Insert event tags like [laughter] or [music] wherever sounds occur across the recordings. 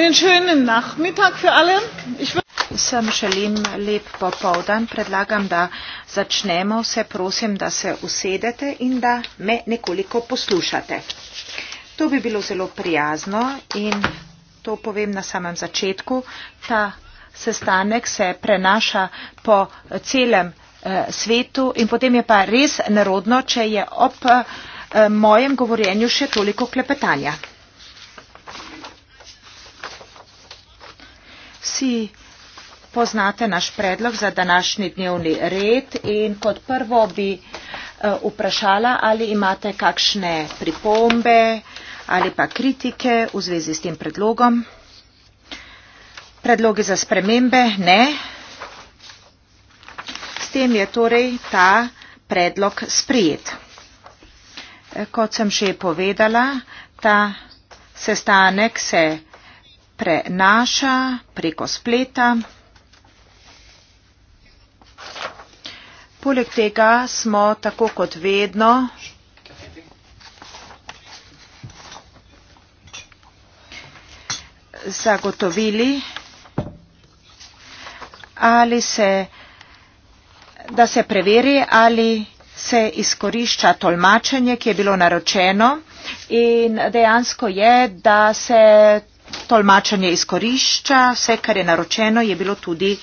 Einen schönen Nachmittag für alle. Ich Sem želim lep popovdan, predlagam, da začnemo, se prosim, da se usedete in da me nekoliko poslušate. To bi bilo zelo prijazno in to povem na samem začetku. Ta sestanek se prenaša po celem eh, svetu in potem je pa res nerodno, če je ob eh, mojem govorjenju še toliko klepetanja. Vsi poznate naš predlog za današnji dnevni red in kot prvo bi eh, vprašala, ali imate kakšne pripombe ali pa kritike v zvezi s tem predlogom. Predloge za spremembe ne. S tem je torej ta predlog sprijet. Eh, kot sem že povedala, ta sestanek se prenaša preko spleta. Poleg tega smo tako kot vedno zagotovili, se, da se preveri, ali se izkorišča tolmačenje, ki je bilo naročeno. In dejansko je, da se tolmačenje izkorišča, vse, kar je naročeno, je bilo tudi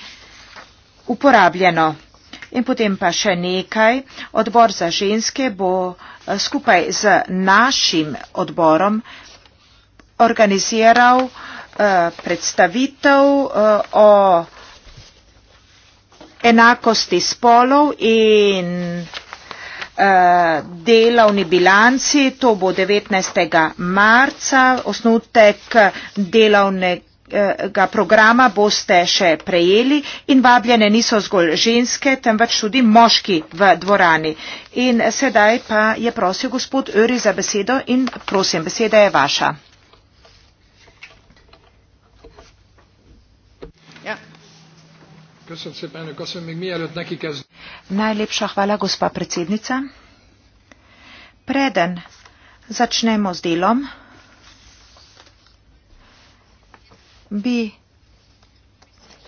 uporabljeno. In potem pa še nekaj. Odbor za ženske bo eh, skupaj z našim odborom organiziral eh, predstavitev eh, o enakosti spolov in delovni bilanci, to bo 19. marca, osnutek delovnega programa boste še prejeli in vabljene niso zgolj ženske, temveč tudi moški v dvorani. In sedaj pa je prosil gospod Öri za besedo in prosim, beseda je vaša. Najlepša hvala, gospa predsednica. Preden začnemo z delom, bi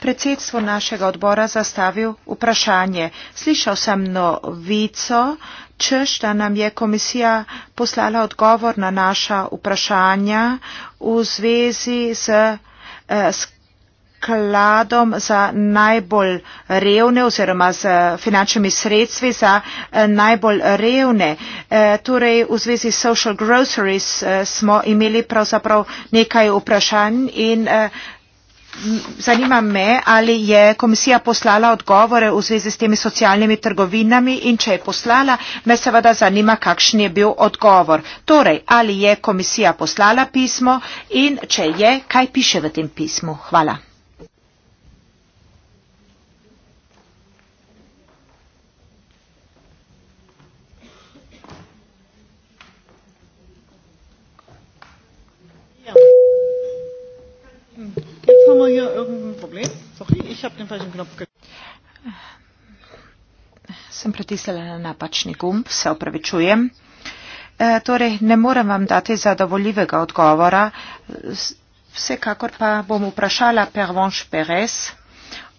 predsedstvo našega odbora zastavil vprašanje. Slišal sem novico, češ, da nam je komisija poslala odgovor na naša vprašanja v zvezi z. Eh, skladom za najbolj revne oziroma z eh, finančnimi sredstvi za eh, najbolj revne. Eh, torej v zvezi social groceries smo imeli pravzaprav nekaj vprašanj in zanima me, ali je komisija poslala odgovore v zvezi s temi socialnimi trgovinami in če je poslala, me seveda zanima, kakšen je bil odgovor. Torej, ali je komisija poslala pismo in če je, kaj piše v tem pismu? Hvala. haben wir hier irgendein Problem? Sorry, ich habe den falschen Knopf Sem pritisnila na napačni gumb, se opravičujem. E, torej, ne morem vam dati zadovoljivega odgovora. Vsekakor pa bom vprašala Pervonš Perez.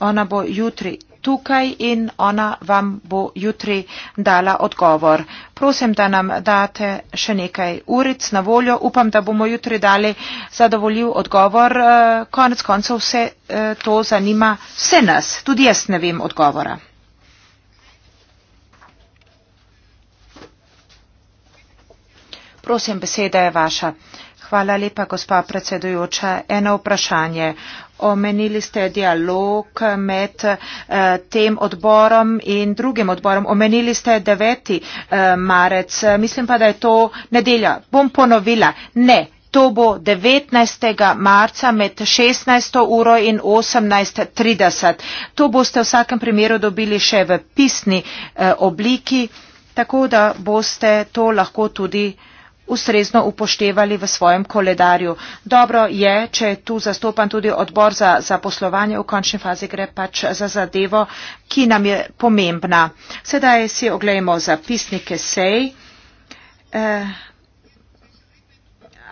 Ona bo jutri tukaj in ona vam bo jutri dala odgovor. Prosim, da nam date še nekaj uric na voljo. Upam, da bomo jutri dali zadovoljiv odgovor. Eh, konec koncev vse eh, to zanima vse nas. Tudi jaz ne vem odgovora. Prosim, beseda je vaša. Hvala lepa, gospa predsedujoča. Eno vprašanje omenili ste dialog med eh, tem odborom in drugim odborom. Omenili ste 9. Eh, marec. Mislim pa, da je to nedelja. Bom ponovila. Ne. To bo 19. marca med 16. uro in 18.30. To boste v vsakem primeru dobili še v pisni eh, obliki, tako da boste to lahko tudi ustrezno upoštevali v svojem koledarju. Dobro je, če je tu zastopan tudi odbor za zaposlovanje, v končni fazi gre pač za zadevo, ki nam je pomembna. Sedaj si oglejmo zapisnike sej. Eh,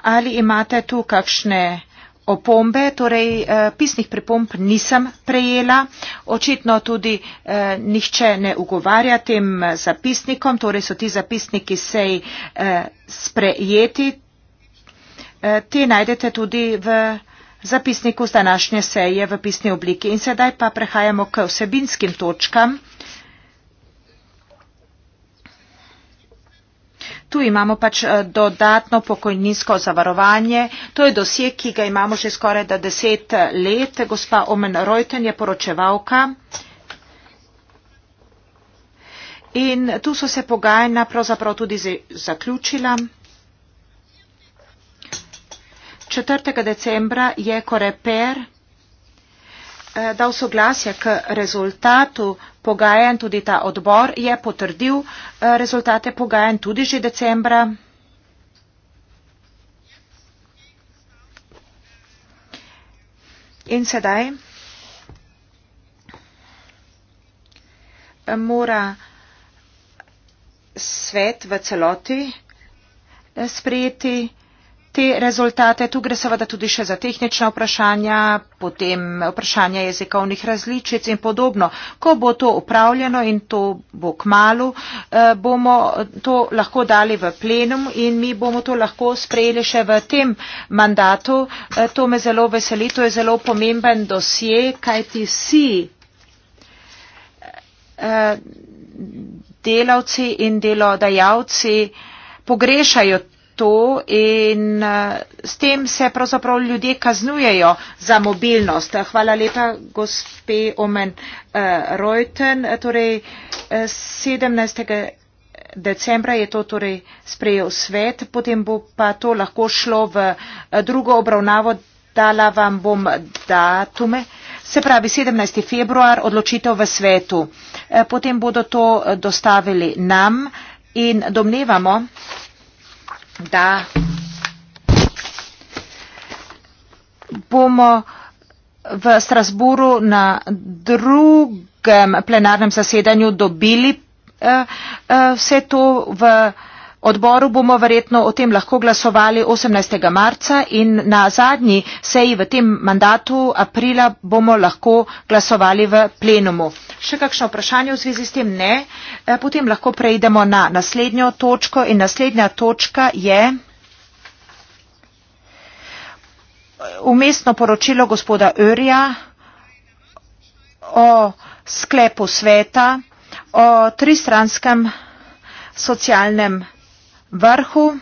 ali imate tu kakšne opombe, torej eh, pisnih pripomb nisem prejela. Očitno tudi eh, nihče ne ugovarja tem eh, zapisnikom, torej so ti zapisniki sej sprejeti. Te najdete tudi v zapisniku z današnje seje v pisni obliki. In sedaj pa prehajamo k vsebinskim točkam. Tu imamo pač eh, dodatno pokojninsko zavarovanje. To je dosje, ki ga imamo že skoraj da deset eh, let. Gospa Omen Rojten je poročevalka. In tu so se pogajanja pravzaprav tudi zaključila. 4. decembra je Koreper Eh, dal soglasje k rezultatu pogajen, tudi ta odbor je potrdil eh, rezultate pogajen tudi že decembra. In sedaj eh, mora svet v celoti sprejeti te rezultate. Tu gre seveda tudi še za tehnična vprašanja, potem vprašanja jezikovnih različic in podobno. Ko bo to upravljeno in to bo k malu, eh, bomo to lahko dali v plenum in mi bomo to lahko sprejeli še v tem mandatu. Eh, to me zelo veseli, to je zelo pomemben dosje, kaj ti si eh, delavci in delodajalci pogrešajo to in eh, s tem se pravzaprav ljudje kaznujejo za mobilnost. Hvala lepa, gospe Omen eh, Reuten. Torej, 17. Eh, decembra je to torej sprejel svet, potem bo pa to lahko šlo v drugo obravnavo. Dala vam bom datume. Se pravi, 17. februar odločitev v svetu. Potem bodo to dostavili nam in domnevamo, da bomo v Strasburu na drugem plenarnem zasedanju dobili eh, eh, vse to v odboru. Bomo verjetno o tem lahko glasovali 18. marca in na zadnji seji v tem mandatu aprila bomo lahko glasovali v plenumu še kakšno vprašanje v zvezi s tem? Ne. E, potem lahko preidemo na naslednjo točko in naslednja točka je e, umestno poročilo gospoda Örja o sklepu sveta, o tristranskem socialnem vrhu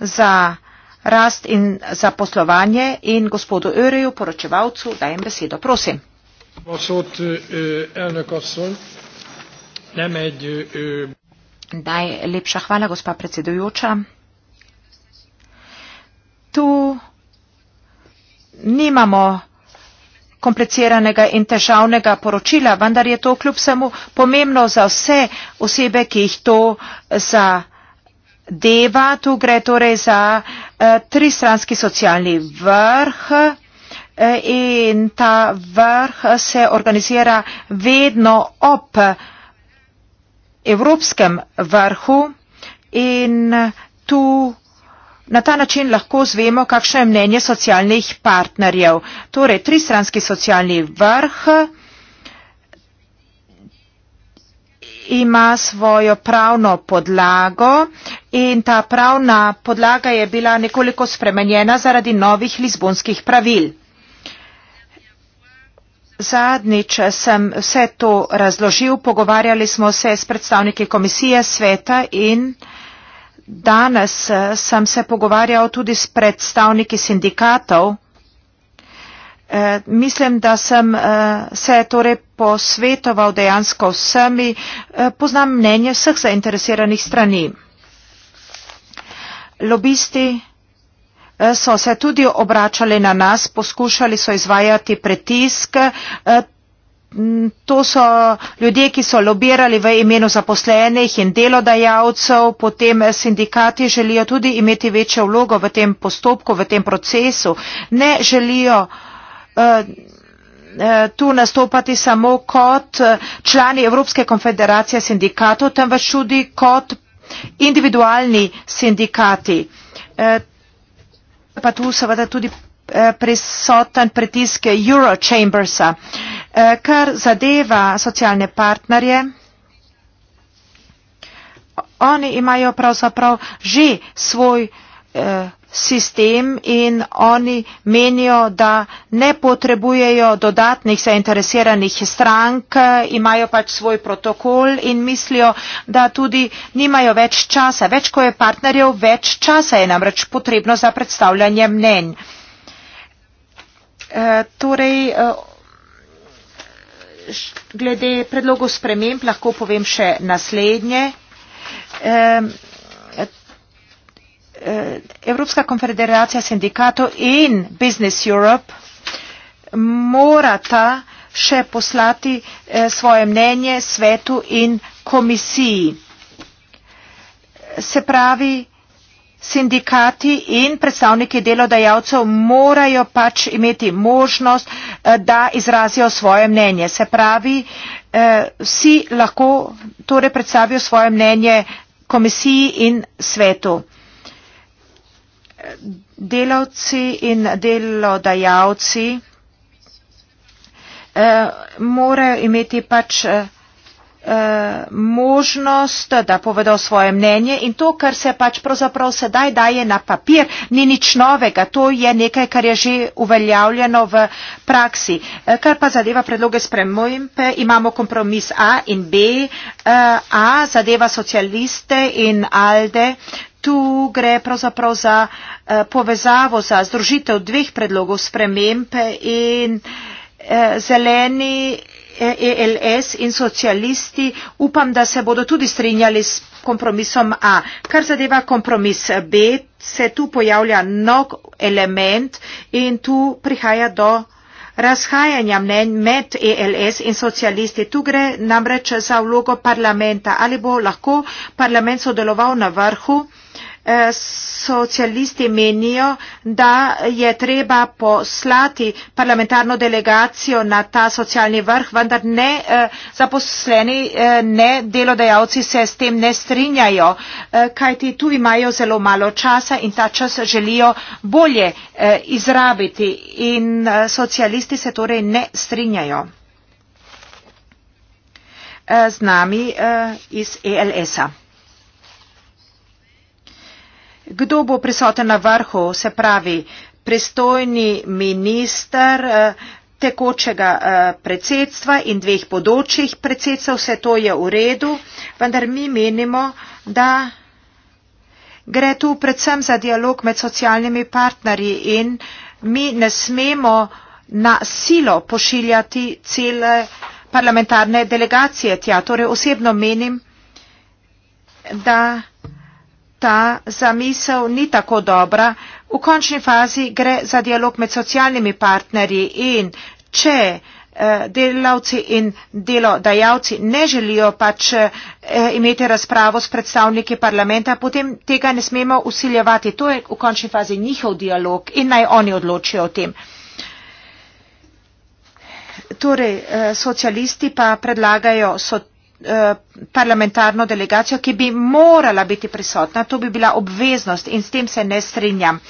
za rast in za poslovanje in gospodu Örju, poročevalcu, dajem besedo. Prosim a szót elnök asszony. Nem egy... Ö... Daj lépse hvala, gospa predsedujúča. Tu nimamo kompliciranega in težavnega poročila, vendar je to kljub samo pomembno za vse osebe, ki jih to za deva. Tu gre torej za eh, tristranski socialni vrh in ta vrh se organizira vedno ob evropskem vrhu in tu na ta način lahko zvemo, kakšno je mnenje socialnih partnerjev. Torej, tristranski socialni vrh ima svojo pravno podlago in ta pravna podlaga je bila nekoliko spremenjena zaradi novih lizbonskih pravil. Zadnjič sem vse to razložil, pogovarjali smo se s predstavniki komisije sveta in danes eh, sem se pogovarjal tudi s predstavniki sindikatov. Eh, mislim, da sem eh, se torej posvetoval dejansko vsemi, poznam mnenje vseh zainteresiranih strani. Lobisti Eh, so se tudi obračali na nas, poskušali so izvajati pritisk. Eh, to so ljudje, ki so lobirali v imenu zaposlenih in delodajalcev, potem sindikati želijo tudi imeti večjo vlogo v tem postopku, v tem procesu. Ne želijo eh, tu nastopati samo kot člani Evropske konfederacije sindikatov, temveč tudi kot individualni sindikati pa tu seveda tudi eh, prisoten pritiske Eurochambersa. Eh, kar zadeva socialne partnerje, oni imajo pravzaprav že svoj eh, sistem in oni menijo, da ne potrebujejo dodatnih zainteresiranih strank, imajo pač svoj protokol in mislijo, da tudi nimajo več časa. Več, ko je partnerjev, več časa je namreč potrebno za predstavljanje mnenj. E, torej, eh, glede predlogov sprememb lahko povem še naslednje. E, Eh, Evropska konfederacija sindikatov in Business Europe morata še poslati eh, svoje mnenje svetu in komisiji. Se pravi, sindikati in predstavniki delodajalcev morajo pač imeti možnost, eh, da izrazijo svoje mnenje. Se pravi, vsi lahko torej predstavijo svoje mnenje komisiji in svetu delavci in delodajalci eh, morajo imeti pač eh, eh, možnost, da povedo svoje mnenje in to, kar se pač pravzaprav sedaj daje na papir, ni nič novega. To je nekaj, kar je že uveljavljeno v praksi. Kar pa zadeva predloge spremembe, imamo kompromis A in B. A zadeva socialiste in ALDE tu gre pravzaprav za eh, povezavo, za združitev dveh predlogov sprememb in eh, zeleni ELS eh, e in socialisti upam, da se bodo tudi strinjali s kompromisom A. Kar zadeva kompromis B, se tu pojavlja nov element in tu prihaja do razhajanja mnen med ELS in socialisti. Tu gre namreč za vlogo parlamenta. Ali bo lahko parlament sodeloval na vrhu? Eh, socialisti menijo, da je treba poslati parlamentarno delegacijo na ta socialni vrh, vendar ne eh, zaposleni, eh, ne delodajalci se s tem ne strinjajo, kajti tu imajo zelo malo časa in ta čas želijo bolje izrabiti in socialisti se torej ne strinjajo z nami iz ELS-a. Kdo bo prisoten na vrhu, se pravi pristojni minister eh, tekočega eh, predsedstva in dveh podočjih predsedstva, vse to je v redu, vendar mi menimo, da gre tu predvsem za dialog med socialnimi partnerji in mi ne smemo na silo pošiljati cele parlamentarne delegacije tja. Torej osebno menim, da ta zamisel ni tako dobra. V končni fazi gre za dialog med socialnimi partnerji in če eh, delavci in delodajalci ne želijo pač eh, imeti razpravo s predstavniki parlamenta, potem tega ne smemo usiljevati. To je v končni fazi njihov dialog in naj oni odločijo o tem. Torej, eh, socialisti pa predlagajo so Eh, parlamentarno delegacijo, ki bi morala biti prisotna. To bi bila obveznost in s tem se ne strinjam.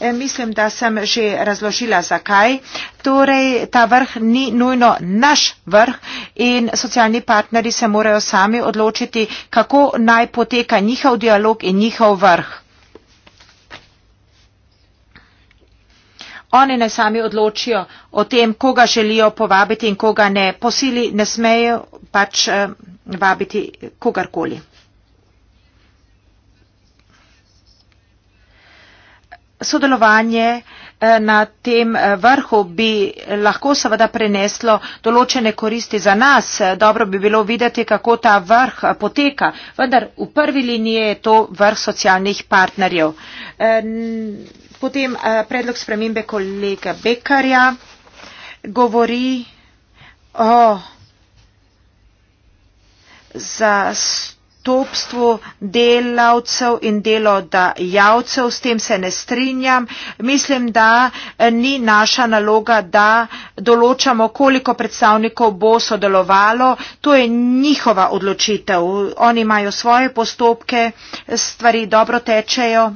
Eh, mislim, da sem že razložila, zakaj. Torej, ta vrh ni nujno naš vrh in socialni partneri se morajo sami odločiti, kako naj poteka njihov dialog in njihov vrh. Oni ne sami odločijo o tem, koga želijo povabiti in koga ne. Posili ne smejo pač eh, vabiti kogarkoli. Sodelovanje eh, na tem eh, vrhu bi lahko seveda preneslo določene koristi za nas. Dobro bi bilo videti, kako ta vrh eh, poteka, vendar v prvi liniji je to vrh socialnih partnerjev. Potem predlog spremembe kolega Bekarja govori o. Oh, zastopstvu delavcev in delodajalcev. S tem se ne strinjam. Mislim, da eh, ni naša naloga, da določamo, koliko predstavnikov bo sodelovalo. To je njihova odločitev. Oni imajo svoje postopke, stvari dobro tečejo.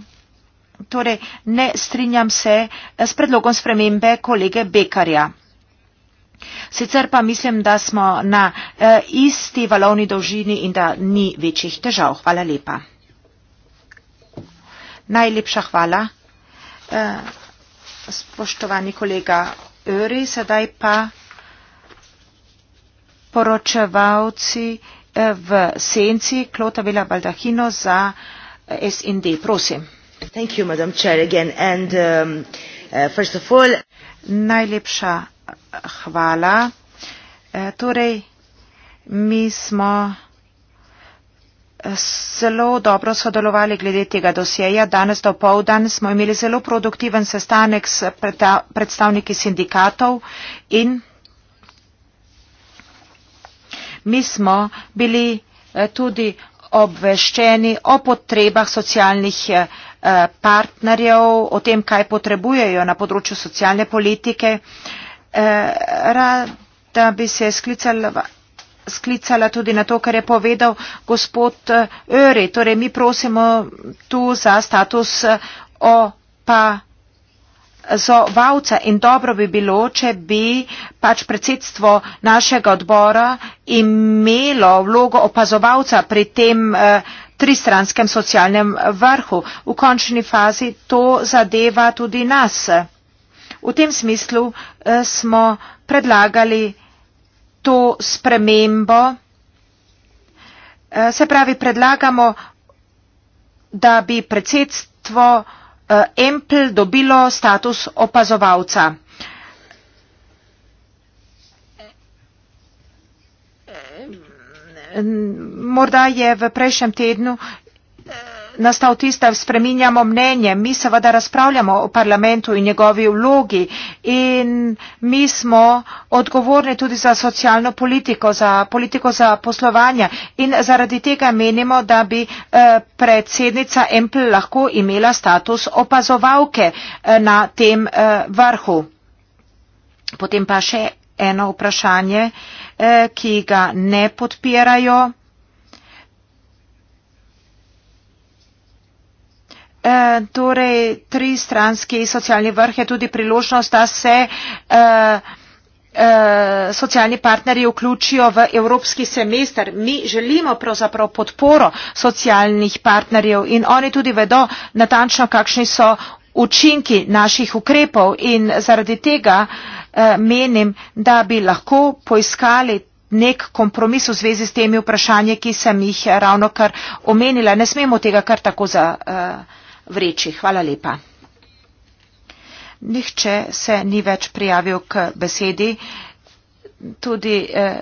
Torej, ne strinjam se eh, s predlogom spremembe kolege Bekarja. Sicer pa mislim, da smo na uh, isti valovni dolžini in da ni večjih težav. Hvala lepa. Najlepša hvala. Uh, spoštovani kolega Öri, sedaj pa poročevalci eh, v senci Klota Vila Baldahino za SND. Prosim. Thank you, madam chair again. And um, uh, first of all, najlepša hvala. E, torej, mi smo zelo dobro sodelovali glede tega dosjeja. Danes do povdan smo imeli zelo produktiven sestanek s predstavniki sindikatov in mi smo bili e, tudi obveščeni o potrebah socialnih e, partnerjev, o tem, kaj potrebujejo na področju socialne politike. Eh, rada bi se sklicala sklicala tudi na to, kar je povedal gospod eh, Öri. Torej, mi prosimo tu za status eh, opazovalca in dobro bi bilo, če bi pač predsedstvo našega odbora imelo vlogo opazovalca pri tem tristranskem socialnem vrhu. V končni fazi to zadeva tudi nas. V tem smislu smo predlagali to spremembo, se pravi predlagamo, da bi predsedstvo Empl dobilo status opazovalca. Morda je v prejšnjem tednu nastal tisti, da spreminjamo mnenje. Mi seveda razpravljamo o parlamentu in njegovi vlogi in mi smo odgovorni tudi za socialno politiko, za politiko za poslovanje in zaradi tega menimo, da bi eh, predsednica Empl lahko imela status opazovalke eh, na tem eh, vrhu. Potem pa še eno vprašanje, ki ga ne podpirajo. Eh, torej tristranski socialni vrh je tudi priložnost, da se eh, eh, socialni partnerji vključijo v evropski semester. Mi želimo pravzaprav podporo socialnih partnerjev in oni tudi vedo natančno, kakšni so učinki naših ukrepov in zaradi tega menim, da bi lahko poiskali nek kompromis v zvezi s temi vprašanji, ki sem jih ravno kar omenila. Ne smemo tega kar tako za. Uh, vreči. Hvala lepa. Nihče se ni več prijavil k besedi. Tudi eh,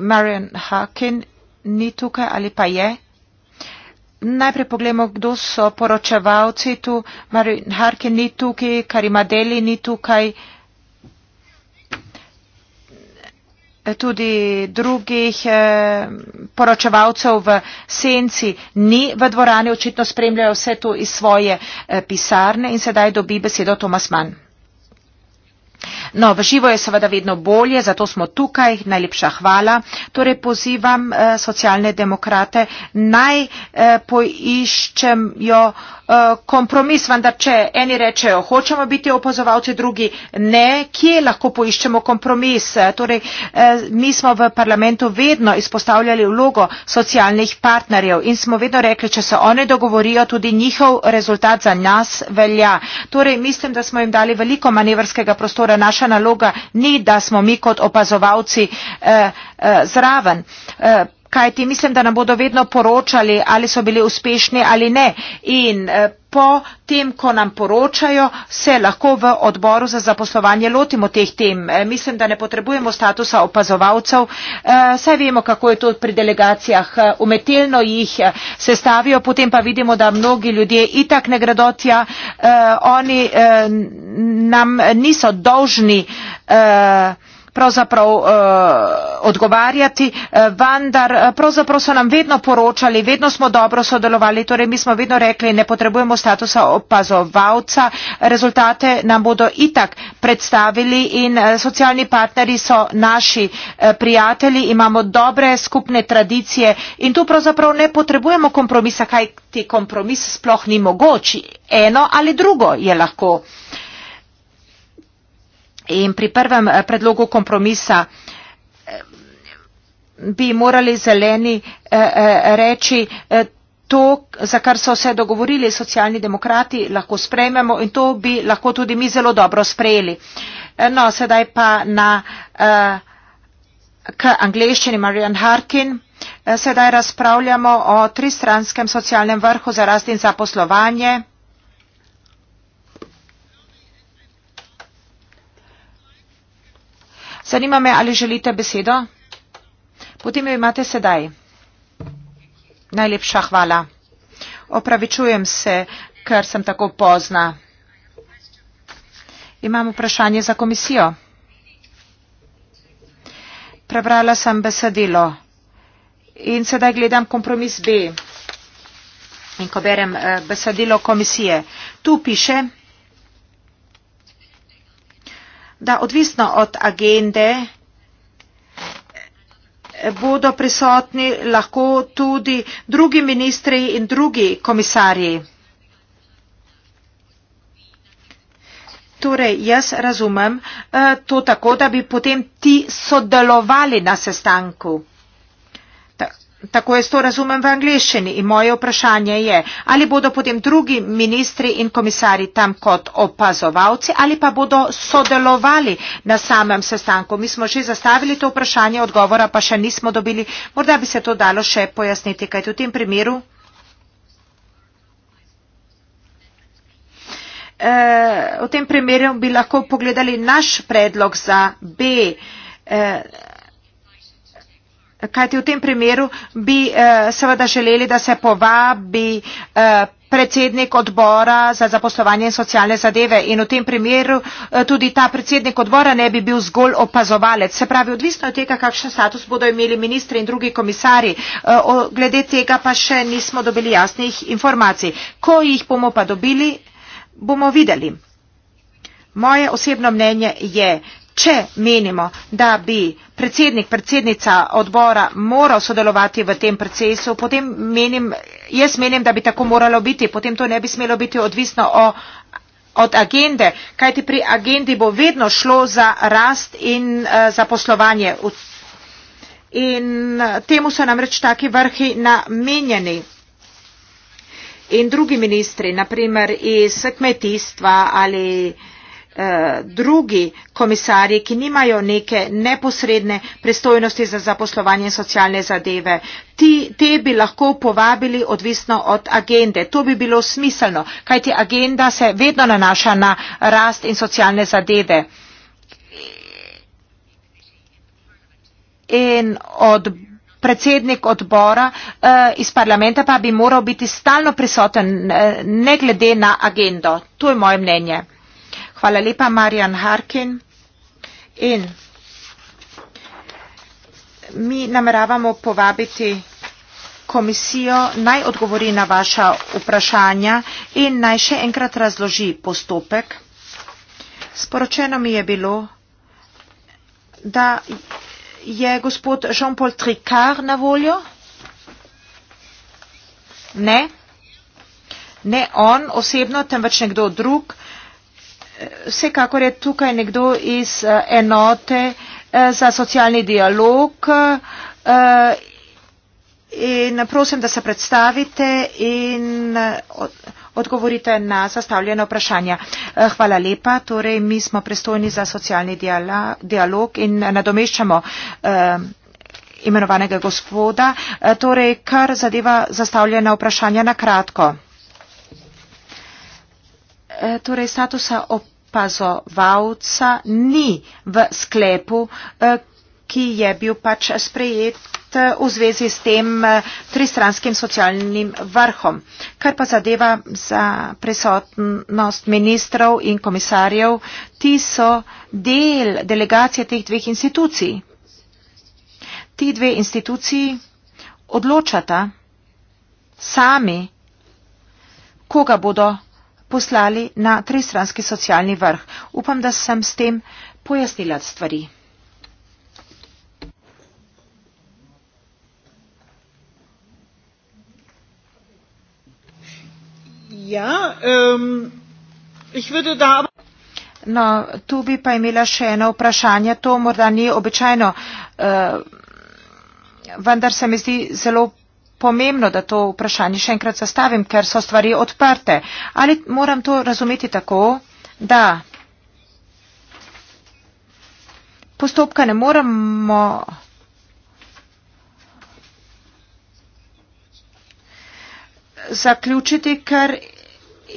Marion Hakin ni tukaj ali pa je. Najprej pogledamo, kdo so poročevalci tu. Marion Harkin ni tukaj, Karima Deli ni tukaj. Eh, tudi drugih eh, poročevalcev v senci ni v dvorani, očitno spremljajo vse to iz svoje eh, pisarne in sedaj dobi besedo Tomas Mann. No, v živo je seveda vedno bolje, zato smo tukaj. Najlepša hvala. Torej pozivam eh, socialne demokrate, naj eh, poiščem jo. Eh, kompromis, vendar če eni rečejo, hočemo biti opozovalci, drugi ne, kje lahko poiščemo kompromis? Torej, eh, mi smo v parlamentu vedno izpostavljali vlogo socialnih partnerjev in smo vedno rekli, če se oni dogovorijo, tudi njihov rezultat za nas velja. Torej, mislim, da smo jim dali veliko manevrskega prostora. Naša naloga ni, da smo mi kot opazovalci eh, eh, zraven. Eh, kajti mislim, da nam bodo vedno poročali, ali so bili uspešni ali ne. In eh, po tem, ko nam poročajo, se lahko v odboru za zaposlovanje lotimo teh tem. Eh, mislim, da ne potrebujemo statusa opazovalcev. Eh, saj vemo, kako je to pri delegacijah. Umetelno jih sestavijo, potem pa vidimo, da mnogi ljudje itak ne gredo tja. Oni nam niso dolžni pravzaprav uh, odgovarjati, uh, vendar eh, pravzaprav so nam vedno poročali, vedno smo dobro sodelovali, torej mi smo vedno rekli, ne potrebujemo statusa opazovalca, rezultate nam bodo itak predstavili in uh, socialni partneri so naši uh, prijatelji, imamo dobre skupne tradicije in tu pravzaprav ne potrebujemo kompromisa, kaj ti kompromis sploh ni mogoč, eno ali drugo je lahko. Uh, In pri prvem eh, predlogu kompromisa eh, bi morali zeleni eh, reči to, za kar so se dogovorili socialni demokrati, lahko sprejmemo in to bi lahko tudi mi zelo dobro sprejeli. No, sedaj pa na k angleščini Marian Harkin. Sedaj razpravljamo o tristranskem socialnem vrhu za rast in zaposlovanje. Zanima me, ali želite besedo? Potem jo imate sedaj. Najlepša hvala. Opravičujem se, ker sem tako pozna. Imam vprašanje za komisijo. Prebrala sem besedilo in sedaj gledam kompromis B. In ko berem eh, besedilo komisije, tu piše, da odvisno od agende bodo prisotni lahko tudi drugi ministri in drugi komisarji. Torej, jaz razumem eh, to tako, da bi potem ti sodelovali na sestanku. Tako jaz to razumem v angliščini in moje vprašanje je, ali bodo potem drugi ministri in komisari tam kot opazovalci ali pa bodo sodelovali na samem sestanku. Mi smo že zastavili to vprašanje, odgovora pa še nismo dobili. Morda bi se to dalo še pojasniti, kajti v tem primeru. Eh, v tem primeru bi lahko pogledali naš predlog za B eh, Kajti v tem primeru bi uh, seveda želeli, da se povabi uh, predsednik odbora za zaposlovanje in socialne zadeve in v tem primeru uh, tudi ta predsednik odbora ne bi bil zgolj opazovalec. Se pravi, odvisno od tega, kakšen status bodo imeli ministri in drugi komisari, uh, glede tega pa še nismo dobili jasnih informacij. Ko jih bomo pa dobili, bomo videli. Moje osebno mnenje je, Če menimo, da bi predsednik, predsednica odbora moral sodelovati v tem procesu, potem menim, jaz menim, da bi tako moralo biti, potem to ne bi smelo biti odvisno o, od agende, kajti pri agendi bo vedno šlo za rast in uh, za poslovanje. In eh, temu so namreč taki vrhi namenjeni. In drugi ministri, naprimer iz kmetijstva ali uh, Eh, drugi komisarji, ki nimajo neke neposredne pristojnosti za zaposlovanje in socialne zadeve. Ti, te bi lahko povabili odvisno od agende. To bi bilo smiselno, kajti agenda se vedno nanaša na rast in socialne zadeve. In od predsednik odbora eh, iz parlamenta pa bi moral biti stalno prisoten, eh, ne glede na agendo. To je moje mnenje. Hvala lepa, Marjan Harkin. In mi nameravamo povabiti komisijo naj odgovori na vaša vprašanja in naj še enkrat razloži postopek. Sporočeno mi je bilo, da je gospod Jean-Paul Tricard na voljo. Ne. Ne on osebno, temveč nekdo drug vsekakor je tukaj nekdo iz eh, enote eh, za socialni dialog eh, in prosim, da se predstavite in odgovorite na zastavljene vprašanja. Hvala lepa, torej mi smo prestojni za socialni dialog in nadomeščamo imenovanega gospoda, torej kar zadeva zastavljena vprašanja na kratko. Torej statusa opravljena opazovalca ni v sklepu, eh, ki je bil pač sprejet eh, v zvezi s tem eh, tristranskim socialnim vrhom. Kar pa zadeva za prisotnost ministrov in komisarjev, ti so del delegacije teh dveh institucij. Ti dve instituciji odločata sami, koga bodo poslali na tristranski socialni vrh. Upam, da sem s tem pojasnila stvari. Ja, um, no, tu bi pa imela še eno vprašanje. To morda ni običajno, uh, vendar se mi zdi zelo pomembno, da to vprašanje še enkrat zastavim, ker so stvari odprte. Ali moram to razumeti tako, da postopka ne moramo. zaključiti, ker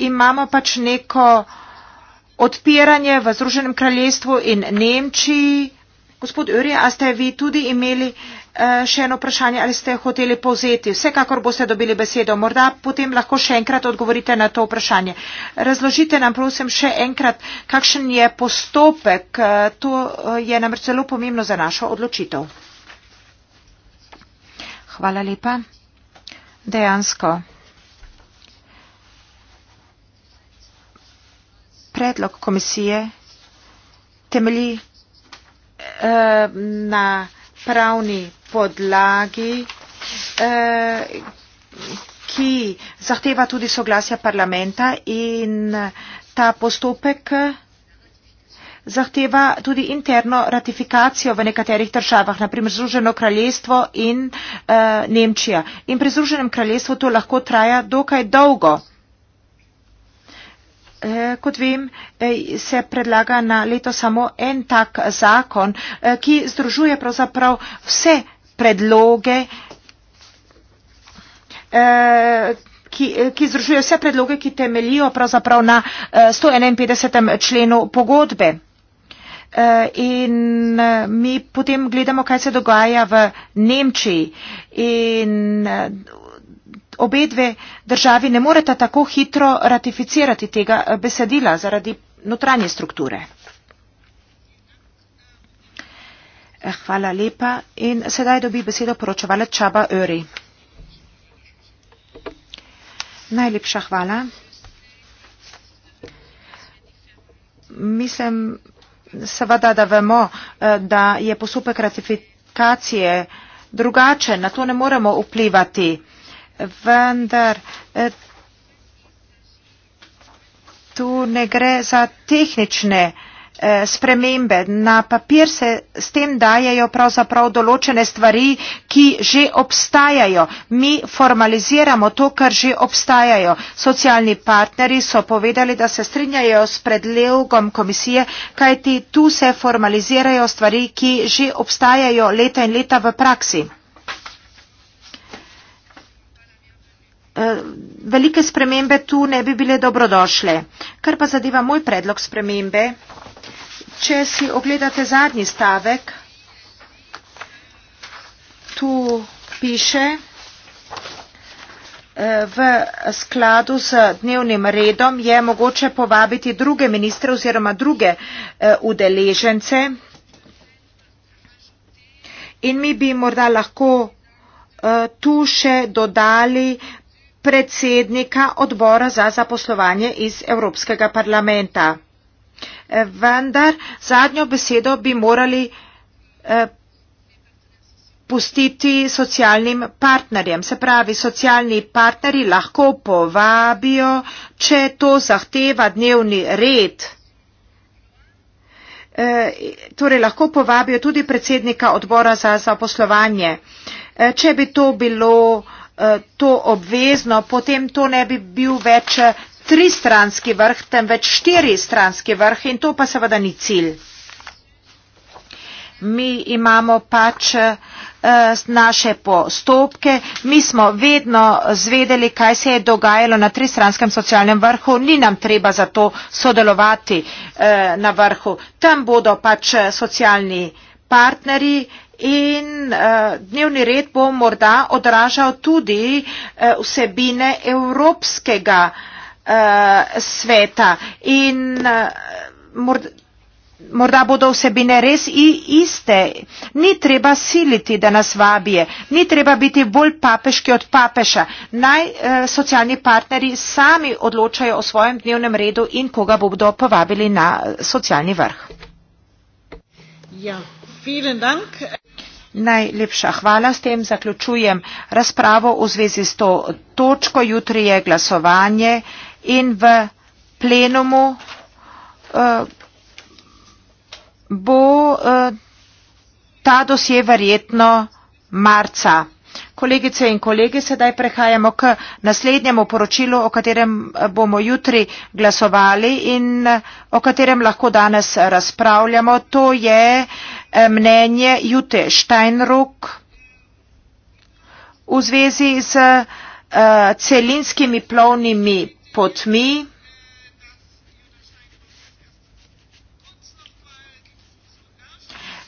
imamo pač neko odpiranje v Združenem kraljestvu in Nemčiji. Gospod Öri, a ste vi tudi imeli Eh, še eno vprašanje, ali ste hoteli povzeti. Vsekakor boste dobili besedo. Morda potem lahko še enkrat odgovorite na to vprašanje. Razložite nam, prosim, še enkrat, kakšen je postopek. Eh, to eh, je namreč zelo pomembno za našo odločitev. Hvala lepa. Dejansko. Predlog komisije temelji na pravni podlagi, eh, ki zahteva tudi soglasja parlamenta in ta postopek zahteva tudi interno ratifikacijo v nekaterih državah, naprimer Združeno kraljestvo in eh, Nemčija. In pri Združenem kraljestvu to lahko traja dokaj dolgo. Eh, kot vem, se predlaga na leto samo en tak zakon, ki združuje pravzaprav vse države, predloge, eh, ki, eh, ki združuje vse predloge, ki temelijo pravzaprav na 151. Eh, členu pogodbe. In mi potem gledamo, kaj se dogaja v Nemčiji. In obe dve državi ne moreta tako hitro ratificirati tega besedila zaradi notranje strukture. Eh, hvala lepa. In sedaj dobi besedo poročevalec Čaba Öri. Najlepša hvala. Mislim, seveda, da vemo, eh, da je postopek ratifikacije drugačen, na to ne moremo vplivati. Vendar eh, tu ne gre za tehnične. Eh, spremembe. Na papir se s tem dajajo pravzaprav določene stvari, ki že obstajajo. Mi formaliziramo to, kar že obstajajo. Socialni partneri so povedali, da se strinjajo s predlogom komisije, kajti tu se formalizirajo stvari, ki že obstajajo leta in leta v praksi. Eh, velike spremembe tu ne bi bile dobrodošle. Kar pa zadeva moj predlog spremembe, če si ogledate zadnji stavek, tu piše eh, v skladu z dnevnim redom je mogoče povabiti druge ministre oziroma druge eh, udeležence in mi bi morda lahko eh, tu še dodali predsednika odbora za zaposlovanje iz Evropskega parlamenta. Eh, vendar zadnjo besedo bi morali eh, pustiti socialnim partnerjem. Se pravi, socialni partneri lahko povabijo, če to zahteva dnevni red. E, torej, lahko povabijo tudi predsednika odbora za zaposlovanje. E, če bi to bilo e, to obvezno, potem to ne bi bil več tristranski vrh, temveč štiri stranski vrh in to pa seveda ni cilj. Mi imamo pač eh, naše postopke. Mi smo vedno zvedeli, kaj se je dogajalo na tristranskem socialnem vrhu. Ni nam treba za to sodelovati eh, na vrhu. Tam bodo pač eh, socialni partnerji in dnevni red bo morda odražal tudi vsebine evropskega vrhu Eh, sveta. In eh, morda, morda bodo vsebine res iste. Ni treba siliti, da nas vabije. Ni treba biti bolj papeški od papeša. Naj eh, socialni partneri sami odločajo o svojem dnevnem redu in koga bodo povabili na socialni vrh. Ja, vielen dank. Najlepša hvala. S tem zaključujem razpravo v zvezi s to točko. Jutri je glasovanje in v plenumu eh, bo eh, ta dosje verjetno marca. Kolegice in kolegi, sedaj prehajamo k naslednjemu poročilu, o katerem eh, bomo jutri glasovali in o katerem lahko danes razpravljamo. To je mnenje Jute Steinruck v zvezi z celinskimi plovnimi potmi,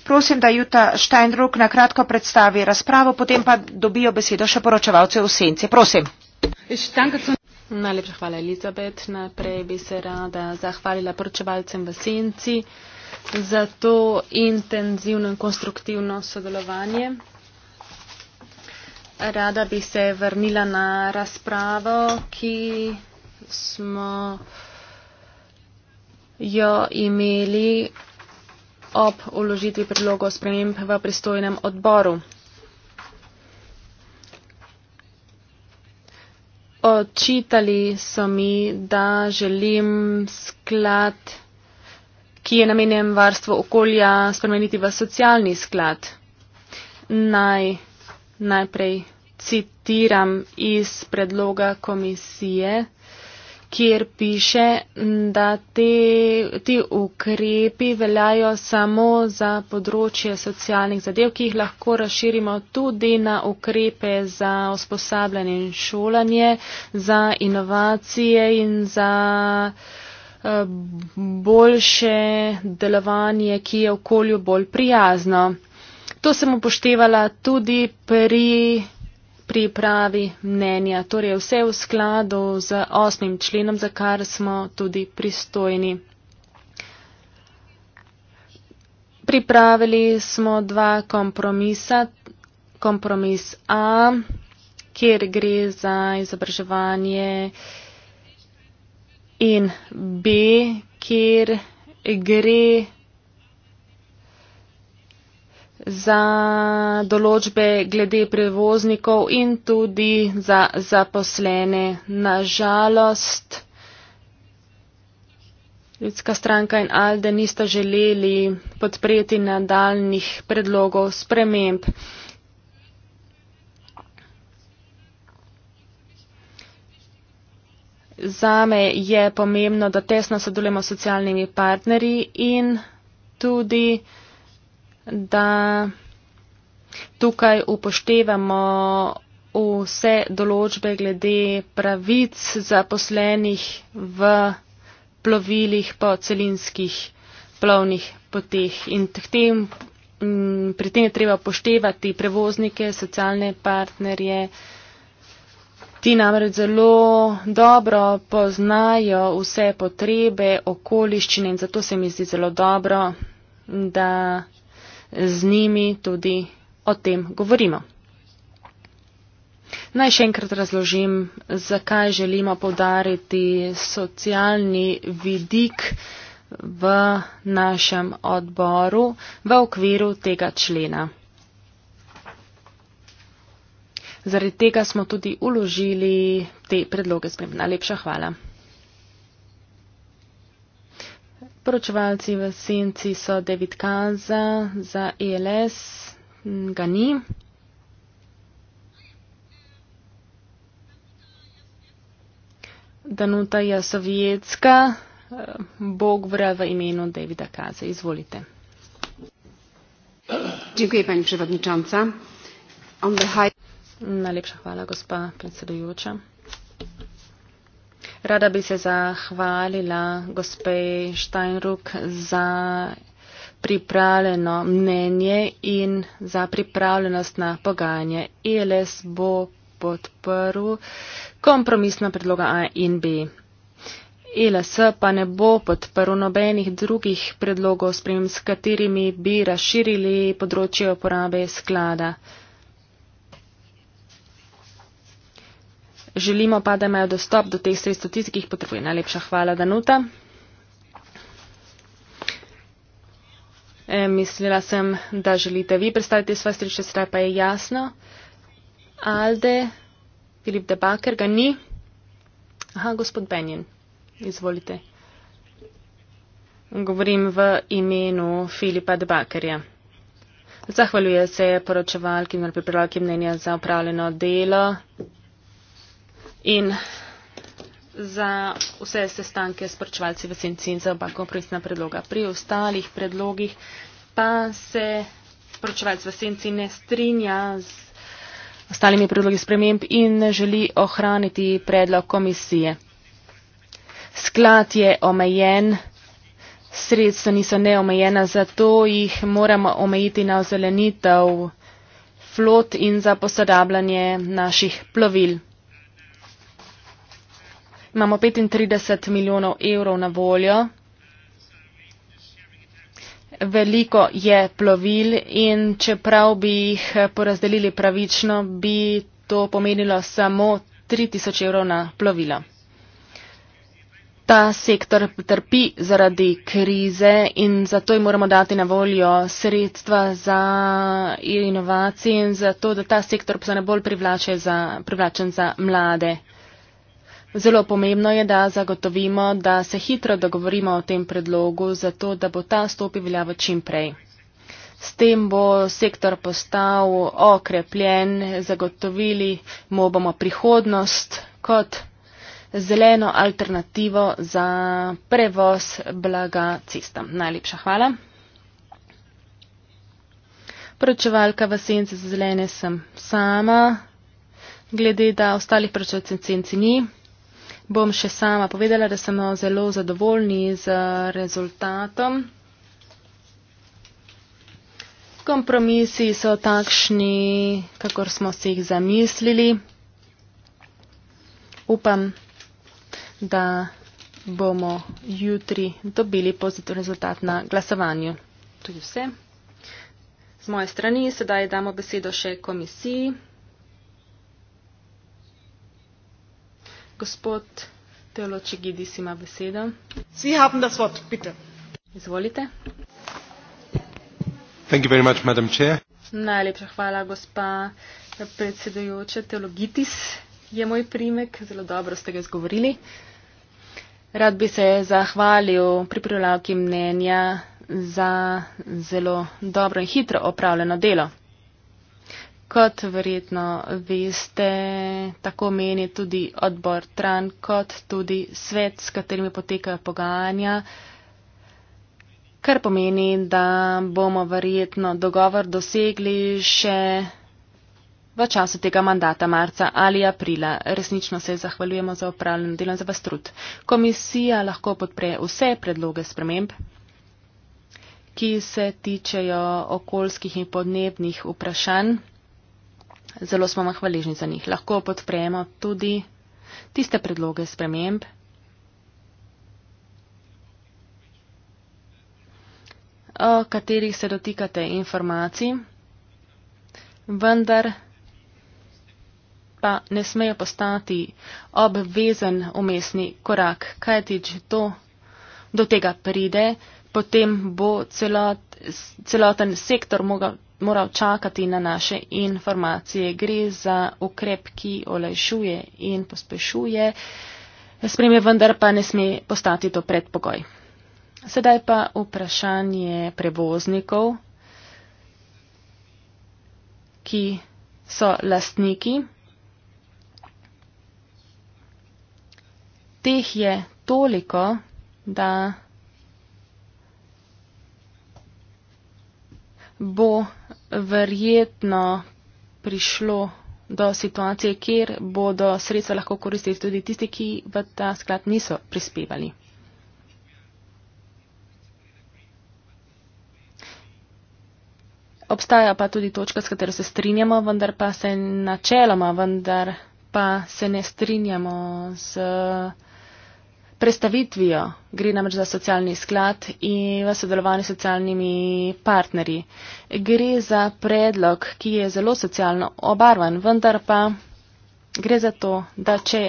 Prosim, da Juta Steindruck na kratko predstavi razpravo, potem pa dobijo besedo še poročevalce v senci. Prosim. Najlepša hvala, Elizabet. Najprej bi se rada zahvalila poročevalcem v senci za to intenzivno in konstruktivno sodelovanje. Rada bi se vrnila na razpravo, ki smo jo imeli ob uložitvi predlogov sprememb v pristojnem odboru. Očitali so mi, da želim sklad, ki je namenjen varstvu okolja, spremeniti v socialni sklad. Naj najprej citiram iz predloga komisije kjer piše, da te, ti ukrepi veljajo samo za področje socialnih zadev, ki jih lahko razširimo tudi na ukrepe za usposabljanje in šolanje, za inovacije in za eh, boljše delovanje, ki je okolju bolj prijazno. To sem upoštevala tudi pri pripravi mnenja, torej vse v skladu z osmim členom, za kar smo tudi pristojni. Pripravili smo dva kompromisa. Kompromis A, kjer gre za izobraževanje in B, kjer gre za določbe glede prevoznikov in tudi za zaposlene. Nažalost, ljudska stranka in Alde nista želeli podpreti nadaljnih predlogov sprememb. Zame je pomembno, da tesno sodelujemo s socialnimi partnerji in tudi da tukaj upoštevamo vse določbe glede pravic zaposlenih v plovilih po celinskih plovnih poteh. In tem, pri tem je treba upoštevati prevoznike, socialne partnerje. Ti namreč zelo dobro poznajo vse potrebe, okoliščine in zato se mi zdi zelo dobro, da z njimi tudi o tem govorimo. Naj še enkrat razložim, zakaj želimo podariti socialni vidik v našem odboru v okviru tega člena. Zaradi tega smo tudi uložili te predloge sprem. Najlepša hvala. poročevalci v senci so David Kaza za ELS, ga ni. Danuta Jasovjetska, eh, Bog vra v imenu Davida Kaza. Izvolite. Dziękuję pani przewodnicząca. On behind... Najlepsza chwala, gospa predsedujoča. Rada bi se zahvalila gospe Steinruck za pripravljeno mnenje in za pripravljenost na pogajanje. ILS e bo podprl kompromisno predloga A in B. ILS e pa ne bo podprl nobenih drugih predlogov, s katerimi bi razširili področje uporabe sklada. želimo pa, da imajo dostop do teh sredstev tisti, ki jih potrebuje. Najlepša hvala, Danuta. E, mislila sem, da želite vi predstaviti svoje stališče, sedaj pa je jasno. Alde, Filip Debaker, ga ni. Aha, gospod Benjen, izvolite. Govorim v imenu Filipa Debakerja. Zahvaljuje se poročevalkim in pripravljalkim mnenja za upravljeno delo in za vse sestanke s prečevalci v senci in za oba kompromisna predloga. Pri ostalih predlogih pa se pročevalc v senci ne strinja z ostalimi predlogi sprememb in želi ohraniti predlog komisije. Sklad je omejen, sredstva niso neomejena, zato jih moramo omejiti na ozelenitev flot in za posodabljanje naših plovil. Imamo 35 milijonov evrov na voljo. Veliko je plovil in čeprav bi jih porazdelili pravično, bi to pomenilo samo 3000 evrov na plovilo. Ta sektor trpi zaradi krize in zato jim moramo dati na voljo sredstva za inovacije in zato, da ta sektor postane bolj privlačen za, privlačen za mlade. Zelo pomembno je, da zagotovimo, da se hitro dogovorimo o tem predlogu, zato da bo ta stopi veljavo čim prej. S tem bo sektor postal okrepljen, zagotovili mu bomo prihodnost kot zeleno alternativo za prevoz blaga cestam. Najlepša hvala. Pročevalka v senci za zelene sem sama, glede da ostalih pročevalcev senci ni bom še sama povedala, da smo zelo zadovoljni z rezultatom. Kompromisi so takšni, kakor smo si jih zamislili. Upam, da bomo jutri dobili pozitiv rezultat na glasovanju. To je vse. Z moje strani sedaj damo besedo še komisiji. Gospod Teoloči Gidis ima besedo. Sie haben das Wort, bitte. Izvolite. Thank you very much, Madam Chair. Najlepša hvala, gospa predsedujoča Teologitis je moj primek, zelo dobro ste ga izgovorili. Rad bi se zahvalil pripravljavki mnenja za zelo dobro in hitro opravljeno delo. Kot verjetno veste, tako meni tudi odbor Tran, kot tudi svet, s katerimi potekajo pogajanja, kar pomeni, da bomo verjetno dogovor dosegli še v času tega mandata, marca ali aprila. Resnično se zahvaljujemo za upravljeno delo in za vas trud. Komisija lahko podpre vse predloge sprememb ki se tičejo okoljskih in podnebnih vprašanj. Zelo smo vam hvaležni za njih. Lahko podpremo tudi tiste predloge sprememb, o katerih se dotikate informacij, vendar pa ne smejo postati obvezen umestni korak, kaj tiče to, do tega pride, potem bo celot, celoten sektor mogel moral čakati na naše informacije. Gre za ukrep, ki olajšuje in pospešuje. Spremje vendar pa ne sme postati to predpogoj. Sedaj pa vprašanje prevoznikov, ki so lastniki. Teh je toliko, da bo verjetno prišlo do situacije, kjer bodo sredstva lahko koristili tudi tisti, ki v ta sklad niso prispevali. Obstaja pa tudi točka, s katero se strinjamo, vendar pa se načeloma, vendar pa se ne strinjamo z predstavitvijo, gre namreč za socialni sklad in v sodelovanju s socialnimi partnerji. Gre za predlog, ki je zelo socialno obarvan, vendar pa gre za to, da če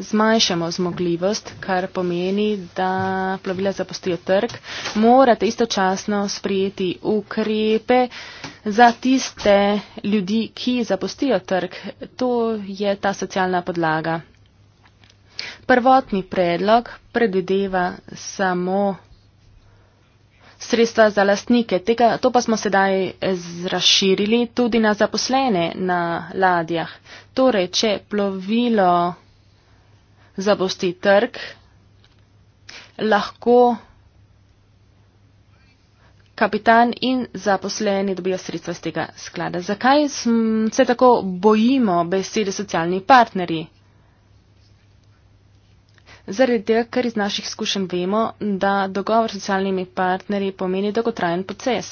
zmanjšamo zmogljivost, kar pomeni, da plovila zapustijo trg, morate istočasno sprijeti ukrepe za tiste ljudi, ki zapustijo trg. To je ta socialna podlaga. Prvotni predlog predvideva samo sredstva za lastnike. Tega, to pa smo sedaj eh, razširili tudi na zaposlene na ladjah. Torej, če plovilo zapusti trg, lahko kapitan in zaposleni dobijo sredstva iz tega sklada. Zakaj se tako bojimo besede socialni partnerji? zaradi tega, ker iz naših izkušenj vemo, da dogovor s socialnimi partnerji pomeni dolgotrajen proces.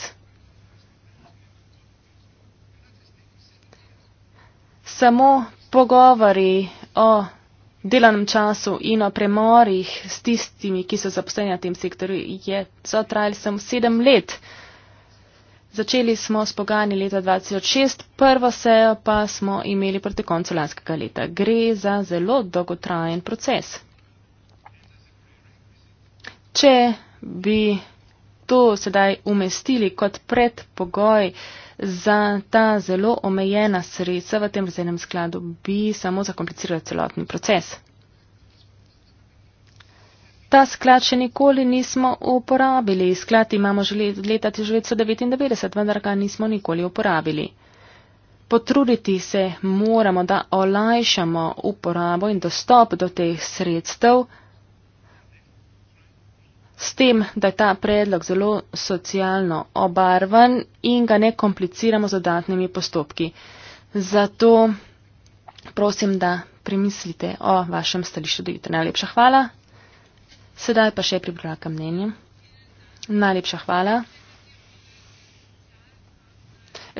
Samo pogovori o delanem času in o premorih s tistimi, ki so zaposleni na tem sektorju, je, so trajali samo sedem let. Začeli smo s pogajanji leta 2006, prvo sejo pa smo imeli proti koncu lanskega leta. Gre za zelo dolgotrajen proces če bi to sedaj umestili kot predpogoj za ta zelo omejena sredstva v tem razrednem skladu, bi samo zakomplicirali celotni proces. Ta sklad še nikoli nismo uporabili. Sklad imamo že leta 1999, vendar ga nismo nikoli uporabili. Potruditi se moramo, da olajšamo uporabo in dostop do teh sredstev. S tem, da je ta predlog zelo socialno obarvan in ga ne kompliciramo z dodatnimi postopki. Zato prosim, da premislite o vašem stališču do jutra. Najlepša hvala. Sedaj pa še pripravljam mnenje. Najlepša hvala.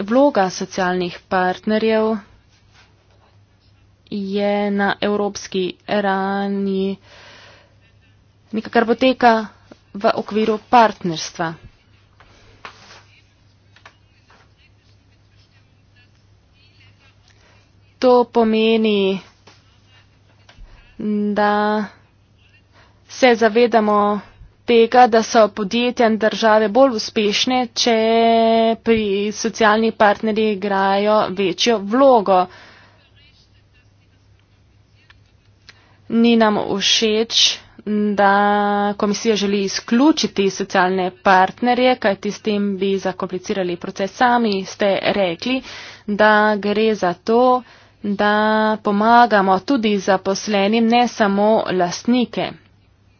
Vloga socialnih partnerjev je na evropski rani, nekakar poteka v okviru partnerstva. To pomeni, da se zavedamo tega, da so podjetja in države bolj uspešne, če pri socialnih partnerjih igrajo večjo vlogo. Ni nam všeč da komisija želi izključiti socialne partnerje, kajti s tem bi zakomplicirali proces. Sami ste rekli, da gre za to, da pomagamo tudi zaposlenim, ne samo lastnike,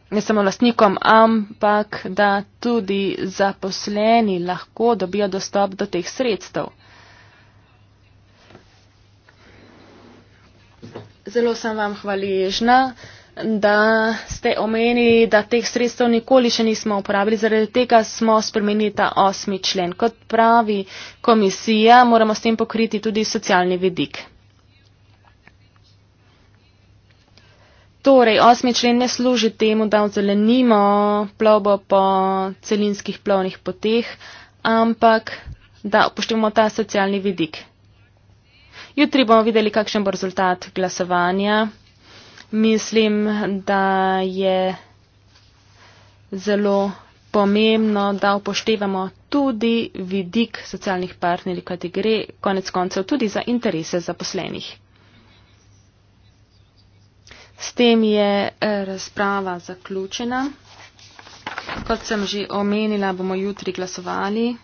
ne samo lastnikom, ampak da tudi zaposleni lahko dobijo dostop do teh sredstev. Zelo sem vam hvaležna da ste omenili, da teh sredstev nikoli še nismo uporabili, zaradi tega smo spremenili ta osmi člen. Kot pravi komisija, moramo s tem pokriti tudi socialni vidik. Torej, osmi člen ne služi temu, da ozelenimo plovbo po celinskih plovnih poteh, ampak da upoštevamo ta socialni vidik. Jutri bomo videli, kakšen bo rezultat glasovanja mislim, da je zelo pomembno, da upoštevamo tudi vidik socialnih partnerjev, kajti gre konec koncev tudi za interese zaposlenih. S tem je eh, razprava zaključena. Kot sem že omenila, bomo jutri glasovali.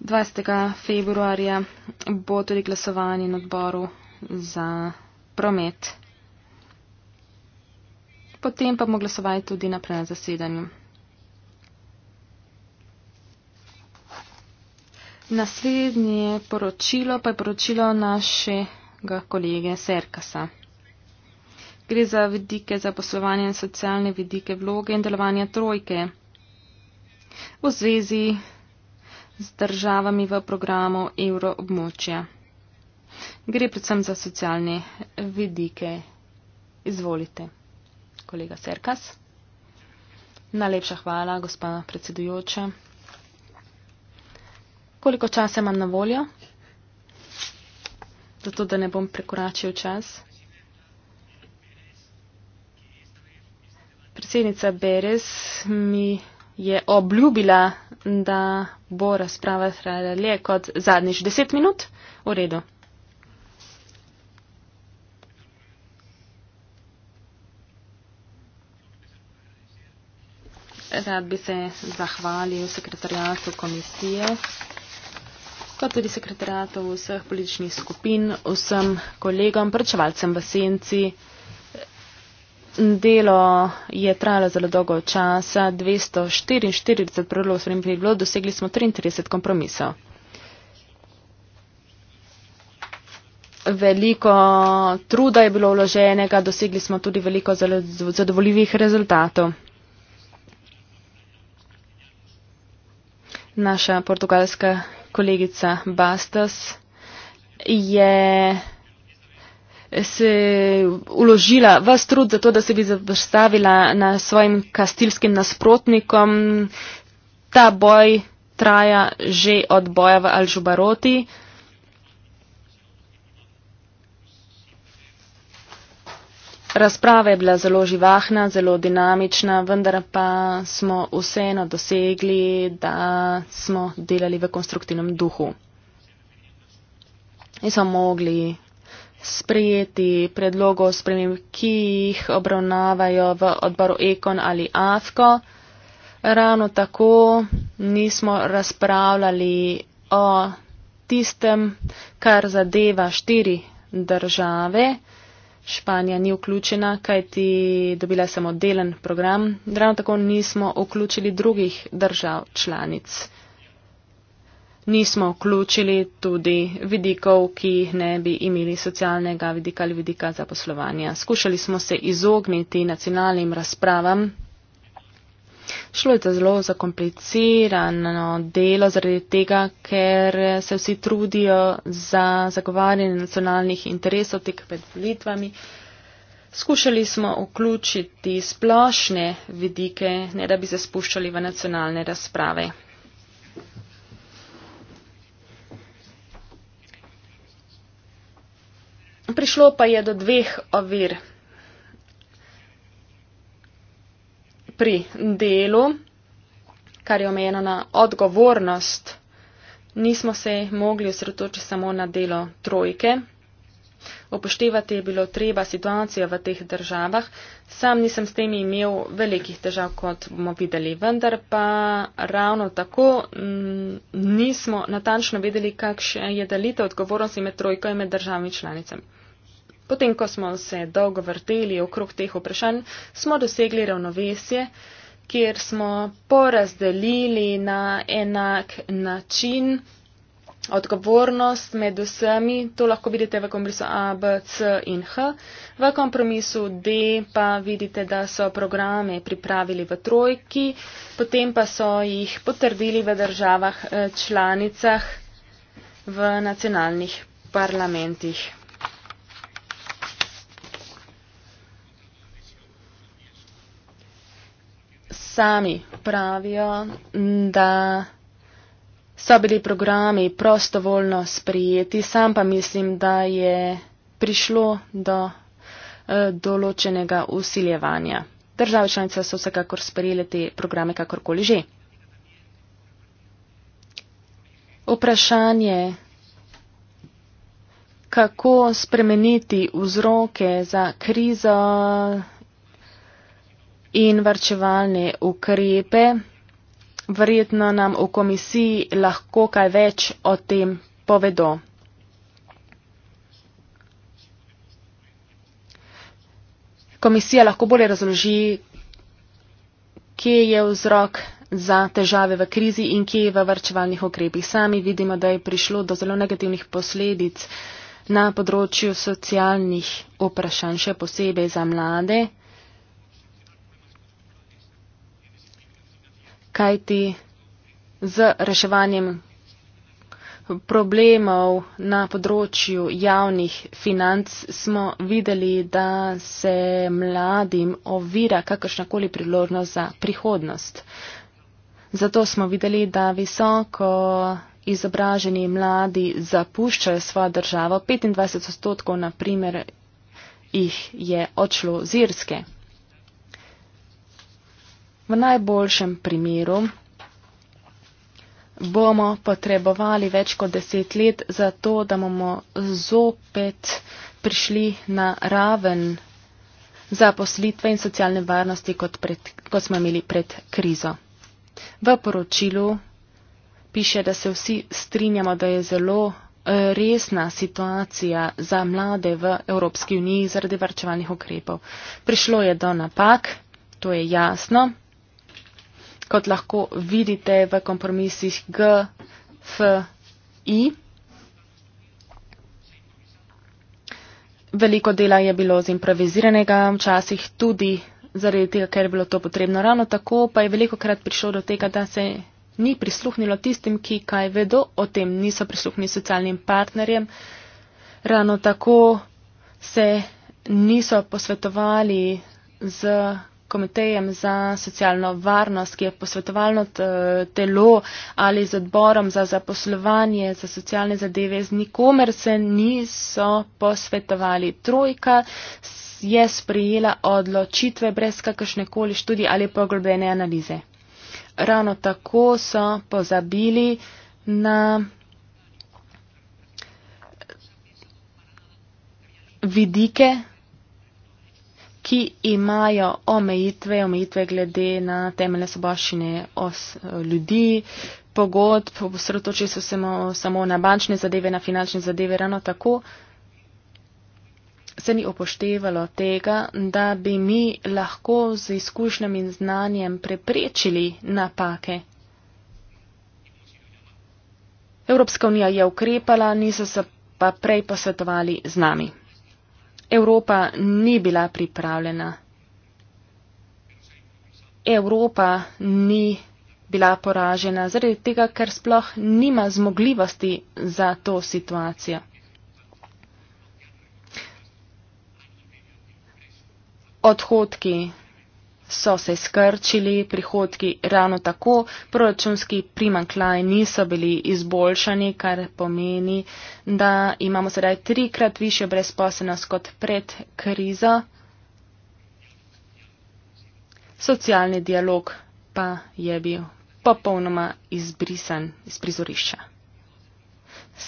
20. februarja bo tudi glasovanje na odboru za promet. Potem pa bomo glasovali tudi na prenajem zasedanju. Naslednje poročilo pa je poročilo našega kolege Serkasa. Gre za vidike za poslovanje in socialne vidike vloge in delovanja trojke. V zvezi z državami v programu evroobmočja. Gre predvsem za socialne vidike. Izvolite, kolega Serkas. Najlepša hvala, gospa predsedujoča. Koliko časa imam na voljo? Zato, da ne bom prekoračil čas. Predsednica Beres mi je obljubila, da bo razprava trajala le kot zadnjič. Deset minut? V redu. Rad bi se zahvalil sekretarjatu komisije, kot tudi sekretarjatu vseh političnih skupin, vsem kolegom, prečevalcem v senci delo je trajalo zelo dolgo časa, 244 predlogov sprem bi bilo, dosegli smo 33 kompromisov. Veliko truda je bilo vloženega, dosegli smo tudi veliko zadovoljivih rezultatov. Naša portugalska kolegica Bastos je se uložila vas trud za to, da se bi zaprstavila na svojim kastilskim nasprotnikom. Ta boj traja že od boja v Alžubaroti. Razprava je bila zelo živahna, zelo dinamična, vendar pa smo vseeno dosegli, da smo delali v konstruktivnem duhu. In smo mogli sprejeti predlogov sprememb, ki jih obravnavajo v odboru Ekon ali AFKO. Ravno tako nismo razpravljali o tistem, kar zadeva štiri države. Španija ni vključena, kajti dobila je samo delen program. Ravno tako nismo vključili drugih držav članic nismo vključili tudi vidikov, ki jih ne bi imeli socialnega vidika ali vidika zaposlovanja. Skušali smo se izogniti nacionalnim razpravam. Šlo je za zelo zakomplicirano delo zaradi tega, ker se vsi trudijo za zagovarjanje nacionalnih interesov tik pred volitvami. Skušali smo vključiti splošne vidike, ne da bi se spuščali v nacionalne razprave. Prišlo pa je do dveh ovir pri delu, kar je omejeno na odgovornost. Nismo se mogli osredotočiti samo na delo trojke. Upoštevati je bilo treba situacijo v teh državah. Sam nisem s tem imel velikih težav, kot bomo videli, vendar pa ravno tako mm, nismo natančno vedeli, kakšna je delitev odgovornosti med trojko in med državami članicami. Potem, ko smo se dolgo vrteli okrog teh vprašanj, smo dosegli ravnovesje, kjer smo porazdelili na enak način odgovornost med vsemi. To lahko vidite v kompromisu A, B, C in H. V kompromisu D pa vidite, da so programe pripravili v trojki, potem pa so jih potrdili v državah eh, članicah v nacionalnih parlamentih. sami pravijo, da so bili programi prostovoljno sprijeti, sam pa mislim, da je prišlo do eh, določenega usiljevanja. Države članice so vsekakor sprejeli te programe kakorkoli že. Vprašanje, kako spremeniti vzroke za krizo in varčevalne ukrepe. Verjetno nam v komisiji lahko kaj več o tem povedo. Komisija lahko bolje razloži, kje je vzrok za težave v krizi in kje je v varčevalnih ukrepih. Sami vidimo, da je prišlo do zelo negativnih posledic na področju socialnih vprašanj, še posebej za mlade. kajti z reševanjem problemov na področju javnih financ smo videli, da se mladim ovira kakršnakoli priložnost za prihodnost. Zato smo videli, da visoko izobraženi mladi zapuščajo svojo državo, 25 odstotkov na primer jih je odšlo z Irske. V najboljšem primeru bomo potrebovali več kot deset let za to, da bomo zopet prišli na raven zaposlitve in socialne varnosti, kot, pred, kot smo imeli pred krizo. V poročilu piše, da se vsi strinjamo, da je zelo eh, resna situacija za mlade v Evropski uniji zaradi varčevalnih ukrepov. Prišlo je do napak, to je jasno kot lahko vidite v kompromisih G, F, I. Veliko dela je bilo zimproviziranega, včasih tudi zaradi tega, ker je bilo to potrebno. Ravno tako pa je veliko krat prišlo do tega, da se ni prisluhnilo tistim, ki kaj vedo o tem, niso prisluhnili socialnim partnerjem. Ravno tako se niso posvetovali z komitejem za socialno varnost, ki je posvetovalno telo ali z odborom za zaposlovanje, za socialne zadeve, z nikomer se niso posvetovali. Trojka je sprejela odločitve brez kakršne koli študije ali poglobljene analize. Ravno tako so pozabili na vidike ki imajo omejitve, omejitve glede na temeljne soboščine os eh, ljudi, pogodb, osredotočili so se samo na bančne zadeve, na finančne zadeve, ravno tako se ni upoštevalo tega, da bi mi lahko z izkušnjami in znanjem preprečili napake. Evropska unija je ukrepala, niso se pa prej posvetovali z nami. Evropa ni bila pripravljena. Evropa ni bila poražena zaradi tega, ker sploh nima zmogljivosti za to situacijo. Odhodki so se skrčili prihodki ravno tako, proračunski primankljaj niso bili izboljšani, kar pomeni, da imamo sedaj trikrat više brezposobnost kot pred krizo. Socialni dialog pa je bil popolnoma izbrisan iz prizorišča.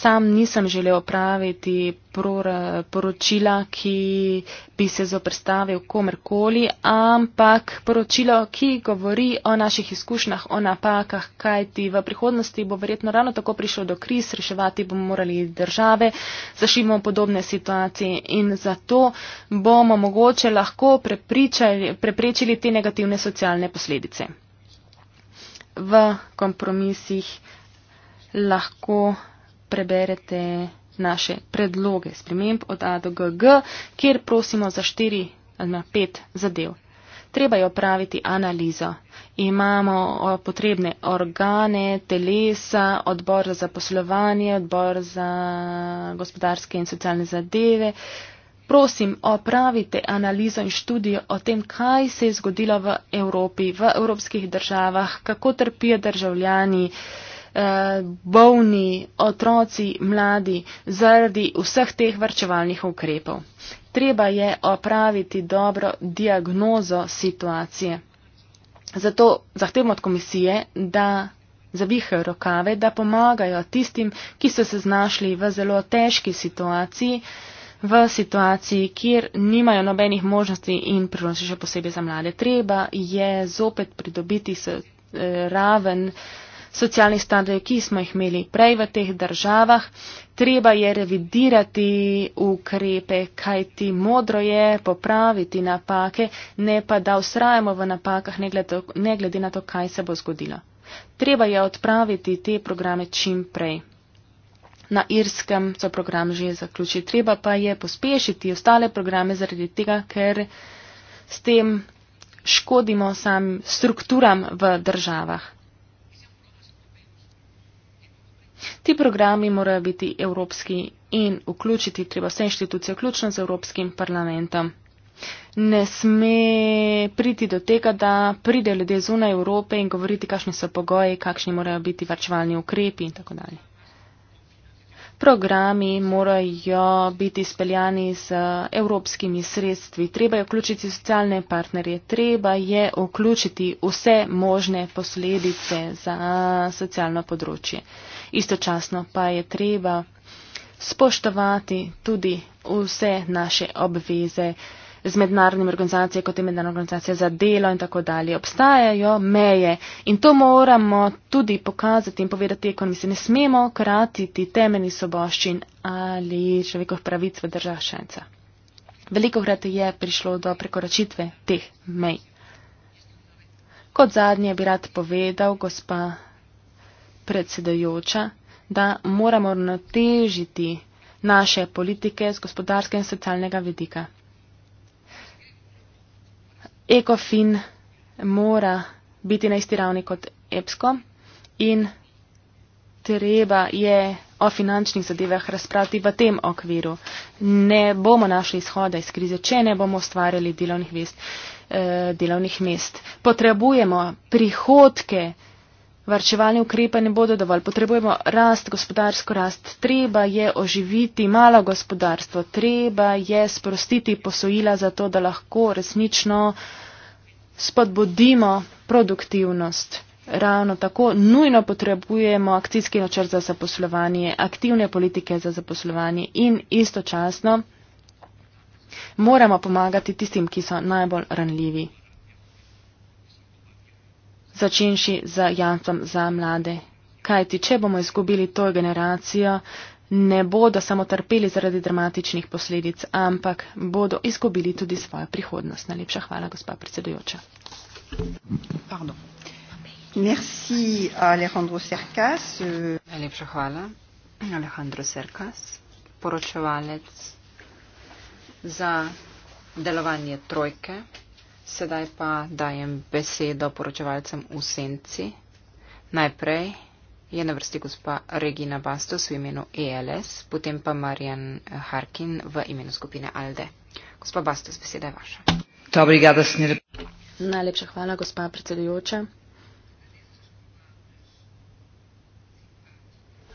Sam nisem želel praviti poročila, ki bi se zoprstavil komerkoli, ampak poročilo, ki govori o naših izkušnjah, o napakah, kajti v prihodnosti bo verjetno ravno tako prišlo do kriz, reševati bomo morali države, zašimo podobne situacije in zato bomo mogoče lahko preprečili te negativne socialne posledice. V kompromisih lahko preberete naše predloge sprememb od A do GG, kjer prosimo za 4 na 5 zadev. Treba je opraviti analizo. Imamo potrebne organe, telesa, odbor za poslovanje, odbor za gospodarske in socialne zadeve. Prosim, opravite analizo in študijo o tem, kaj se je zgodilo v Evropi, v evropskih državah, kako trpijo državljani. Uh, eh, bolni, otroci, mladi zaradi vseh teh varčevalnih ukrepov. Treba je opraviti dobro diagnozo situacije. Zato zahtevamo od komisije, da zavihajo rokave, da pomagajo tistim, ki so se znašli v zelo težki situaciji, v situaciji, kjer nimajo nobenih možnosti in priložnosti še posebej za mlade. Treba je zopet pridobiti se, eh, raven eh, socialnih standardov, ki smo jih imeli prej v teh državah. Treba je revidirati ukrepe, kaj ti modro je popraviti napake, ne pa da usrajamo v napakah, ne glede, ne glede na to, kaj se bo zgodilo. Treba je odpraviti te programe čim prej. Na Irskem so program že zaključili, treba pa je pospešiti ostale programe zaradi tega, ker s tem škodimo sam strukturam v državah. Ti programi morajo biti evropski in vključiti treba vse inštitucije, vključno z Evropskim parlamentom. Ne sme priti do tega, da pride ljudje zunaj Evrope in govoriti, kakšni so pogoji, kakšni morajo biti varčevalni ukrepi in tako dalje programi morajo biti speljani z evropskimi sredstvi, treba je vključiti socialne partnerje, treba je vključiti vse možne posledice za socialno področje. Istočasno pa je treba spoštovati tudi vse naše obveze z mednarodnimi organizacijami, kot je mednarodna organizacija za delo in tako dalje. Obstajajo meje in to moramo tudi pokazati in povedati, ko mi se ne smemo kratiti temeni soboščin ali človekov pravic v držav šenca. Veliko krat je prišlo do prekoračitve teh mej. Kot zadnje bi rad povedal, gospa predsedajoča, da moramo natežiti naše politike z gospodarskega in socialnega vidika. ECOFIN mora biti na isti ravni kot EPSCO in treba je o finančnih zadevah razpravljati v tem okviru. Ne bomo našli izhoda iz krize, če ne bomo ustvarjali delovnih, vest, eh, delovnih mest. Potrebujemo prihodke Varčevalni ukrepe ne bodo dovolj. Potrebujemo rast, gospodarsko rast. Treba je oživiti malo gospodarstvo. Treba je sprostiti posojila za to, da lahko resnično spodbudimo produktivnost. Ravno tako nujno potrebujemo akcijski načrt za zaposlovanje, aktivne politike za zaposlovanje in istočasno moramo pomagati tistim, ki so najbolj ranljivi začenši z jamcem za mlade. Kaj ti, če bomo izgubili to generacijo, ne bodo samo trpeli zaradi dramatičnih posledic, ampak bodo izgubili tudi svojo prihodnost. Najlepša hvala, gospa predsedujoča. Pardon. Merci, Alejandro Serkas. Najlepša hvala, Alejandro Serkas, poročevalec za delovanje trojke. Sedaj pa dajem besedo poročevalcem v senci. Najprej je na vrsti gospa Regina Bastos v imenu ELS, potem pa Marjan Harkin v imenu skupine ALDE. Gospa Bastos, beseda je vaša. Najlepša hvala, gospa predsedujoča.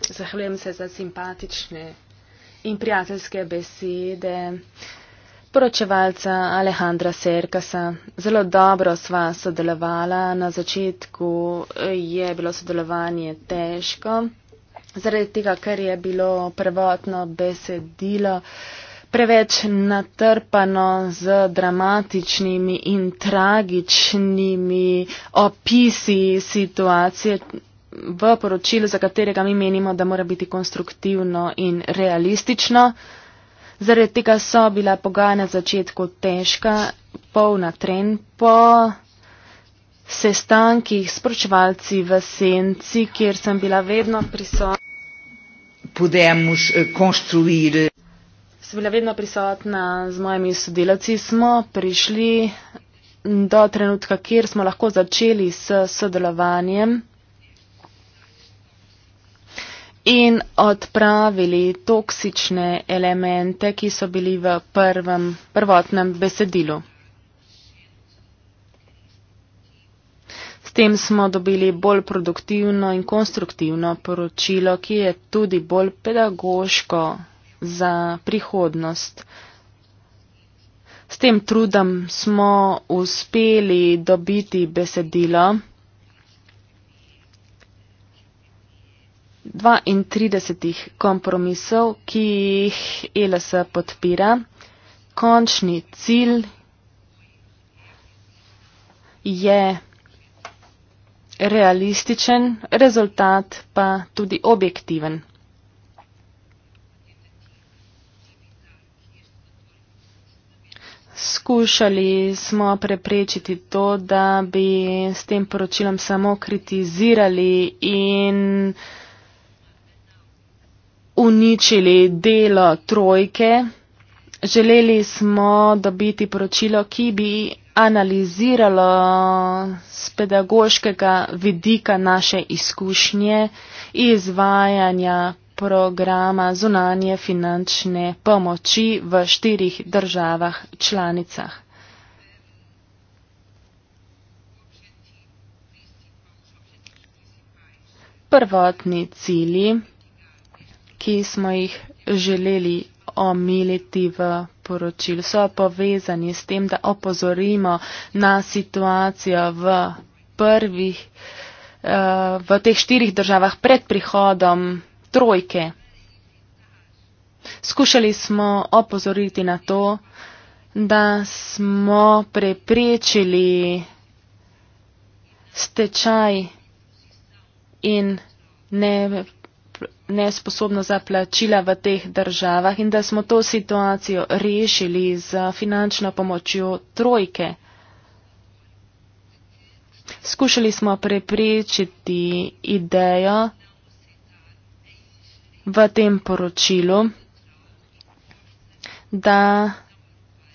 Zahvaljujem se za simpatične in prijateljske besede. Uh, poročevalca Alejandra Serkasa. Zelo dobro sva sodelovala. Na začetku eh, je bilo sodelovanje težko, zaradi tega, ker je bilo prvotno besedilo preveč natrpano z dramatičnimi in tragičnimi opisi situacije v poročilu, za katerega mi menimo, da mora biti konstruktivno in realistično. Zaradi tega so bila pogajanja na začetku težka, polna tren, po sestankih s pročevalci v senci, kjer sem bila vedno prisotna. Eh, eh, sem bila vedno prisotna z mojimi sodelavci, smo prišli do trenutka, kjer smo lahko začeli s sodelovanjem in odpravili toksične elemente, ki so bili v prvem, prvotnem besedilu. S tem smo dobili bolj produktivno in konstruktivno poročilo, ki je tudi bolj pedagoško za prihodnost. S tem trudom smo uspeli dobiti besedilo, 32 kompromisov, ki jih ELS podpira. Končni cilj je realističen, rezultat pa tudi objektiven. Skušali smo preprečiti to, da bi s tem poročilom samo kritizirali in uničili delo trojke. Želeli smo dobiti poročilo, ki bi analiziralo z pedagoškega vidika naše izkušnje izvajanja programa zunanje finančne pomoči v štirih državah članicah. Prvotni cilji ki smo jih želeli omiliti v poročil. So povezani s tem, da opozorimo na situacijo v prvih, eh, v teh štirih državah pred prihodom trojke. Skušali smo opozoriti na to, da smo preprečili stečaj in ne nesposobno za plačila v teh državah in da smo to situacijo rešili z finančno pomočjo trojke. Skušali smo preprečiti idejo v tem poročilu, da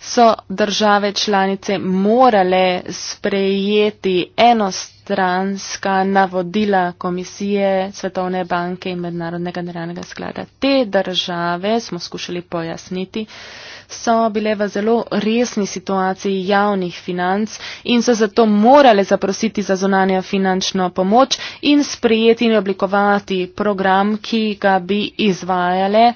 so države članice morale sprejeti enost stranska navodila komisije Svetovne banke in Mednarodnega generalnega sklada. Te države, smo skušali pojasniti, so bile v zelo resni situaciji javnih financ in so zato morale zaprositi za zunanjo finančno pomoč in sprejeti in oblikovati program, ki ga bi izvajale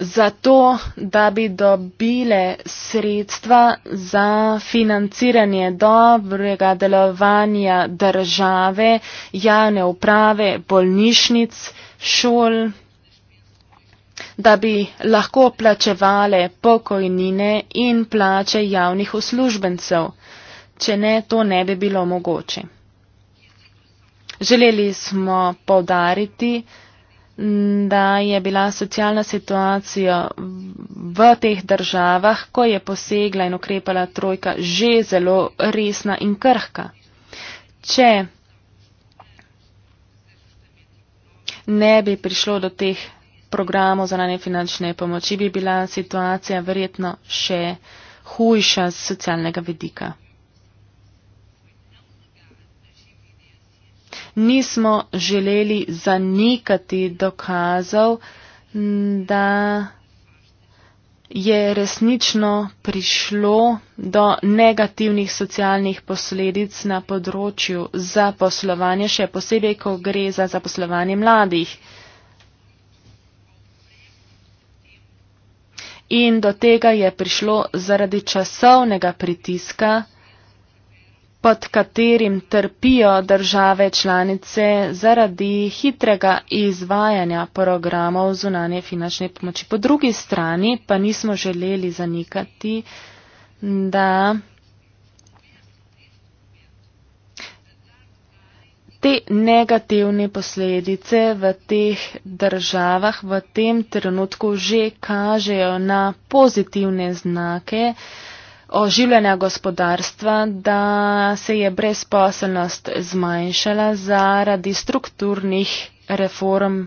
zato, da bi dobile sredstva za financiranje dobrega delovanja države, javne uprave, bolnišnic, šol, da bi lahko plačevale pokojnine in plače javnih uslužbencev. Če ne, to ne bi bilo mogoče. Želeli smo povdariti, da je bila socialna situacija v teh državah, ko je posegla in ukrepala trojka, že zelo resna in krhka. Če ne bi prišlo do teh programov za nane finančne pomoči, bi bila situacija verjetno še hujša z socialnega vidika. nismo želeli zanikati dokazov, da je resnično prišlo do negativnih socialnih posledic na področju zaposlovanja, še posebej, ko gre za zaposlovanje mladih. In do tega je prišlo zaradi časovnega pritiska, pod katerim trpijo države članice zaradi hitrega izvajanja programov zunanje finančne pomoči. Po drugi strani pa nismo želeli zanikati, da te negativne posledice v teh državah v tem trenutku že kažejo na pozitivne znake, oživljanja gospodarstva, da se je brezposelnost zmanjšala zaradi strukturnih reform,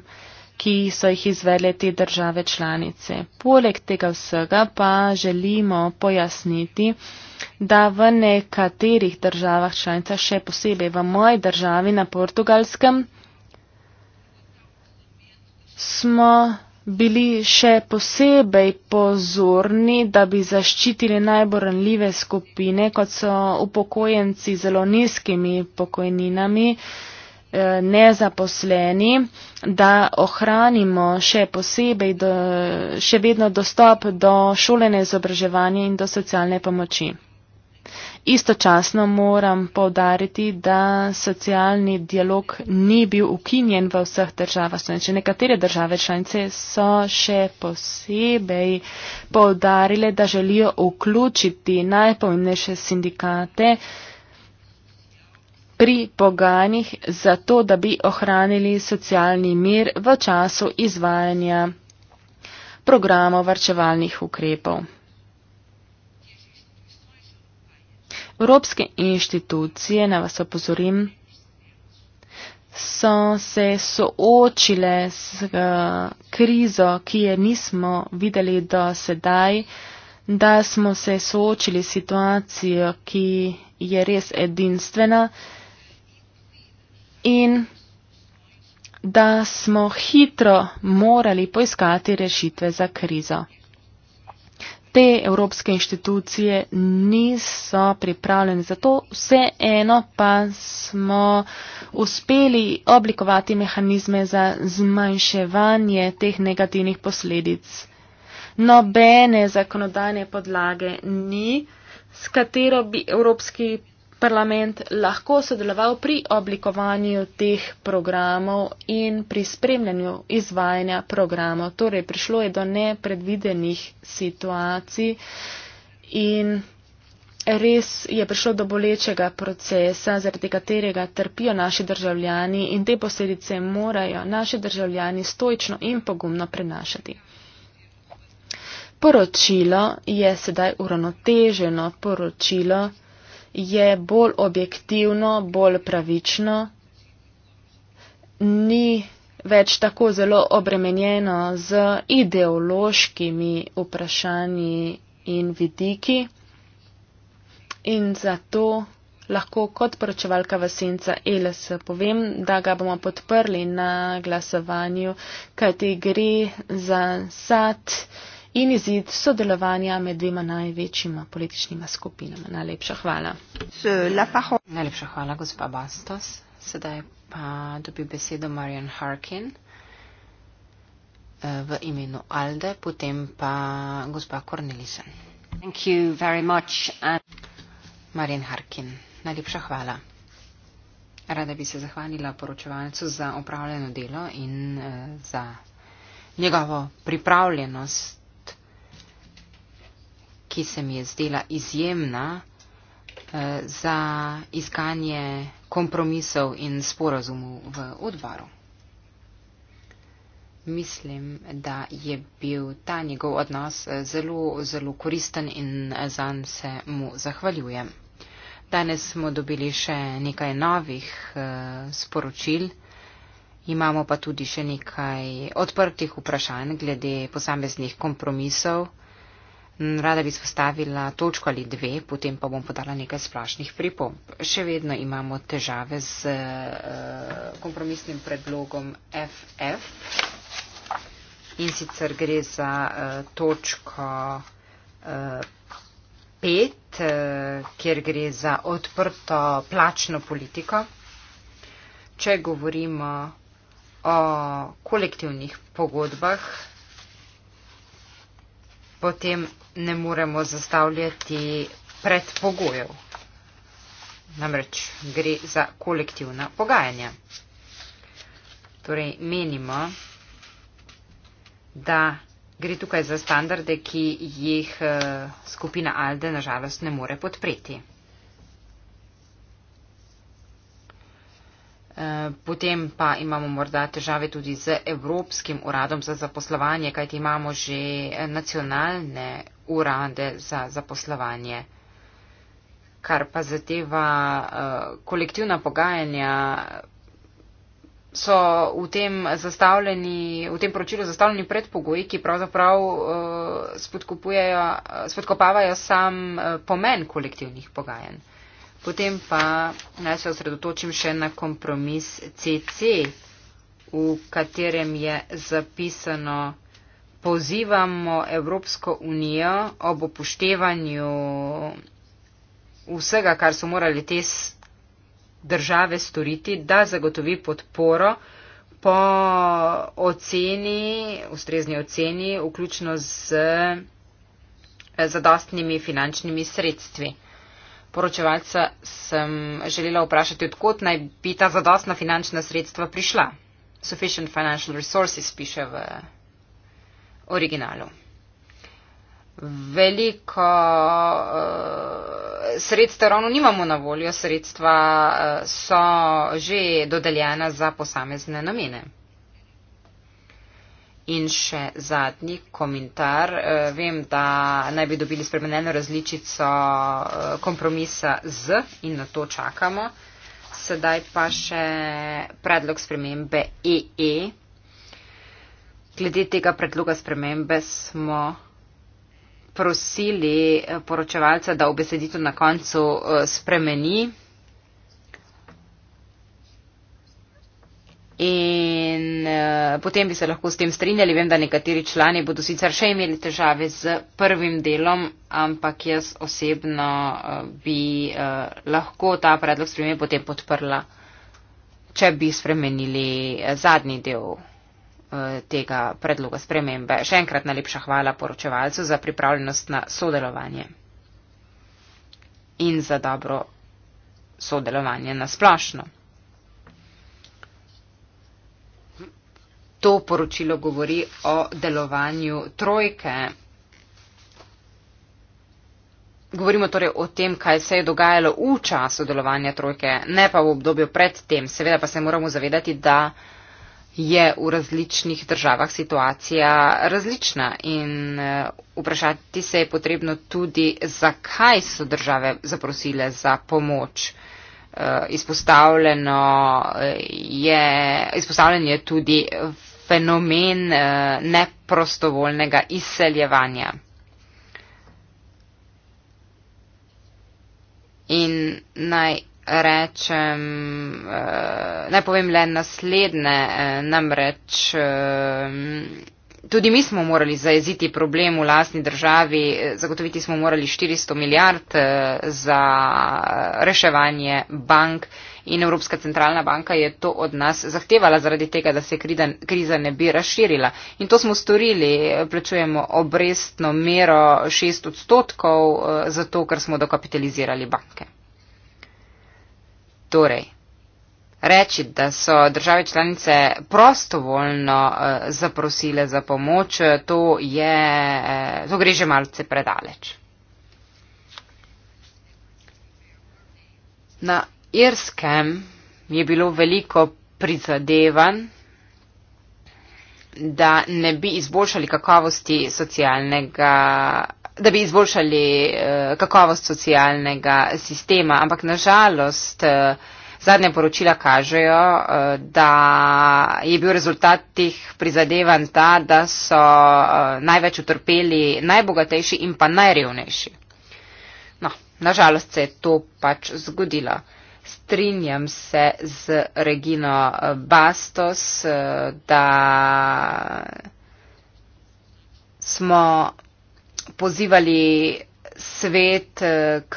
ki so jih izvele te države članice. Poleg tega vsega pa želimo pojasniti, da v nekaterih državah članica, še posebej v moji državi na portugalskem, smo bili še posebej pozorni, da bi zaščitili najbolj ranljive skupine, kot so upokojenci z zelo nizkimi pokojninami, eh, nezaposleni, da ohranimo še posebej do, še vedno dostop do šolene izobraževanja in do socialne pomoči. Istočasno moram povdariti, da socialni dialog ni bil ukinjen v vseh državah. Če nekatere države članice so še posebej povdarile, da želijo vključiti najpomembnejše sindikate pri pogajanjih zato, da bi ohranili socialni mir v času izvajanja programov varčevalnih ukrepov. Evropske inštitucije, ne vas opozorim, so se soočile z uh, eh, krizo, ki je nismo videli do sedaj, da smo se soočili s situacijo, ki je res edinstvena in da smo hitro morali poiskati rešitve za krizo te evropske inštitucije niso pripravljene. Zato vseeno pa smo uspeli oblikovati mehanizme za zmanjševanje teh negativnih posledic. Nobene zakonodajne podlage ni, s katero bi evropski parlament lahko sodeloval pri oblikovanju teh programov in pri spremljanju izvajanja programov. Torej, prišlo je do nepredvidenih situacij in res je prišlo do bolečega procesa, zaradi katerega trpijo naši državljani in te posledice morajo naši državljani stojčno in pogumno prenašati. Poročilo je sedaj uravnoteženo poročilo je bolj objektivno, bolj pravično, ni več tako zelo obremenjeno z ideološkimi vprašanji in vidiki in zato lahko kot poročevalka vasenca ELS povem, da ga bomo podprli na glasovanju, kajti gre za sad in izid sodelovanja med dvema največjima političnima skupinama. Najlepša hvala. Najlepša hvala, gospa Bastos. Sedaj pa dobi besedo Marian Harkin eh, v imenu Alde, potem pa gospa Cornelisen. Thank you very much. Marian Harkin, najlepša hvala. Rada bi se zahvalila poročevalcu za opravljeno delo in eh, za njegovo pripravljenost ki se mi je zdela izjemna eh, za iskanje kompromisov in sporazumov v odboru. Mislim, da je bil ta njegov odnos eh, zelo, zelo koristen in eh, zanj se mu zahvaljujem. Danes smo dobili še nekaj novih sporočil, imamo pa tudi še nekaj odprtih vprašanj glede posameznih kompromisov. Mm, rada bi spostavila točko ali dve, potem pa bom podala nekaj splošnih pripomb. Še vedno imamo težave z uh, kompromisnim predlogom FF in sicer gre za uh, točko 5, uh, uh, kjer gre za odprto plačno politiko. Če govorimo o kolektivnih pogodbah, potem ne moremo zastavljati predpogojev. Namreč gre za kolektivna pogajanja. Torej menimo, da gre tukaj za standarde, ki jih eh, skupina Alde nažalost ne more podpreti. Eh, potem pa imamo morda težave tudi z Evropskim uradom za zaposlovanje, kajti imamo že nacionalne urade za zaposlovanje, kar pa zadeva eh, kolektivna pogajanja. So v tem, v tem poročilu zastavljeni predpogoji, ki pravzaprav uh, spodkopavajo sam uh, pomen kolektivnih pogajanj. Potem pa naj se osredotočim še na kompromis CC, v katerem je zapisano, pozivamo Evropsko unijo ob upoštevanju vsega, kar so morali te države storiti, da zagotovi podporo po oceni, ustrezni oceni, vključno z zadostnimi finančnimi sredstvi poročevalca sem želela vprašati, odkot naj bi ta zadostna finančna sredstva prišla. Sufficient financial resources piše v originalu. Veliko uh, sredstev ravno nimamo na voljo, sredstva uh, so že dodeljena za posamezne namene. In še zadnji komentar. Eh, vem, da naj bi dobili spremenjeno različico eh, kompromisa z in na to čakamo. Sedaj pa še predlog spremembe EE. E. Glede tega predloga spremembe smo prosili eh, poročevalca, da v beseditu na koncu spremeni In uh, potem bi se lahko s tem strinjali, vem, da nekateri člani bodo sicer še imeli težave z prvim delom, ampak jaz osebno uh, bi uh, lahko ta predlog spremenil potem podprla, če bi spremenili zadnji del uh, tega predloga spremembe. Še enkrat najlepša hvala poročevalcu za pripravljenost na sodelovanje in za dobro sodelovanje na splošno. to poročilo govori o delovanju trojke. Govorimo torej o tem, kaj se je dogajalo v času delovanja trojke, ne pa v obdobju pred tem. Seveda pa se moramo zavedati, da je v različnih državah situacija različna in eh, vprašati se je potrebno tudi, zakaj so države zaprosile za pomoč. Eh, eh, izpostavljen je tudi fenomen eh, neprostovoljnega izseljevanja. In naj rečem, eh, naj povem le naslednje, eh, namreč tudi mi smo morali zajeziti problem v lastni državi, zagotoviti smo morali 400 milijard za reševanje bank, in Evropska centralna banka je to od nas zahtevala zaradi tega, da se krida, kriza ne bi razširila. In to smo storili, plačujemo obrestno mero 6 odstotkov eh, za to, ker smo dokapitalizirali banke. Torej. Reči, da so države članice prostovoljno eh, zaprosile za pomoč, eh, to, je, eh, to gre že malce predaleč. Na Irskem je bilo veliko prizadevanj, da ne bi izboljšali kakovosti socialnega da bi izboljšali eh, kakovost socialnega sistema, ampak nažalost eh, zadnje poročila kažejo, eh, da je bil rezultat teh prizadevanj ta, da so eh, največ utrpeli najbogatejši in pa najrevnejši. No, nažalost se je to pač zgodilo strinjam se z Regino Bastos, eh, da smo pozivali svet eh, k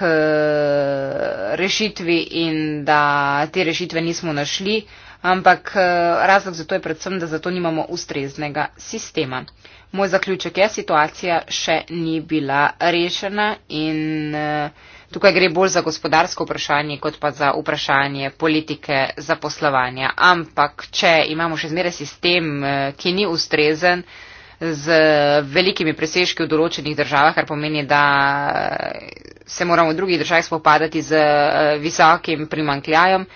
rešitvi in da te rešitve nismo našli, ampak eh, razlog za to je predvsem, da zato nimamo ustreznega sistema. Moj zaključek je, situacija še ni bila rešena in uh, tukaj gre bolj za gospodarsko vprašanje, kot pa za vprašanje politike zaposlovanja. Ampak, če imamo še zmeraj sistem, eh, ki ni ustrezen, z velikimi presežki v določenih državah, kar pomeni, da eh, se moramo v drugih državah spopadati z eh, visokim primankljajem,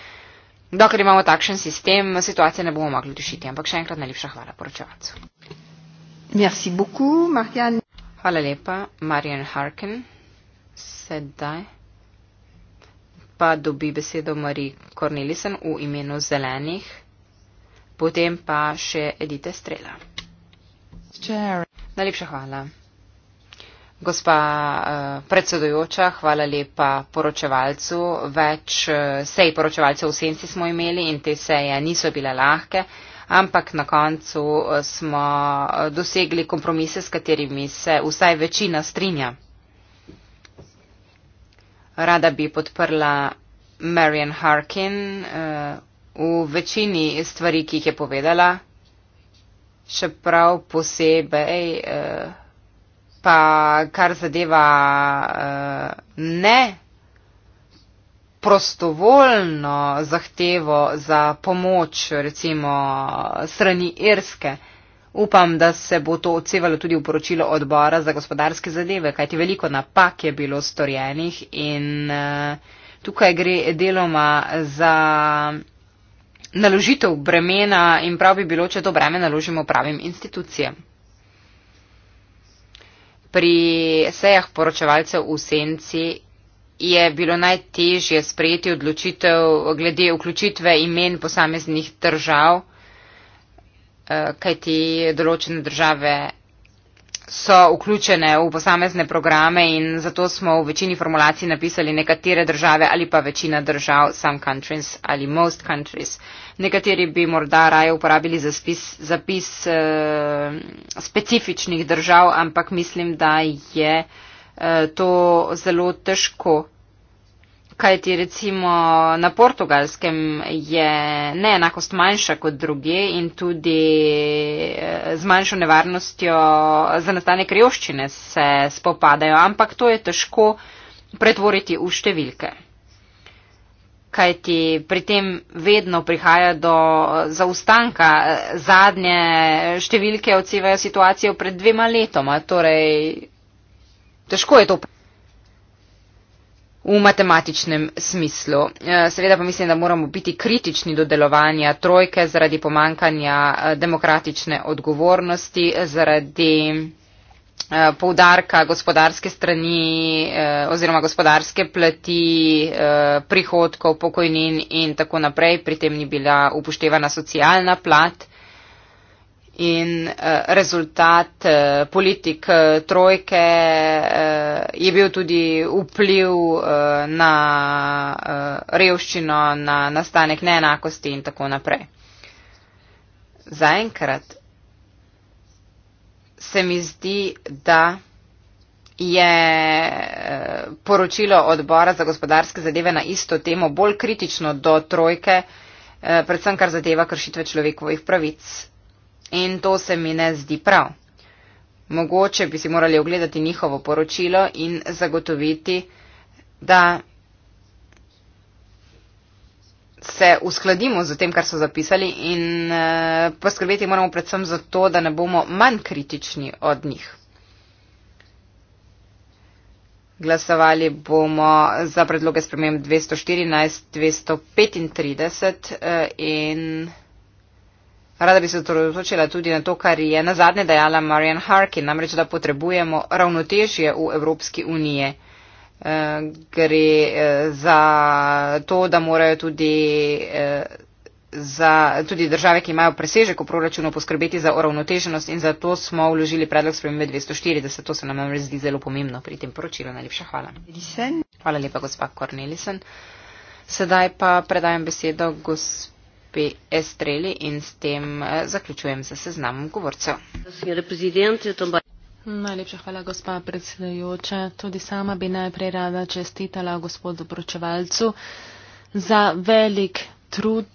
dokler imamo takšen sistem, situacije ne bomo mogli rešiti. Ampak še enkrat najlepša hvala poročevalcu. Merci beaucoup, Marianne. Hvala lepa, Marian Harkin sedaj pa dobi besedo Mari Kornelisen v imenu zelenih, potem pa še Edite Strela. Najlepša hvala. Gospa uh, eh, predsedojoča, hvala lepa poročevalcu. Več uh, sej poročevalcev v senci smo imeli in te seje niso bile lahke, ampak na koncu uh, smo uh, dosegli kompromise, s katerimi se vsaj večina strinja rada bi podprla Marian Harkin uh, v večini stvari, ki jih je povedala, še prav posebej uh, pa kar zadeva uh, ne prostovoljno zahtevo za pomoč, recimo, strani Irske. Upam, da se bo to odsevalo tudi v poročilo odbora za gospodarske zadeve, kajti veliko napak je bilo storjenih in eh, tukaj gre deloma za naložitev bremena in prav bi bilo, če to breme naložimo pravim institucijam. Pri sejah poročevalcev v senci je bilo najtežje sprejeti odločitev glede vključitve imen posameznih držav. Eh, kajti določene države so vključene v posamezne programe in zato smo v večini formulacij napisali nekatere države ali pa večina držav, some countries ali most countries. Nekateri bi morda raje uporabili zapis, zapis uh, eh, specifičnih držav, ampak mislim, da je uh, to zelo težko kaj ti recimo na portugalskem je neenakost manjša kot druge in tudi eh, z manjšo nevarnostjo za nastanek revščine se spopadajo, ampak to je težko pretvoriti v številke. Kaj ti pri tem vedno prihaja do eh, zaustanka. Zadnje številke odsevajo situacijo pred dvema letoma, torej težko je to pretvoriti v matematičnem smislu. Eh, seveda pa mislim, da moramo biti kritični do delovanja trojke zaradi pomankanja eh, demokratične odgovornosti, zaradi eh, poudarka gospodarske strani oziroma gospodarske plati, prihodkov, pokojnin in tako naprej. Pri tem ni bila upoštevana socialna plat In uh, rezultat uh, politik uh, trojke uh, je bil tudi vpliv uh, na uh, revščino, na nastanek neenakosti in tako naprej. Zaenkrat se mi zdi, da je uh, poročilo odbora za gospodarske zadeve na isto temo bolj kritično do trojke, uh, predvsem kar zadeva kršitve človekovih pravic. In to se mi ne zdi prav. Mogoče bi si morali ogledati njihovo poročilo in zagotoviti, da se uskladimo z tem, kar so zapisali in eh, poskrbeti moramo predvsem za to, da ne bomo manj kritični od njih. Glasovali bomo za predloge spremem 214, 235 in. Rada bi se zatorotočila tudi na to, kar je na zadnje dejala Marian Harkin, namreč da potrebujemo ravnotežje v Evropski uniji. Eh, gre eh, za to, da morajo tudi, eh, za, tudi države, ki imajo presežek v proračunu, poskrbeti za uravnoteženost in zato smo vložili predlog spremembe 240. To se nam namreč zdi zelo pomembno pri tem poročilu. Najlepša hvala. Hvala lepa, gospa Cornelisen. Sedaj pa predajam besedo gospodinu gospe Estreli in s tem eh, zaključujem za seznam govorcev. Najlepša hvala, gospa predsedajoča. Tudi sama bi najprej rada čestitala gospodu Pročevalcu za velik trud,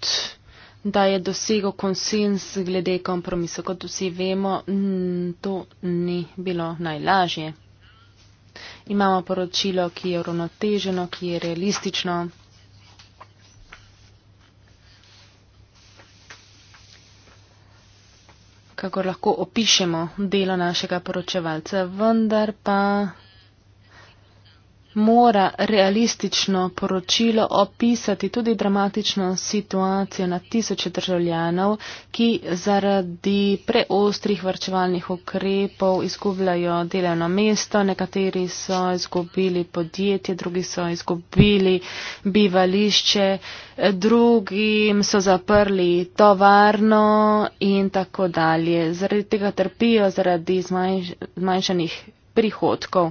da je dosego konsens glede kompromisa. Kot vsi vemo, to ni bilo najlažje. Imamo poročilo, ki je uravnoteženo, ki je realistično. kakor lahko opišemo delo našega poročevalca, vendar pa mora realistično poročilo opisati tudi dramatično situacijo na tisoče državljanov, ki zaradi preostrih varčevalnih ukrepov izgubljajo delovno mesto, nekateri so izgubili podjetje, drugi so izgubili bivališče, drugim so zaprli tovarno in tako dalje. Zaradi tega trpijo zaradi zmanjšanih prihodkov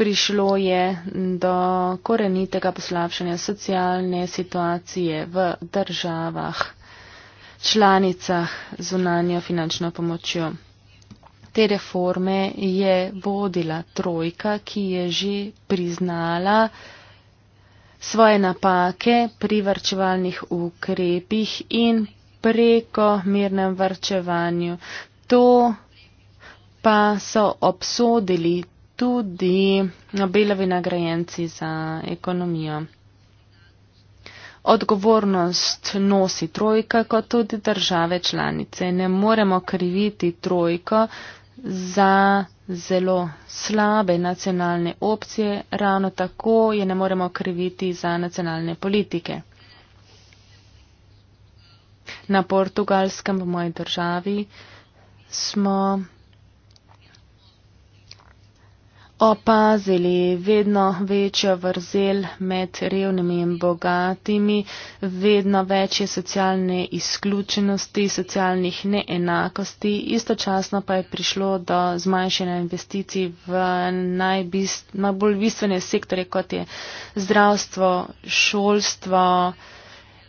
prišlo je do korenitega poslabšanja socialne situacije v državah, članicah zunanjo finančno pomočjo. Te reforme je vodila trojka, ki je že priznala svoje napake pri varčevalnih ukrepih in preko mirnem varčevanju. To pa so obsodili tudi Nobelovi nagrajenci za ekonomijo. Odgovornost nosi trojka, kot tudi države članice. Ne moremo kriviti trojko za zelo slabe nacionalne opcije, ravno tako je ne moremo kriviti za nacionalne politike. Na portugalskem, v moji državi, smo opazili vedno večjo vrzel med revnimi in bogatimi, vedno večje socialne izključenosti, socialnih neenakosti, istočasno pa je prišlo do zmanjšanja investicij v najbolj bistvene sektore, kot je zdravstvo, šolstvo,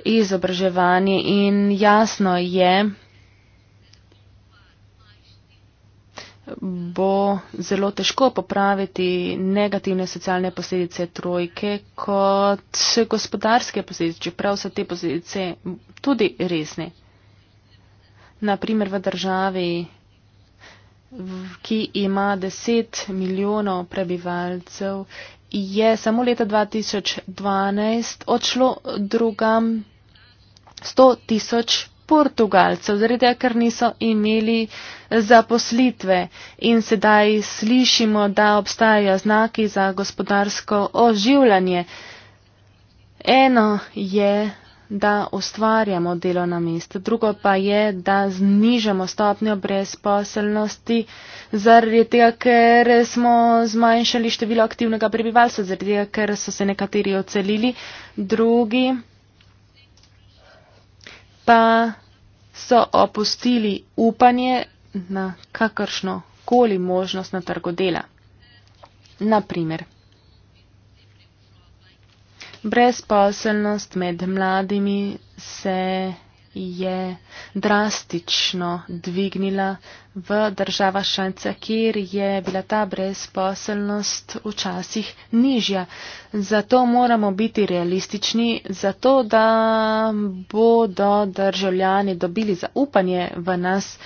izobraževanje in jasno je, bo zelo težko popraviti negativne socialne posledice trojke kot gospodarske posledice, čeprav so te posledice tudi resne. Naprimer v državi, ki ima 10 milijonov prebivalcev, je samo leta 2012 odšlo drugam 100 tisoč Portugalcev, zaradi tega, ker niso imeli zaposlitve in sedaj slišimo, da obstajajo znaki za gospodarsko oživljanje. Eno je, da ustvarjamo delovna mesta, drugo pa je, da znižamo stopnjo brezposelnosti, zaradi tega, ker smo zmanjšali število aktivnega prebivalstva, zaradi tega, ker so se nekateri ocelili, drugi pa so opustili upanje na kakršno koli možnost na trgu dela. Naprimer, brezposelnost med mladimi se je drastično dvignila v država Šance, kjer je bila ta brezposelnost včasih nižja. Zato moramo biti realistični, zato da bodo državljani dobili zaupanje v nas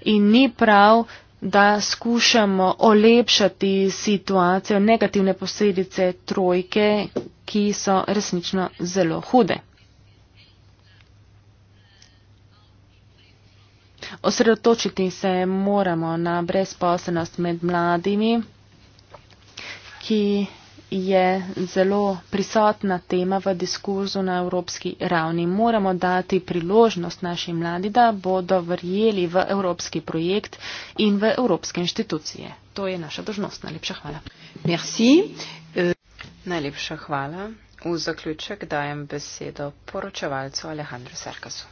in ni prav, da skušamo olepšati situacijo negativne posledice trojke, ki so resnično zelo hude. Osredotočiti se moramo na brezposobnost med mladimi, ki je zelo prisotna tema v diskurzu na evropski ravni. Moramo dati priložnost našim mladi, da bodo verjeli v evropski projekt in v evropske inštitucije. To je naša dožnost. Najlepša hvala. Merci. Eh, najlepša hvala. V zaključek dajem besedo poročevalcu Alejandru Sarkasu.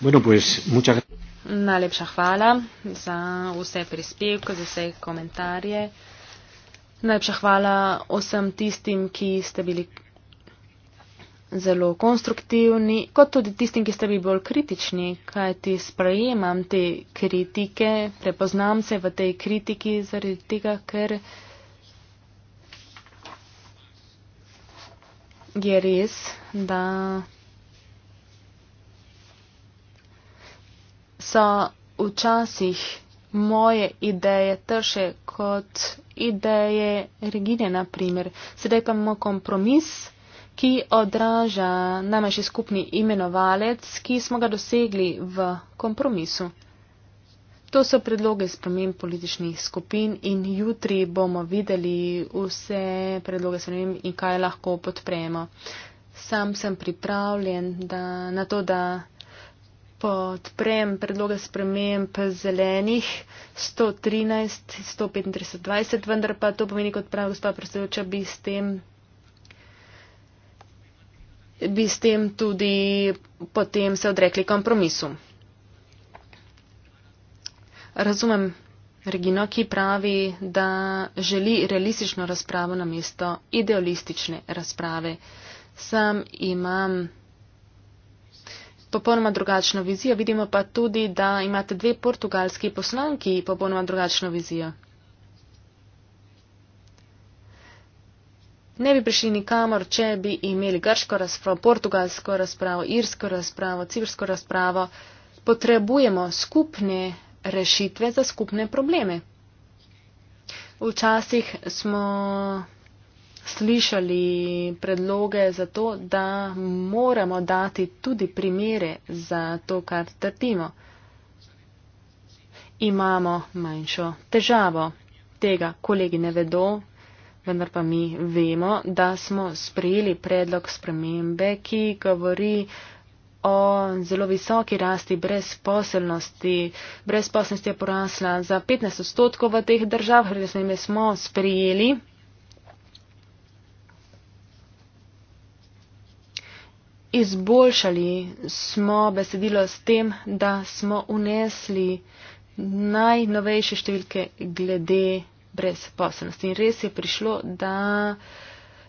Bueno, pues, muchas... Najlepša hvala za vse prispevke, za vse komentarje. Najlepša hvala vsem tistim, ki ste bili zelo konstruktivni, kot tudi tistim, ki ste bili bolj kritični, kajti sprejemam te kritike, prepoznam se v tej kritiki zaradi tega, ker je res, da so včasih moje ideje trše kot ideje Regine, naprimer. Sedaj pa imamo kompromis, ki odraža najmanjši skupni imenovalec, ki smo ga dosegli v kompromisu. To so predloge sprememb političnih skupin in jutri bomo videli vse predloge sprememb in kaj lahko podpremo. Sam sem pripravljen da, na to, da podprem predloge sprememb zelenih 113, 135, 20, vendar pa to pomeni, kot pravi gospod predsedujoča, bi, bi s tem tudi potem se odrekli kompromisu. Razumem Regino, ki pravi, da želi realistično razpravo na mesto idealistične razprave. Sam imam popolnoma drugačno vizijo. Vidimo pa tudi, da imate dve portugalski poslanki popolnoma drugačno vizijo. Ne bi prišli nikamor, če bi imeli grško razpravo, portugalsko razpravo, irsko razpravo, cipersko razpravo. Potrebujemo skupne rešitve za skupne probleme. Včasih smo slišali predloge za to, da moramo dati tudi primere za to, kar trpimo. Imamo manjšo težavo tega, kolegi ne vedo, vendar pa mi vemo, da smo sprejeli predlog spremembe, ki govori o zelo visoki rasti brezposelnosti. Brezposelnost je porasla za 15 odstotkov v teh državah, resnimi smo sprejeli izboljšali smo besedilo s tem, da smo unesli najnovejše številke glede brezposelnosti. In res je prišlo, da.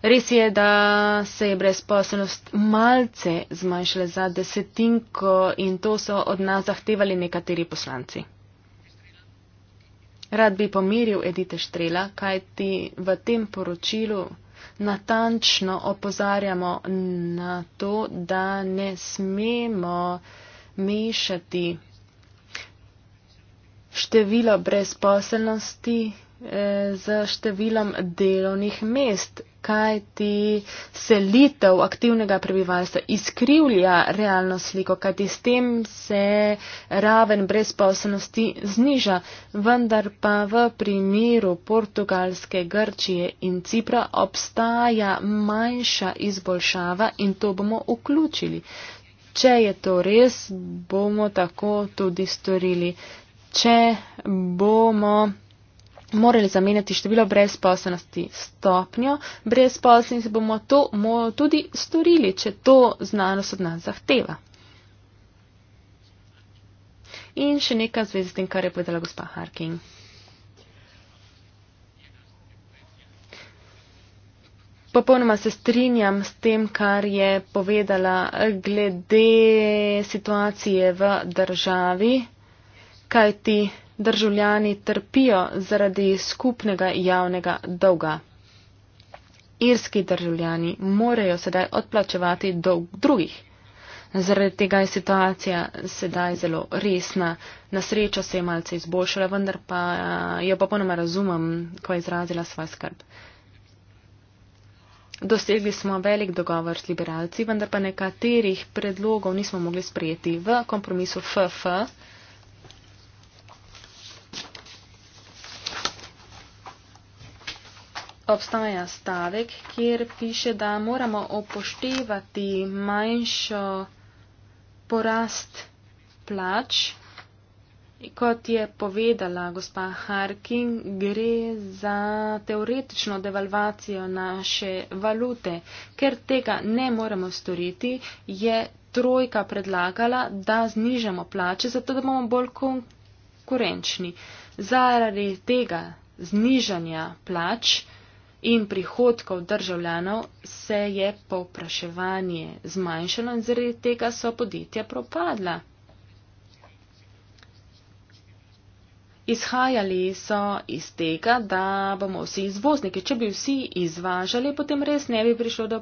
Res je, da se je brezposelnost malce zmanjšala za desetinko in to so od nas zahtevali nekateri poslanci. Rad bi pomiril Edite Štrela, kaj ti v tem poročilu natančno opozarjamo na to, da ne smemo mešati števila brezposelnosti Eh, z številom delovnih mest, kaj ti selitev aktivnega prebivalstva izkrivlja realno sliko, kaj ti s tem se raven brezposobnosti zniža, vendar pa v primeru Portugalske, Grčije in Cipra obstaja manjša izboljšava in to bomo vključili. Če je to res, bomo tako tudi storili. Če bomo morali zamenjati število brezposelnosti stopnjo brezposelnosti in bomo to tudi storili, če to znanost od nas zahteva. In še nekaj zvezi s tem, kar je povedala gospa Harking. Popolnoma se strinjam s tem, kar je povedala glede situacije v državi, kajti državljani trpijo zaradi skupnega javnega dolga. Irski državljani morajo sedaj odplačevati dolg drugih. Zaradi tega je situacija sedaj zelo resna. Na srečo se je malce izboljšala, vendar pa jo popolnoma razumem, ko je izrazila svoj skrb. Dosegli smo velik dogovor s liberalci, vendar pa nekaterih predlogov nismo mogli sprejeti. V kompromisu FF obstaja stavek, kjer piše, da moramo upoštevati manjšo porast plač. Kot je povedala gospa Harkin, gre za teoretično devalvacijo naše valute, ker tega ne moremo storiti, je trojka predlagala, da znižamo plače, zato da bomo bolj konkurenčni. Zaradi tega znižanja plač in prihodkov državljanov se je povpraševanje zmanjšalo in zaradi tega so podjetja propadla. Izhajali so iz tega, da bomo vsi izvozniki. Če bi vsi izvažali, potem res ne bi prišlo do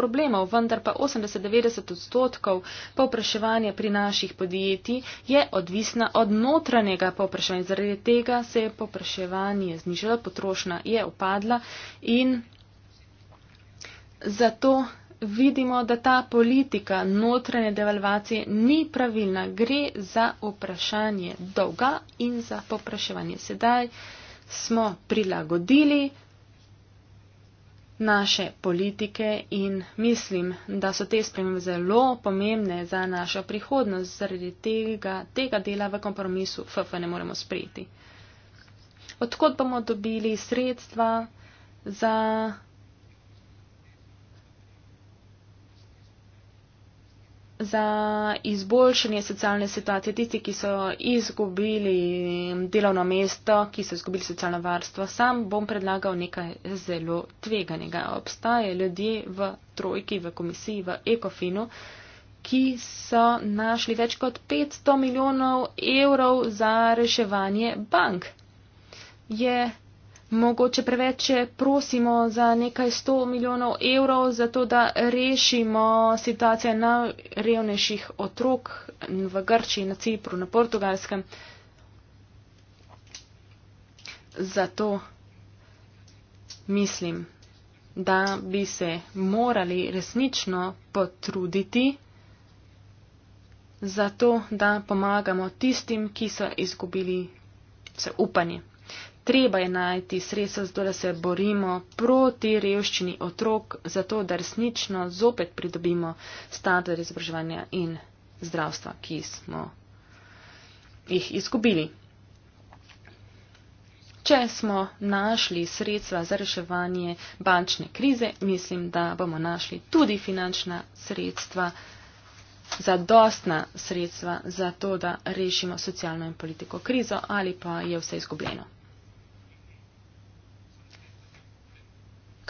problemov, vendar pa 80-90 odstotkov povpraševanja pri naših podjetij je odvisna od notranjega povpraševanja. Zaradi tega se je povpraševanje znižalo, potrošnja je upadla in zato vidimo, da ta politika notranje devalvacije ni pravilna. Gre za vprašanje dolga in za popraševanje. Sedaj smo prilagodili naše politike in mislim, da so te spremembe zelo pomembne za našo prihodnost. Zaradi tega, tega dela v kompromisu FF ne moremo sprejeti. Odkot bomo dobili sredstva za za izboljšanje socialne situacije tisti, ki so izgubili delovno mesto, ki so izgubili socialno varstvo. Sam bom predlagal nekaj zelo tveganega. Obstaje ljudje v trojki, v komisiji, v ekofinu, ki so našli več kot 500 milijonov evrov za reševanje bank. Je mogoče preveč prosimo za nekaj 100 milijonov evrov, zato da rešimo situacijo najrevnejših otrok v Grčiji, na Cipru, na Portugalskem. Zato mislim, da bi se morali resnično potruditi za to, da pomagamo tistim, ki so izgubili vse upanje. Treba je najti sredstva, zato da se borimo proti revščini otrok, zato da resnično zopet pridobimo standard izobraževanja in zdravstva, ki smo jih izgubili. Če smo našli sredstva za reševanje bančne krize, mislim, da bomo našli tudi finančna sredstva, zadostna sredstva za to, da rešimo socialno in politiko krizo ali pa je vse izgubljeno.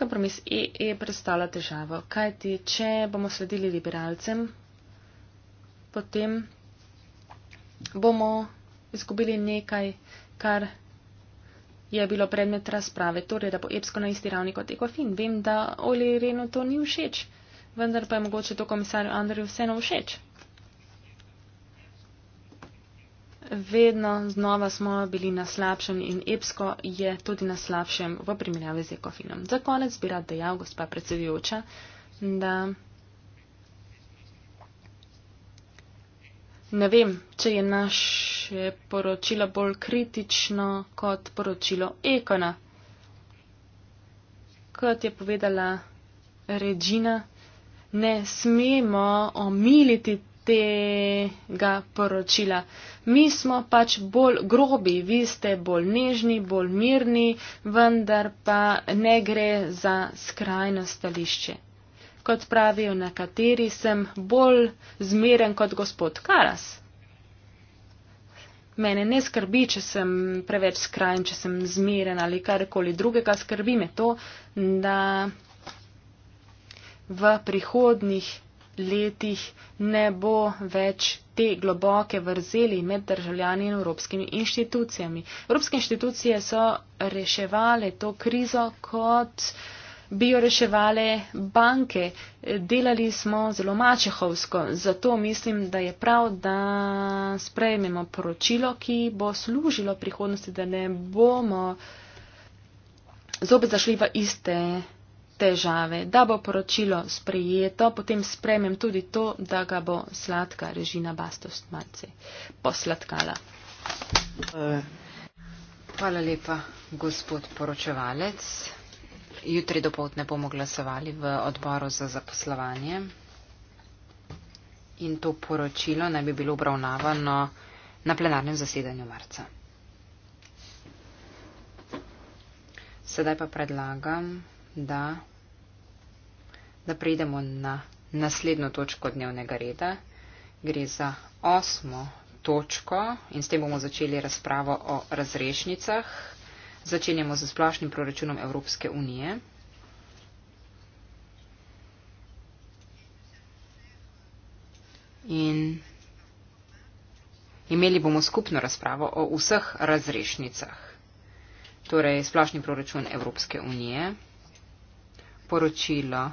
kompromis EE predstavlja težavo, kajti če bomo sledili liberalcem, potem bomo izgubili nekaj, kar je bilo predmet razprave, torej da bo EPSKO na isti ravni kot EKOFIN. Vem, da Oli Renu to ni všeč, vendar pa je mogoče to komisarju Andreju vseeno všeč. Vedno znova smo bili na slabšem in EPSKO je tudi na slabšem v primerjavi z ECOFINOM. Za konec bi rad dejal, gospa predsedujoča, da ne vem, če je naše poročilo bolj kritično kot poročilo ECONA. Kot je povedala Regina, ne smemo omiliti tega poročila. Mi smo pač bolj grobi, vi ste bolj nežni, bolj mirni, vendar pa ne gre za skrajno stališče. Kot pravijo nekateri, sem bolj zmeren kot gospod Karas. Mene ne skrbi, če sem preveč skrajen, če sem zmeren ali karkoli drugega, skrbi me to, da v prihodnih letih ne bo več te globoke vrzeli med državljani in evropskimi inštitucijami. Evropske inštitucije so reševale to krizo, kot bi jo reševale banke. Delali smo zelo mačehovsko, zato mislim, da je prav, da sprejmemo poročilo, ki bo služilo prihodnosti, da ne bomo zopet zašli v iste težave, da bo poročilo sprejeto, potem sprejmem tudi to, da ga bo sladka Režina Bastos malce posladkala. Hvala lepa, gospod poročevalec. Jutri do povdne bomo glasovali v odboru za zaposlovanje. In to poročilo naj bi bilo obravnavano na plenarnem zasedanju marca. Sedaj pa predlagam, da da predemo na naslednjo točko dnevnega reda. Gre za osmo točko in s tem bomo začeli razpravo o razrešnicah. Začenjamo z splošnim proračunom Evropske unije. In imeli bomo skupno razpravo o vseh razrešnicah. Torej, splošni proračun Evropske unije, poročilo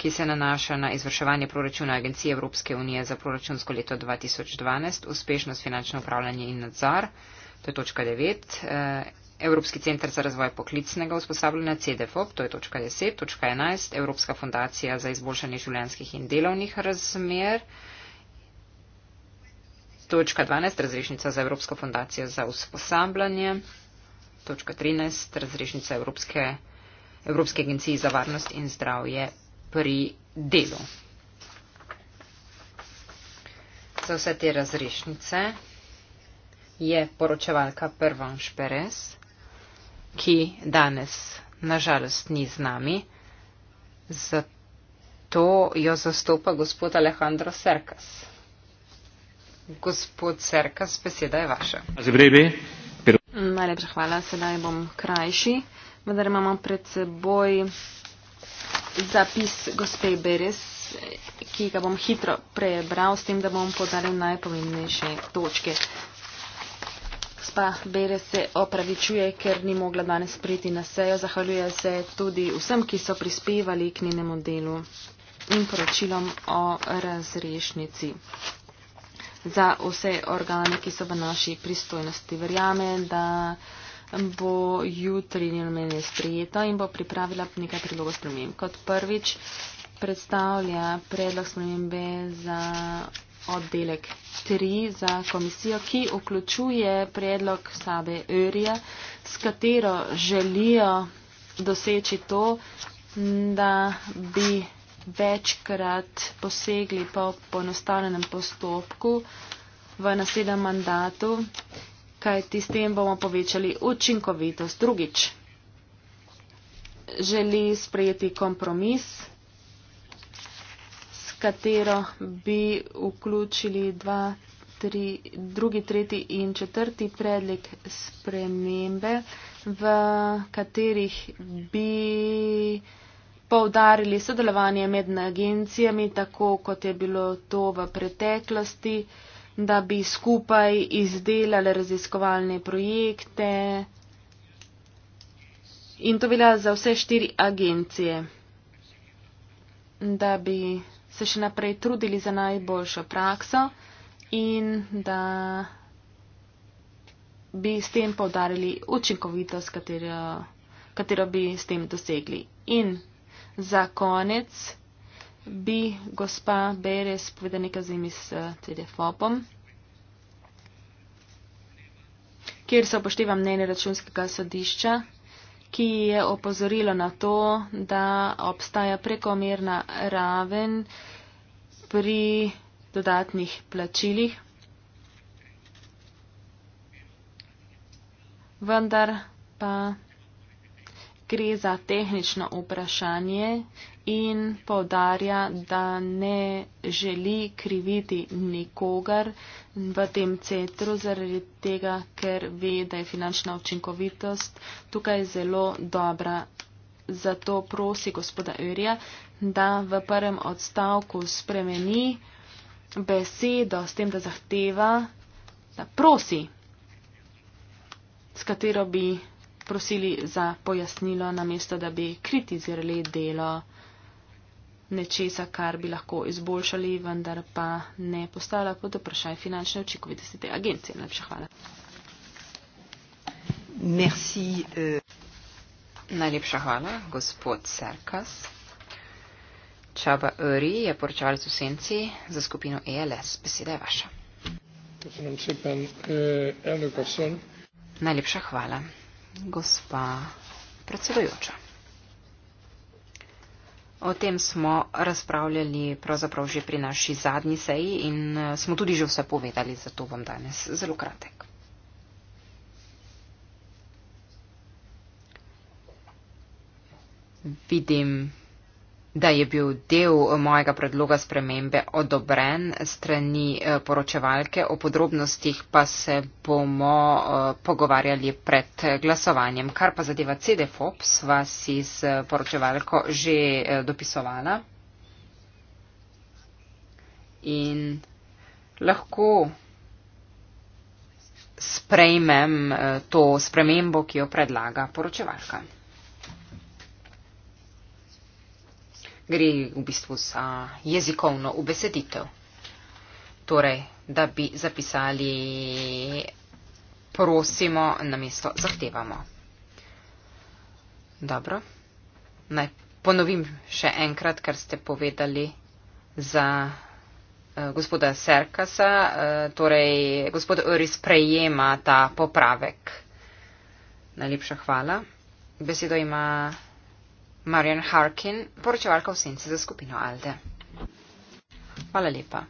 ki se nanaša na izvrševanje proračuna Agencije Evropske unije za proračunsko leto 2012, uspešnost finančno upravljanje in nadzor, to je točka 9, eh, Evropski centr za razvoj poklicnega usposabljanja CDFOP, to je točka 10, točka 11, Evropska fundacija za izboljšanje življenskih in delovnih razmer, točka 12, razrešnica za Evropsko fundacijo za usposabljanje, točka 13, razrešnica Evropske. Evropske agencije za varnost in zdravje pri delu. Za vse te razrešnice je poročevalka Prvan Šperes, ki danes nažalost ni z nami, zato jo zastopa gospod Alejandro Serkas. Gospod Serkas, beseda je vaša. Najlepša hvala, sedaj bom krajši, vendar imamo pred seboj zapis gospe Beres, ki ga bom hitro prebral, s tem, da bom podaril najpomembnejše točke. Gospa Beres se opravičuje, ker ni mogla danes priti na sejo. Zahvaljuje se tudi vsem, ki so prispevali k njenemu delu in poročilom o razrešnici za vse organe, ki so v naši pristojnosti. Verjame, da bo jutri njeno mnenje sprejeto in bo pripravila nekaj predlogov sprememb. Kot prvič predstavlja predlog spremembe za oddelek 3 za komisijo, ki vključuje predlog Sabe Örje, s katero želijo doseči to, da bi večkrat posegli po ponostavljenem postopku v naslednjem mandatu kajti s tem bomo povečali učinkovitost. Drugič, želi sprejeti kompromis, s katero bi vključili dva, tri, drugi, tretji in četrti predlik spremembe, v katerih bi povdarili sodelovanje med agencijami, tako kot je bilo to v preteklosti. Uh, da bi skupaj izdelali raziskovalne projekte. In to velja za vse štiri agencije, da bi se še naprej trudili za najboljšo prakso in da bi s tem povdarili učinkovitost, katero, katero bi s tem dosegli. In za konec bi gospa Beres povedala nekaj zimi s eh, telefopom, kjer se upošteva mnenje računskega sodišča, ki je opozorilo na to, da obstaja prekomerna raven pri dodatnih plačilih. Vendar pa gre za tehnično vprašanje, in povdarja, da ne želi kriviti nikogar v tem centru zaradi tega, ker ve, da je finančna učinkovitost tukaj zelo dobra. Zato prosi gospoda Eurija, da v prvem odstavku spremeni besedo s tem, da zahteva, da prosi, s katero bi prosili za pojasnilo, namesto da bi kritizirali delo nečesa, kar bi lahko izboljšali, vendar pa ne postavlja pod vprašaj finančne očikovitosti te agencije. Najlepša hvala. Merci, eh. Najlepša hvala, gospod Serkas. Čaba Öri je poročevalec v Senci za skupino ELS. Beseda je vaša. Eh, Najlepša hvala, gospa predsedujoča. O tem smo razpravljali pravzaprav že pri naši zadnji seji in eh, smo tudi že vse povedali, zato bom danes zelo kratek. Vidim da je bil del mojega predloga spremembe odobren strani eh, poročevalke. O podrobnostih pa se bomo eh, pogovarjali pred eh, glasovanjem. Kar pa zadeva CDFOP, sva si z poročevalko že dopisovala. In lahko sprejmem to spremembo, ki jo predlaga poročevalka. gre v bistvu za jezikovno ubeseditev. Torej, da bi zapisali prosimo namesto zahtevamo. Dobro. Naj ponovim še enkrat, kar ste povedali za uh, gospoda Serkasa. Uh, torej, gospod Öris prejema ta popravek. Najlepša hvala. Besedo ima Marian Harkin, poročevalka v senci za skupino Alde. Hvala lepa.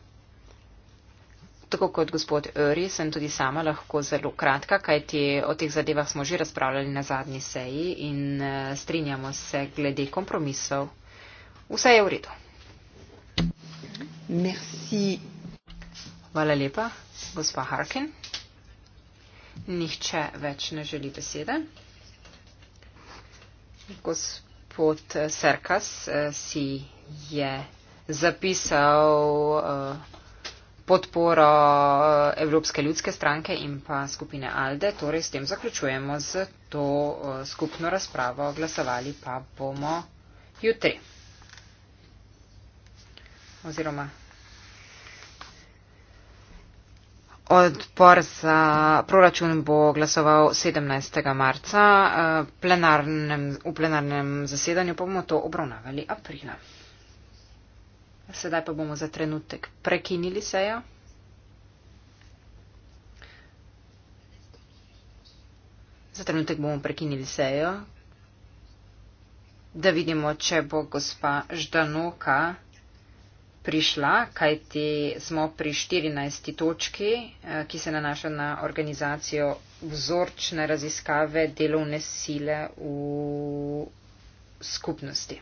Tako kot gospod Öri, sem tudi sama lahko zelo kratka, kajti o teh zadevah smo že razpravljali na zadnji seji in eh, strinjamo se glede kompromisov. Vse je v redu. Merci. Hvala lepa, gospa Harkin. Nihče več ne želi besede. Gospod gospod Serkas eh, si je zapisal eh, podporo eh, Evropske ljudske stranke in pa skupine Alde. Torej, s tem zaključujemo z to skupno razpravo. Glasovali pa bomo jutri. Oziroma Odpor za proračun bo glasoval 17. marca, eh, plenarnem, v plenarnem zasedanju pa bomo to obravnavali aprila. Sedaj pa bomo za trenutek prekinili sejo. Za trenutek bomo prekinili sejo, da vidimo, če bo gospa Ždanoka prišla, kajti smo pri 14. točki, eh, ki se nanaša na organizacijo vzorčne raziskave delovne sile v skupnosti.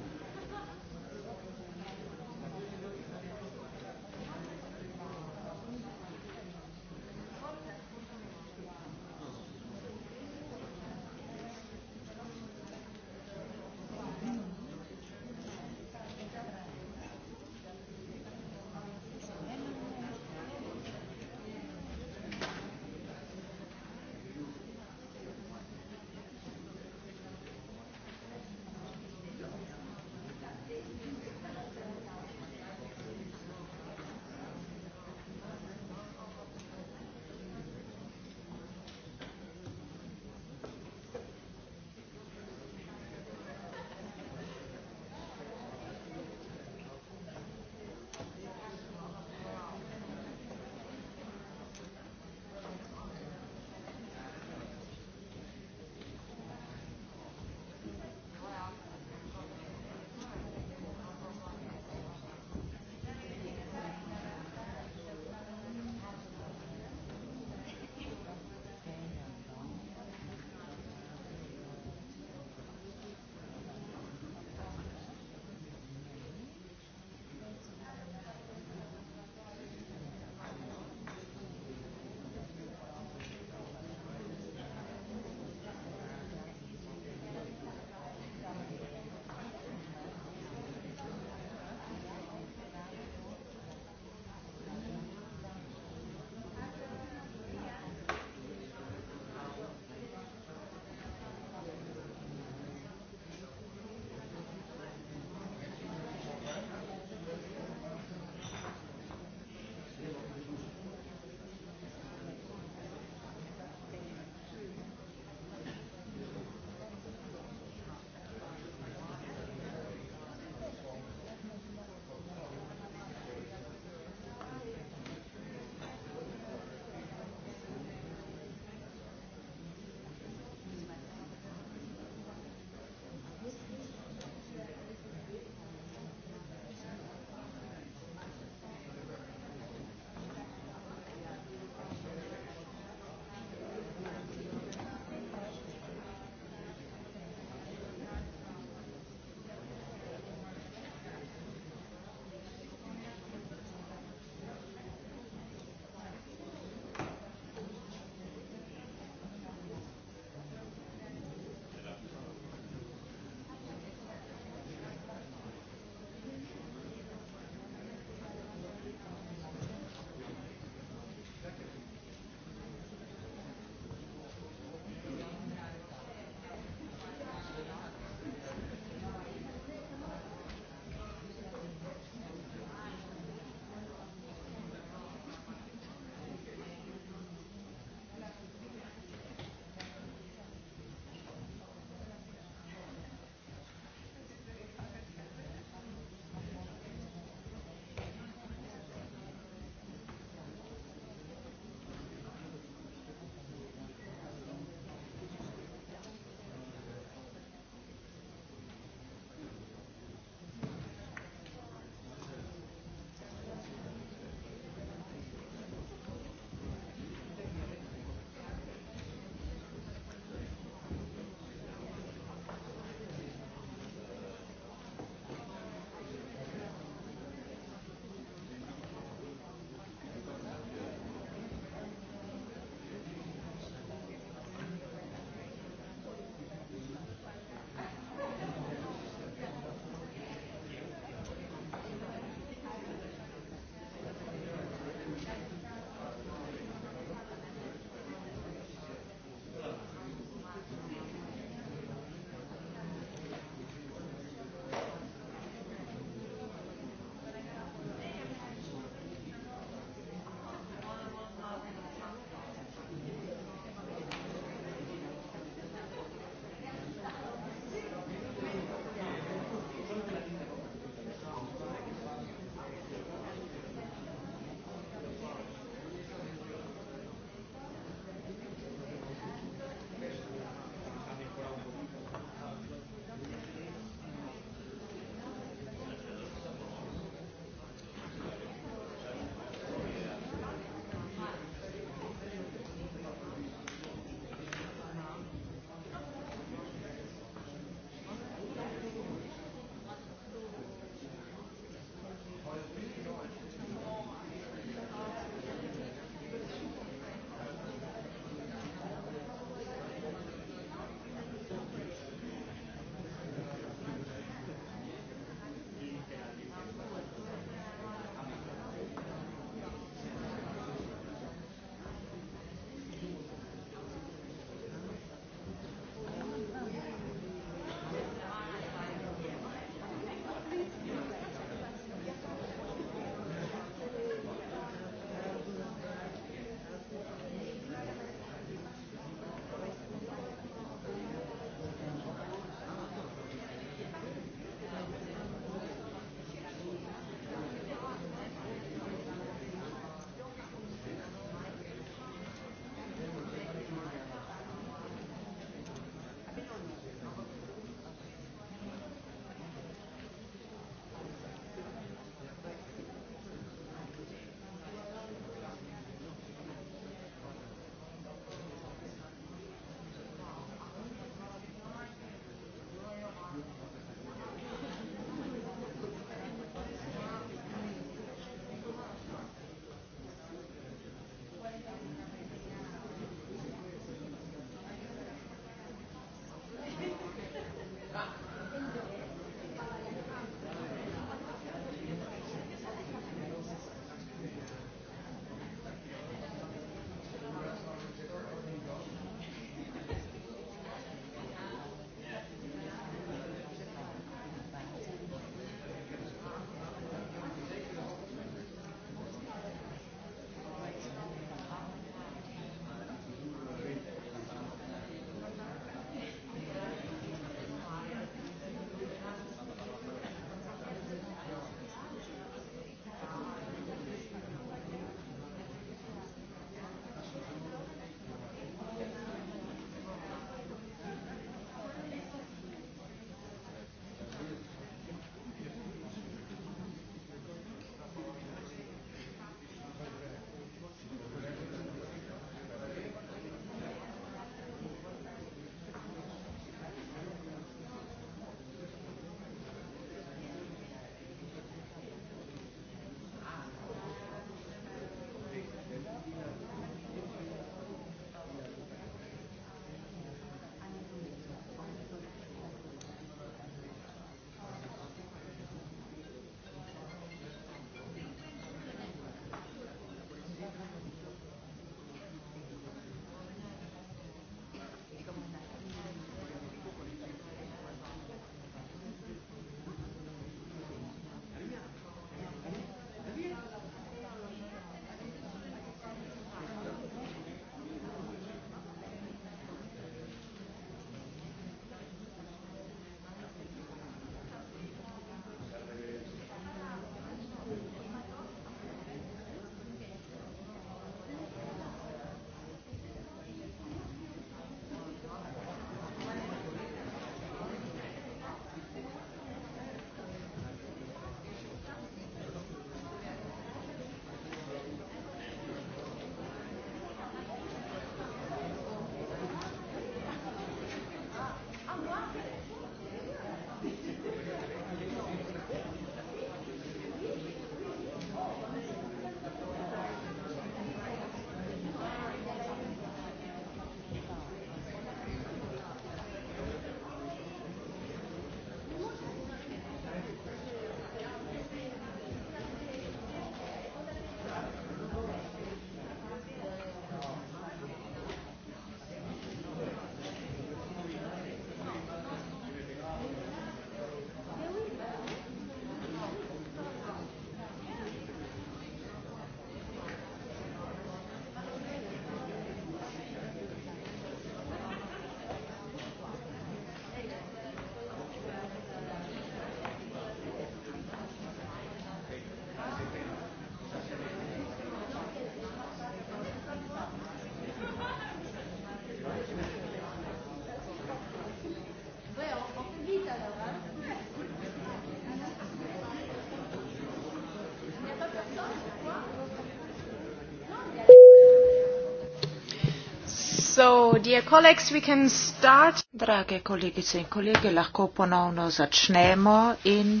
Drage kolegice in kolege, lahko ponovno začnemo in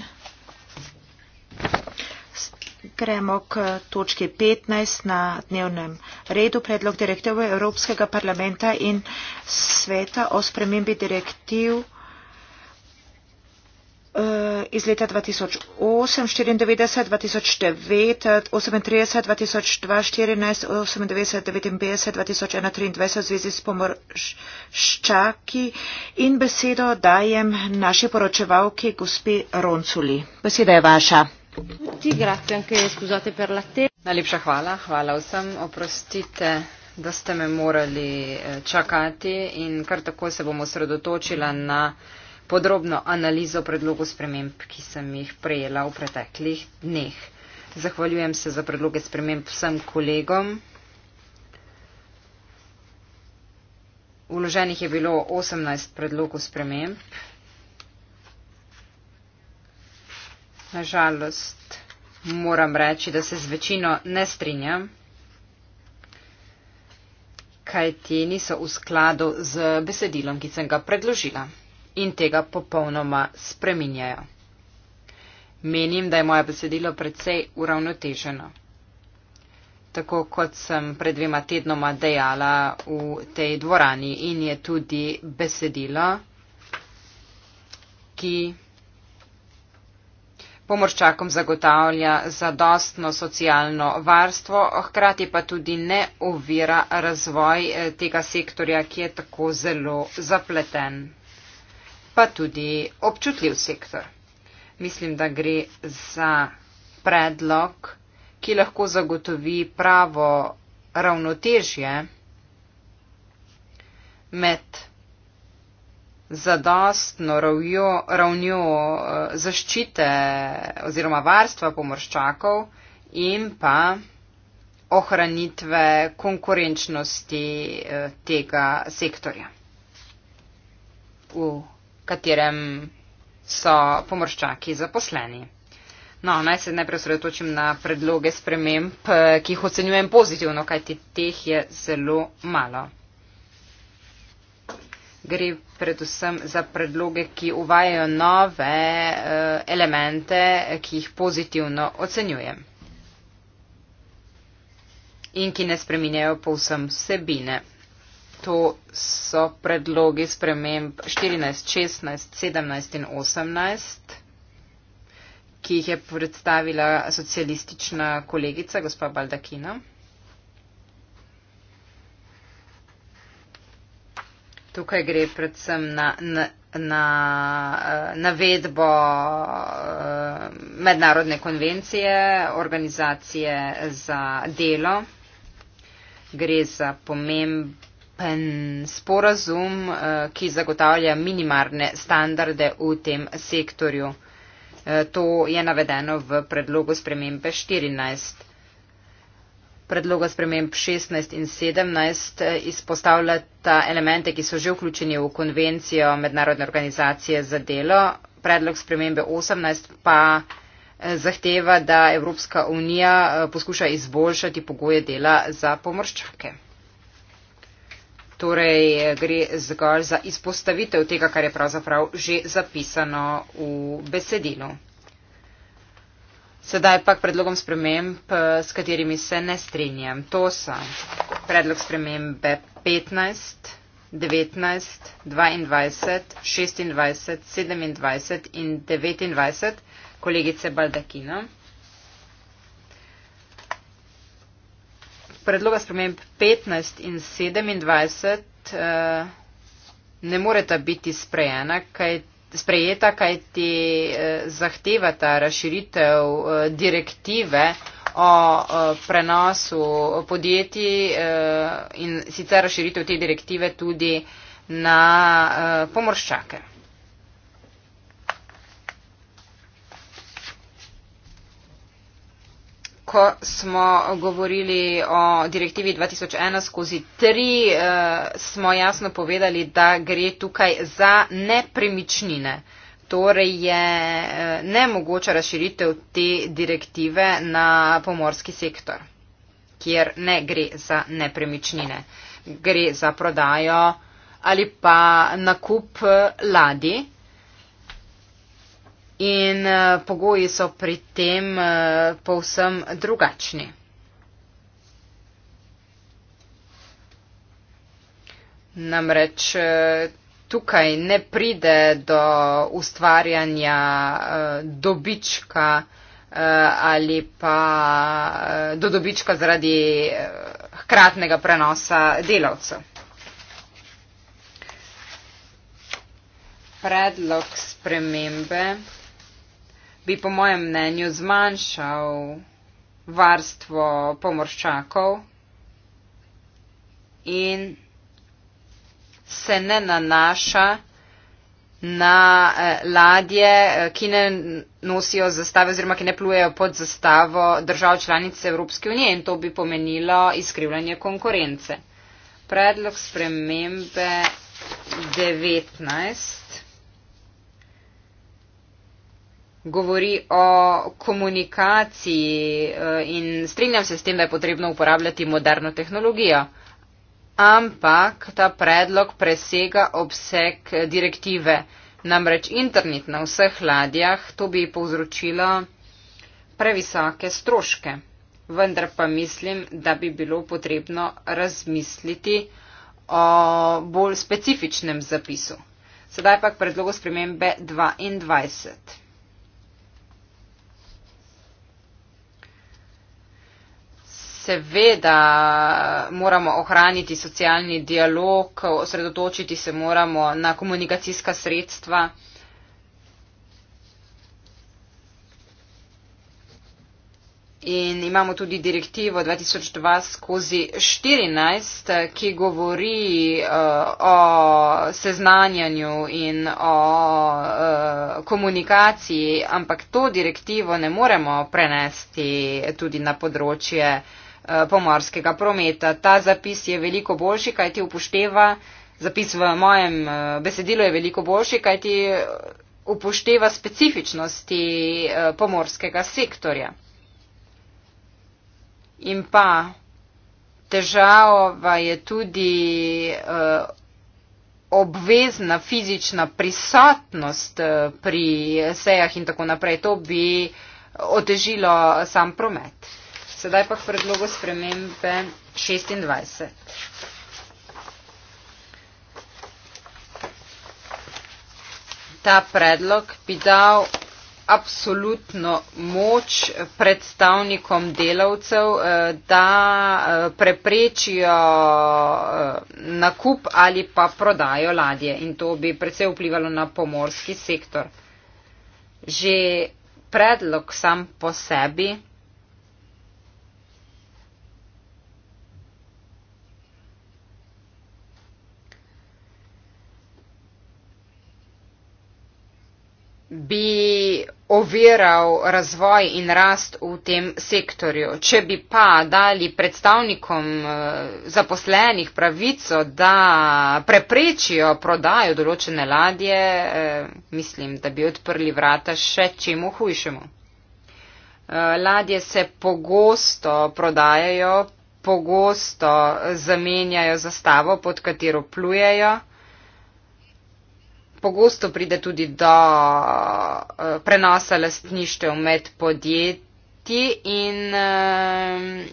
gremo k točki 15 na dnevnem redu predlog direktiv Evropskega parlamenta in sveta o spremembi direktiv eh, iz leta 2008. 8, 94, 2009, 38, 2014, 98, 59, 2021 v zvezi s pomorščaki in besedo dajem naši poročevalki gospi Ronculi. Beseda je vaša. Ti, grazie, anche, scusate per la te. Najlepša hvala, hvala vsem, oprostite da ste me morali eh, čakati in kar tako se bom osredotočila na podrobno analizo predlogov sprememb, ki sem jih prejela v preteklih dneh. Zahvaljujem se za predloge sprememb vsem kolegom. Uloženih je bilo 18 predlogov sprememb. Nažalost moram reči, da se z večino ne strinjam, kaj ti niso v skladu z besedilom, ki sem ga predložila in tega popolnoma spreminjajo. Menim, da je moje besedilo precej uravnoteženo. Tako kot sem pred dvema tednoma dejala v tej dvorani in je tudi besedilo, ki pomorščakom zagotavlja zadostno socialno varstvo, hkrati pa tudi ne uvira razvoj eh, tega sektorja, ki je tako zelo zapleten pa tudi občutljiv sektor. Mislim, da gre za predlog, ki lahko zagotovi pravo ravnotežje med zadostno ravjo, ravnjo eh, zaščite oziroma varstva pomorščakov in pa ohranitve konkurenčnosti eh, tega sektorja katerem so pomorščaki zaposleni. No, naj se najprej osredotočim na predloge sprememb, eh, ki jih ocenjujem pozitivno, kajti teh je zelo malo. Gre predvsem za predloge, ki uvajajo nove eh, elemente, ki jih pozitivno ocenjujem in ki ne spreminjajo povsem vsebine to so predlogi sprememb 14, 16, 17 in 18, ki jih je predstavila socialistična kolegica gospa Baldakina. Tukaj gre predvsem na, na, na eh, navedbo eh, mednarodne konvencije organizacije za delo. Gre za pomemb, skupen sporazum, eh, ki zagotavlja minimalne standarde v tem sektorju. Eh, to je navedeno v predlogu spremembe 14. Predloga sprememb 16 in 17 eh, izpostavljata elemente, ki so že vključeni v konvencijo Mednarodne organizacije za delo. Predlog spremembe 18 pa zahteva, da Evropska unija poskuša izboljšati pogoje dela za pomorščake torej gre zgolj za izpostavitev tega, kar je pravzaprav že zapisano v besedilu. Sedaj pa k predlogom sprememb, eh, s katerimi se ne strinjam. To so predlog spremembe 15, 19, 22, 26, 27 in 29 kolegice Baldakina. predloga sprememb 15 in 27 eh, ne moreta biti sprejena, kaj, sprejeta, kaj ti eh, zahtevata raširitev eh, direktive o prenosu podjetij in sicer raširitev te direktive tudi na pomorščake. ko smo govorili o direktivi 2001 skozi 3, eh, smo jasno povedali, da gre tukaj za nepremičnine. Torej je eh, nemogoča razširitev te direktive na pomorski sektor, kjer ne gre za nepremičnine. Gre za prodajo ali pa nakup eh, ladi in eh, pogoji so pri tem eh, povsem drugačni. Namreč eh, tukaj ne pride do ustvarjanja dobička ali pa do dobička zaradi hkratnega prenosa delavcev. Predlog spremembe bi po mojem mnenju zmanjšal varstvo pomorščakov in se ne nanaša na eh, ladje, eh, ki ne nosijo zastave oziroma ki ne plujejo pod zastavo držav članice Evropske unije in to bi pomenilo izkrivljanje konkurence. Predlog spremembe 19 govori o komunikaciji eh, in strinjam se s tem, da je potrebno uporabljati moderno tehnologijo. Ampak ta predlog presega obseg direktive. Namreč internet na vseh ladjah to bi povzročilo previsoke stroške. Vendar pa mislim, da bi bilo potrebno razmisliti o bolj specifičnem zapisu. Sedaj pa k predlogu spremembe 22. Seveda moramo ohraniti socialni dialog, osredotočiti se moramo na komunikacijska sredstva. In imamo tudi direktivo 2002 skozi 14, ki govori uh, o seznanjanju in o uh, komunikaciji, ampak to direktivo ne moremo prenesti tudi na področje uh, Eh, pomorskega prometa. Ta zapis je veliko boljši, kaj ti upošteva, zapis v mojem eh, besedilu je veliko boljši, kaj ti eh, upošteva specifičnosti pomorskega sektorja. In pa težava je tudi obvezna fizična prisotnost pri sejah in tako naprej. To bi otežilo sam promet. Sedaj pa k predlogu spremembe 26. Ta predlog bi dal absolutno moč predstavnikom delavcev, eh, da eh, preprečijo eh, nakup ali pa prodajo ladje. In to bi predvsej vplivalo na pomorski sektor. Že predlog sam po sebi bi oviral razvoj in rast v tem sektorju. Če bi pa dali predstavnikom eh, zaposlenih pravico, da preprečijo prodajo določene ladje, eh, mislim, da bi odprli vrata še čemu hujšemu. Eh, ladje se pogosto prodajajo, pogosto zamenjajo zastavo, pod katero plujejo pogosto pride tudi do eh, prenosa lastništev med podjetji in eh,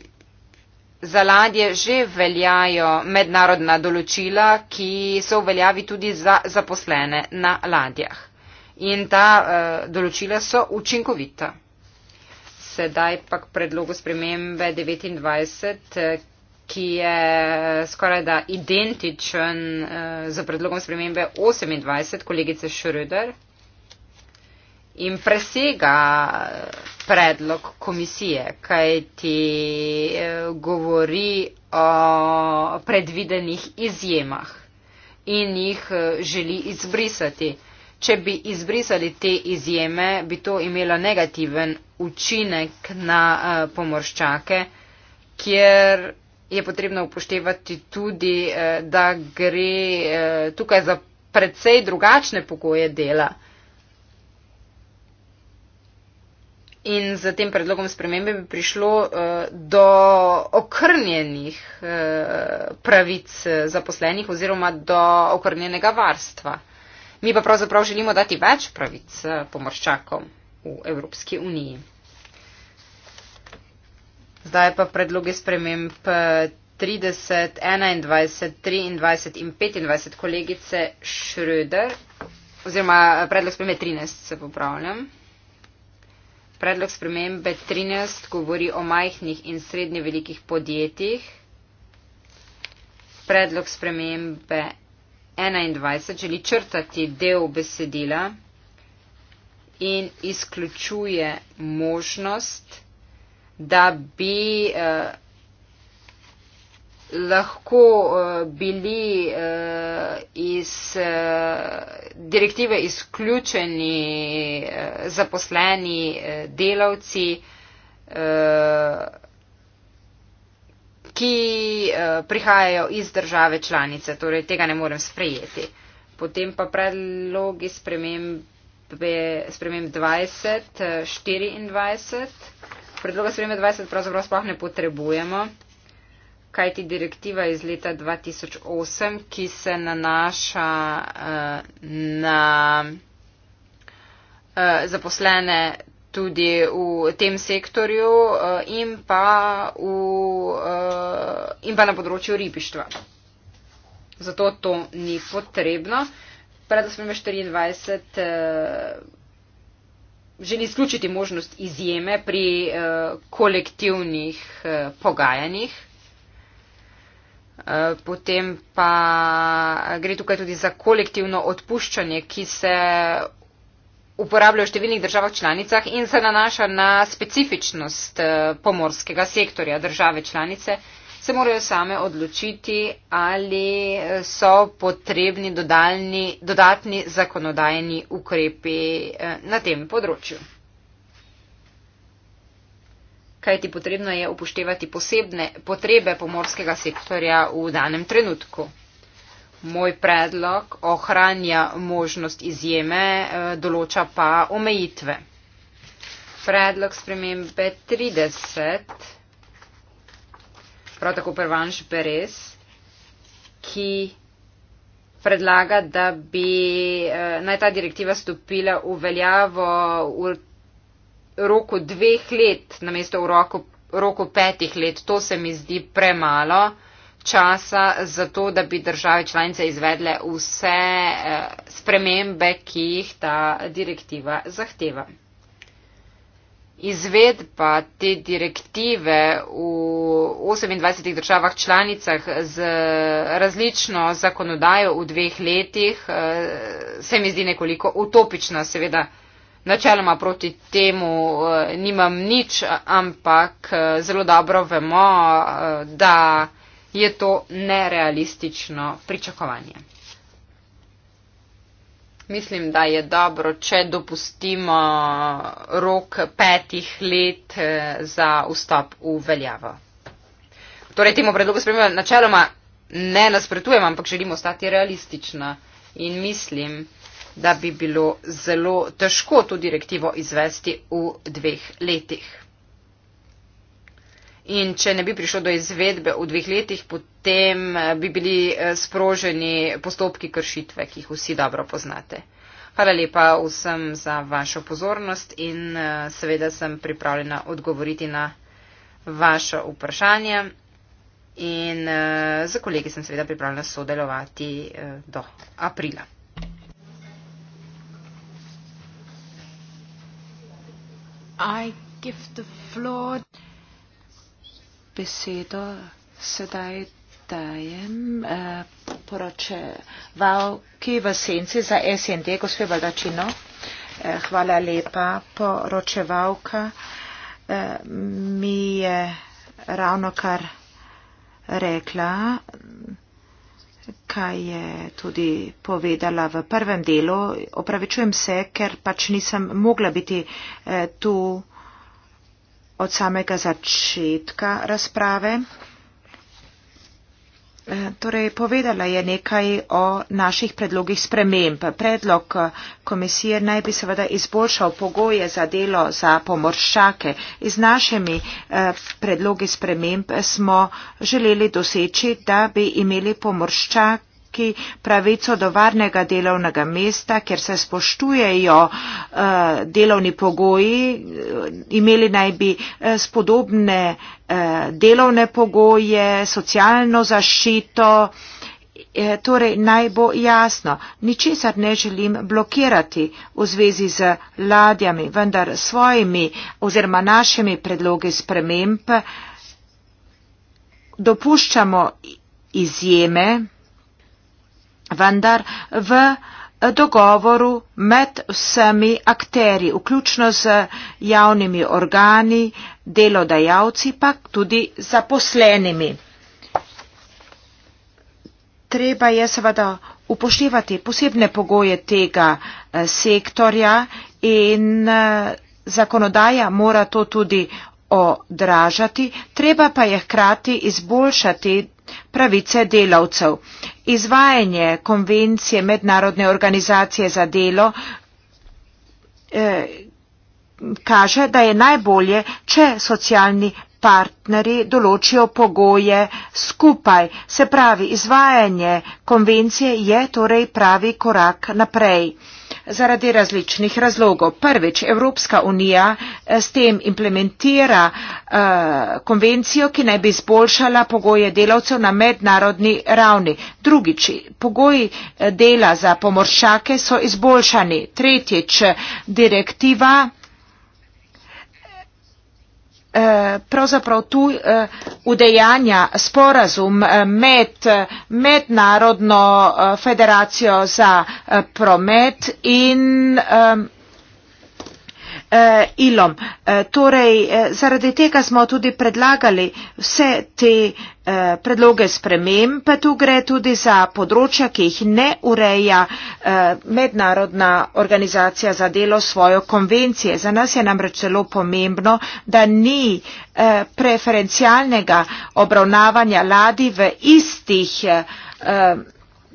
za ladje že veljajo mednarodna določila, ki so v veljavi tudi za zaposlene na ladjah. In ta eh, določila so učinkovita. Sedaj pa k predlogu spremembe 29 ki je eh, skoraj da identičen uh, eh, za predlogom spremembe 28 kolegice Schröder in presega eh, predlog komisije, kaj ti uh, govori o predvidenih izjemah in jih uh, želi izbrisati. Če bi izbrisali te izjeme, bi to imelo negativen učinek na uh, pomorščake, kjer je potrebno upoštevati tudi, eh, da gre eh, tukaj za precej drugačne pogoje dela. In z tem predlogom spremembe bi prišlo uh, do okrnjenih uh, pravic zaposlenih oziroma do okrnjenega varstva. Mi pa pravzaprav želimo dati več pravic pomorščakom v Evropski uniji. Zdaj pa predloge sprememb 30, 21, 23 in 25 kolegice Schröder. Oziroma eh, predlog spremembe 13 se popravljam. Predlog spremembe 13 govori o majhnih in srednje velikih podjetjih. Predlog spremembe 21 želi črtati del besedila in izključuje možnost da bi eh, lahko eh, bili eh, iz direktive izključeni zaposleni delavci, ki prihajajo iz države članice, torej tega ne morem sprejeti. Potem pa predlogi sprememb 20, 24 predloga spremembe 20 pravzaprav sploh ne potrebujemo, kajti direktiva iz leta 2008, ki se nanaša uh, na uh, zaposlene tudi v tem sektorju uh, in, pa v, uh, in pa na področju ribištva. Zato to ni potrebno. Predvsem 24. Uh, želi izključiti možnost izjeme pri uh, kolektivnih uh, pogajanjih. Eh, potem pa gre tukaj tudi za kolektivno odpuščanje, ki se uporablja v številnih državah članicah in se nanaša na specifičnost pomorskega sektorja države članice. Uh, se morajo same odločiti, ali eh, so potrebni dodalni, dodatni zakonodajni ukrepi eh, na tem področju. Kaj ti potrebno je upoštevati posebne potrebe pomorskega sektorja v danem trenutku? Moj predlog ohranja možnost izjeme, eh, določa pa omejitve. Predlog spremembe 30 prav tako Pervanš Beres, ki predlaga, da bi eh, naj ta direktiva stopila v veljavo v roku dveh let, namesto v roku, roku petih let. To se mi zdi premalo časa za to, da bi države članice izvedle vse eh, spremembe, ki jih ta direktiva zahteva. Izvedba te direktive v 28 državah članicah z različno zakonodajo v dveh letih eh, se mi zdi nekoliko utopična. Seveda načeloma proti temu eh, nimam nič, ampak eh, zelo dobro vemo, da je to nerealistično pričakovanje mislim, da je dobro, če dopustimo rok petih let eh, za vstop v veljavo. Torej, temu predlogu spremembe načeloma ne nasprotujem, ampak želim ostati realistična in mislim, da bi bilo zelo težko to direktivo izvesti v dveh letih. In če ne bi prišlo do izvedbe v dveh letih, potem eh, bi bili eh, sproženi postopki kršitve, ki jih vsi dobro poznate. Hvala lepa vsem za vašo pozornost in eh, seveda sem pripravljena odgovoriti na vaše vprašanje. In z kolegi sem seveda pripravljena sodelovati do aprila. I give the floor besedo sedaj dajem eh, poročevalki v senci za SND, gospe Valdačino. Eh, hvala lepa, poročevalka. Eh, mi je ravno kar rekla, kaj je tudi povedala v prvem delu. Opravičujem se, ker pač nisem mogla biti eh, tu od samega začetka razprave. Eh, torej, povedala je nekaj o naših predlogih sprememb. Predlog eh, komisije naj bi seveda izboljšal pogoje za delo za pomoršake. Z našimi eh, predlogi sprememb smo želeli doseči, da bi imeli pomoršak otroki pravico do varnega delovnega mesta, kjer se spoštujejo eh, delovni pogoji, imeli naj bi eh, spodobne eh, delovne pogoje, socialno zaščito. Torej, naj bo jasno, ničesar ne želim blokirati v zvezi z ladjami, vendar svojimi oziroma našimi predlogi sprememb dopuščamo izjeme vendar v eh, dogovoru med vsemi akteri, vključno z javnimi organi, delodajalci, pa tudi zaposlenimi. Treba je seveda upoštevati posebne pogoje tega eh, sektorja in eh, zakonodaja mora to tudi odražati, treba pa je hkrati izboljšati pravice delavcev. Izvajanje konvencije Mednarodne organizacije za delo eh, kaže, da je najbolje, če socialni partneri določijo pogoje skupaj. Se pravi, izvajanje konvencije je torej pravi korak naprej zaradi različnih razlogov. Prvič, Evropska unija eh, s tem implementira uh, konvencijo, ki naj bi izboljšala pogoje delavcev na mednarodni ravni. Drugič, pogoji eh, dela za pomoršake so izboljšani. Tretjič, direktiva. Eh, pravzaprav tu eh, udejanja sporazum eh, med mednarodno federacijo za promet in eh, ilom. Eh, torej, eh, zaradi tega smo tudi predlagali vse te eh, predloge sprememb, pa tu gre tudi za področja, ki jih ne ureja eh, mednarodna organizacija za delo svojo konvencije. Za nas je namreč zelo pomembno, da ni eh, preferencialnega obravnavanja ladi v istih. Eh,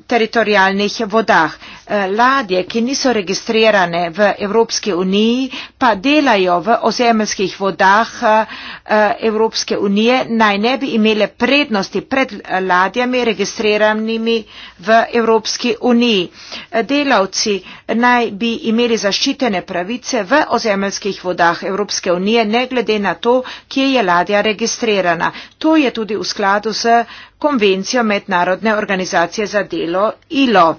teritorijalnih vodah. Eh, ladje, ki niso registrirane v Evropski uniji, pa delajo v ozemeljskih vodah eh, Evropske unije, naj ne bi imele prednosti pred eh, ladjami registriranimi v Evropski uniji. Delavci naj bi imeli zaščitene pravice v ozemeljskih vodah Evropske unije, ne glede na to, kje je ladja registrirana. To je tudi v skladu z konvencijo mednarodne organizacije za delo ILO.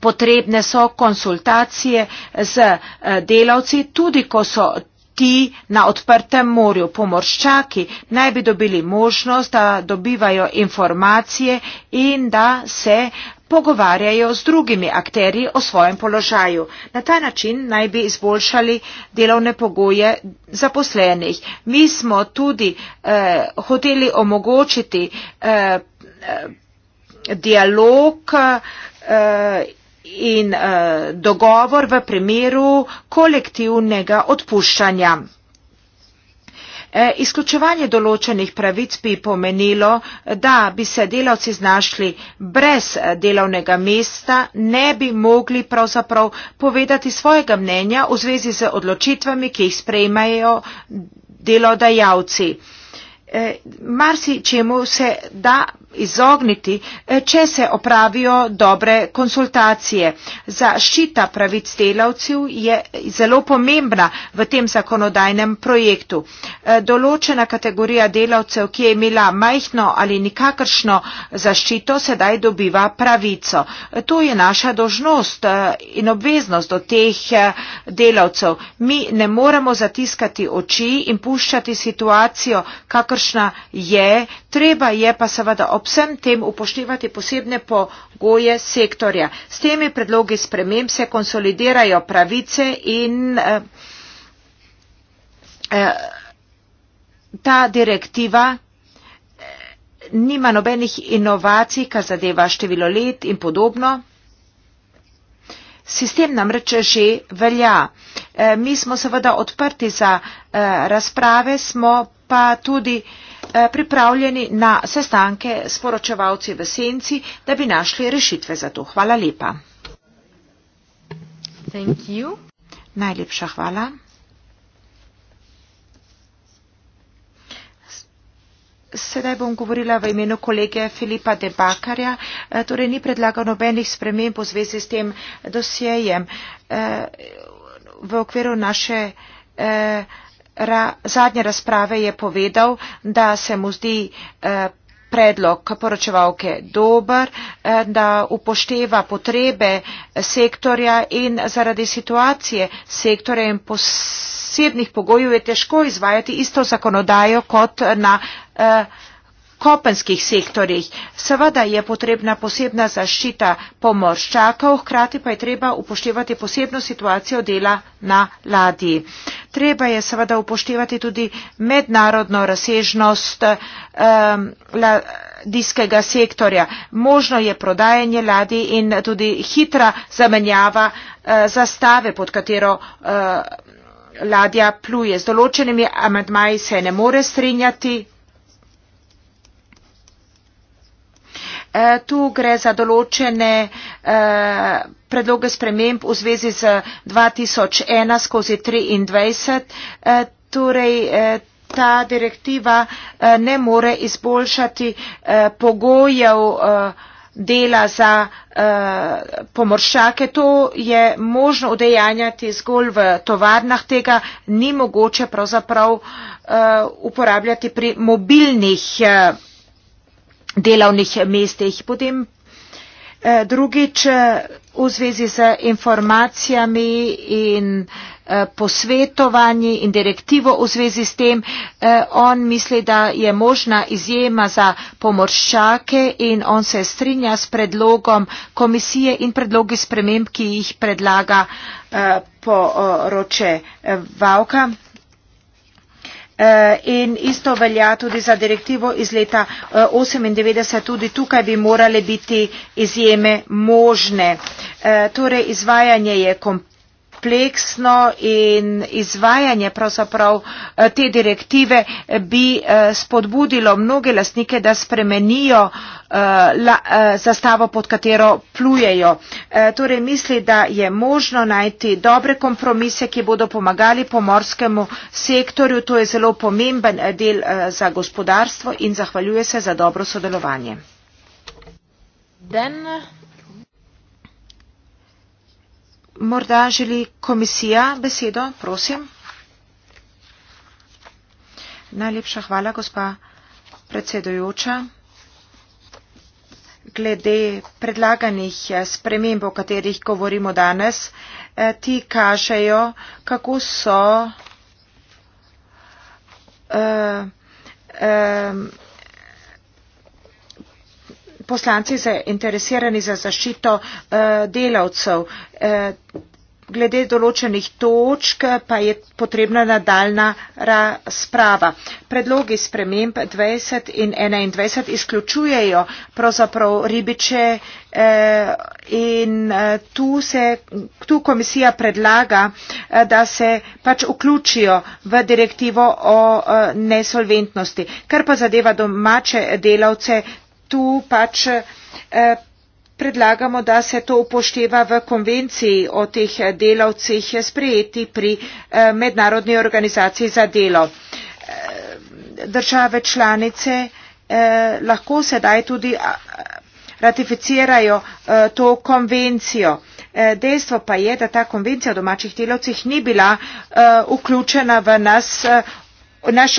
Potrebne so konsultacije z eh, delavci, tudi ko so ti na odprtem morju pomorščaki, naj bi dobili možnost, da dobivajo informacije in da se uh, pogovarjajo z drugimi akterji o svojem položaju. Na ta način naj bi izboljšali delovne pogoje zaposlenih. Mi smo tudi eh, hoteli omogočiti eh, eh dialog eh, in eh, dogovor v primeru kolektivnega odpuščanja. Eh, izključevanje določenih pravic bi pomenilo, da bi se delavci znašli brez eh, delovnega mesta, ne bi mogli pravzaprav povedati svojega mnenja v zvezi z odločitvami, ki jih sprejmajo delodajalci. Eh, marsi čemu se da izogniti, eh, če se opravijo dobre konsultacije. Zaščita pravic delavcev je zelo pomembna v tem zakonodajnem projektu. Eh, določena kategorija delavcev, ki je imela majhno ali nikakršno zaščito, sedaj dobiva pravico. To je naša dožnost in obveznost do teh delavcev. Mi ne moremo zatiskati oči in puščati situacijo, kakor kakršna je, treba je pa seveda ob vsem tem upoštevati posebne pogoje sektorja. S temi predlogi sprememb se konsolidirajo pravice in eh, eh, ta direktiva eh, nima nobenih inovacij, kar zadeva število let in podobno. Sistem namreč že velja. E, mi smo seveda odprti za e, razprave, smo pa tudi eh, pripravljeni na sestanke s poročevalci v senci, da bi našli rešitve za to. Hvala lepa. Thank you. Najlepša hvala. Sedaj bom govorila v imenu kolege Filipa Debakarja, eh, torej ni predlagal nobenih sprememb v zvezi s tem dosjejem. Eh, v okviru naše ra, zadnje razprave je povedal, da se mu zdi eh, predlog poročevalke dober, eh, da upošteva potrebe sektorja in zaradi situacije sektorja in posebnih pogojev je težko izvajati isto zakonodajo kot na. Eh, kopenskih sektorjih. Seveda je potrebna posebna zaščita pomorščakov, hkrati pa je treba upoštevati posebno situacijo dela na ladji. Treba je seveda upoštevati tudi mednarodno razsežnost um, ladijskega sektorja. Možno je prodajanje ladij in tudi hitra zamenjava uh, zastave, pod katero. Uh, Ladja pluje z določenimi amadmaji, se ne more strinjati, E, tu gre za določene e, predloge sprememb v zvezi z 2001 skozi 23. E, torej, ta direktiva ne more izboljšati pogojev dela za pomoršake. To je možno udejanjati zgolj v tovarnah, tega ni mogoče pravzaprav uporabljati pri mobilnih delovnih mestih. Potem eh, drugič eh, v zvezi z informacijami in eh, posvetovanji in direktivo v zvezi s tem. On misli, da je možna izjema za pomorščake in on se strinja s predlogom komisije in predlogi sprememb, ki jih predlaga poroče Vavka. Eh, in isto velja tudi za direktivo iz leta 1998. Eh, tudi tukaj bi morale biti izjeme možne. Eh, torej, izvajanje je kompleksno kompleksno in izvajanje pravzaprav eh, te direktive eh, bi eh, spodbudilo mnoge lastnike, da spremenijo zastavo, pod katero plujejo. Torej misli, da je možno najti dobre kompromise, ki bodo pomagali pomorskemu sektorju. To je zelo pomemben del za gospodarstvo in zahvaljuje se za dobro sodelovanje. Then, uh, Morda želi komisija besedo, prosim. Najlepša hvala, gospa predsedujoča. Glede predlaganih eh, sprememb, o katerih govorimo danes, eh, ti kažejo, kako so. Uh, uh, poslanci zainteresirani za zaščito eh, delavcev. Eh, glede določenih točk pa je potrebna nadaljna razprava. Predlogi sprememb 20 in 21 izključujejo pravzaprav ribiče eh, in tu, se, tu komisija predlaga, da se pač vključijo v direktivo o nesolventnosti. Kar pa zadeva domače delavce, tu pač eh, predlagamo, da se to upošteva v konvenciji o teh delavcih sprejeti pri eh, mednarodni organizaciji za delo. Eh, države članice lahko sedaj tudi ratificirajo to konvencijo. Dejstvo pa je, da ta konvencija o domačih delavcih ni bila vključena v nas, naš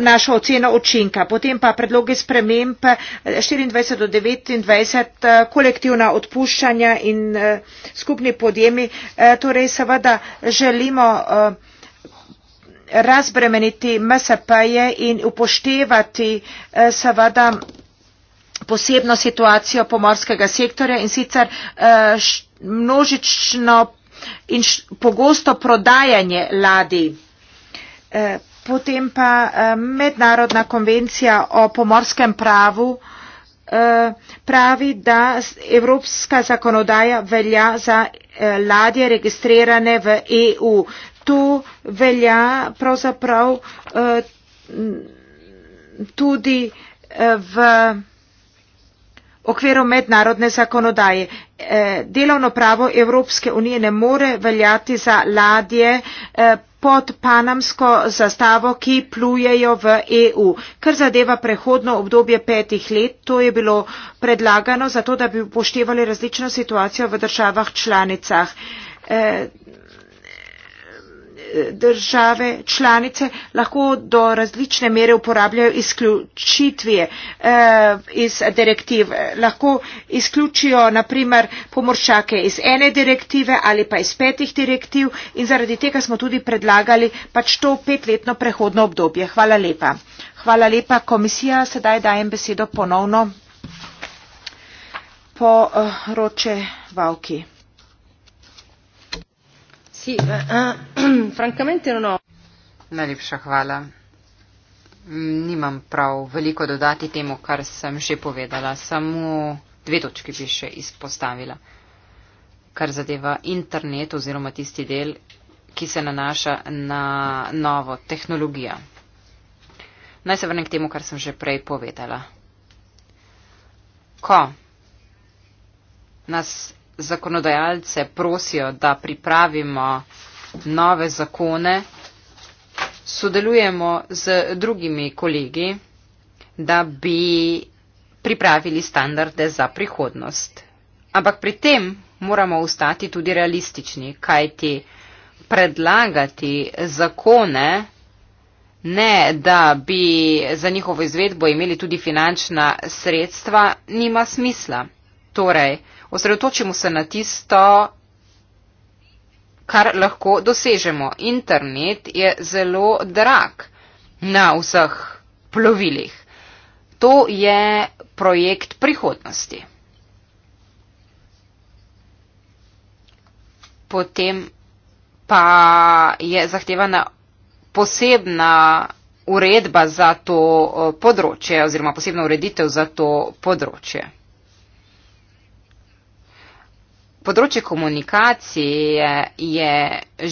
naša ocena učinka. Potem pa predloge sprememb 24 eh, do 29, eh, kolektivna odpuščanja in eh, skupni podjemi. Torej seveda želimo razbremeniti MSP-je in upoštevati seveda posebno situacijo pomorskega sektorja in sicer množično in pogosto prodajanje ladi. Potem pa eh, mednarodna konvencija o pomorskem pravu eh, pravi, da evropska zakonodaja velja za eh, ladje registrirane v EU. To velja pravzaprav tudi v okviru mednarodne zakonodaje. Eh, delovno pravo Evropske unije ne more veljati za ladje eh, pod panamsko zastavo, ki plujejo v EU. Kar zadeva prehodno obdobje petih let, to je bilo predlagano, zato da bi upoštevali različno situacijo v državah članicah. Eh, države članice lahko do različne mere uporabljajo izključitve eh, iz direktiv. Lahko izključijo naprimer pomorščake iz ene direktive ali pa iz petih direktiv in zaradi tega smo tudi predlagali pač to petletno prehodno obdobje. Hvala lepa. Hvala lepa. Komisija sedaj dajem besedo ponovno poroče Valki. Ah, [clears throat] Najlepša hvala. Nimam prav veliko dodati temu, kar sem že povedala. Samo dve točki bi še izpostavila, kar zadeva internet oziroma tisti del, ki se nanaša na novo tehnologijo. Naj se vrnem k temu, kar sem že prej povedala. Ko nas zakonodajalce prosijo, da pripravimo nove zakone, sodelujemo z drugimi kolegi, da bi pripravili standarde za prihodnost. Ampak pri tem moramo ostati tudi realistični, kajti predlagati zakone, ne da bi za njihovo izvedbo imeli tudi finančna sredstva, nima smisla. Torej, osredotočimo se na tisto, kar lahko dosežemo. Internet je zelo drag na vseh plovilih. To je projekt prihodnosti. Potem pa je zahtevana posebna uredba za to eh, področje oziroma posebna ureditev za to področje. Področje komunikacije je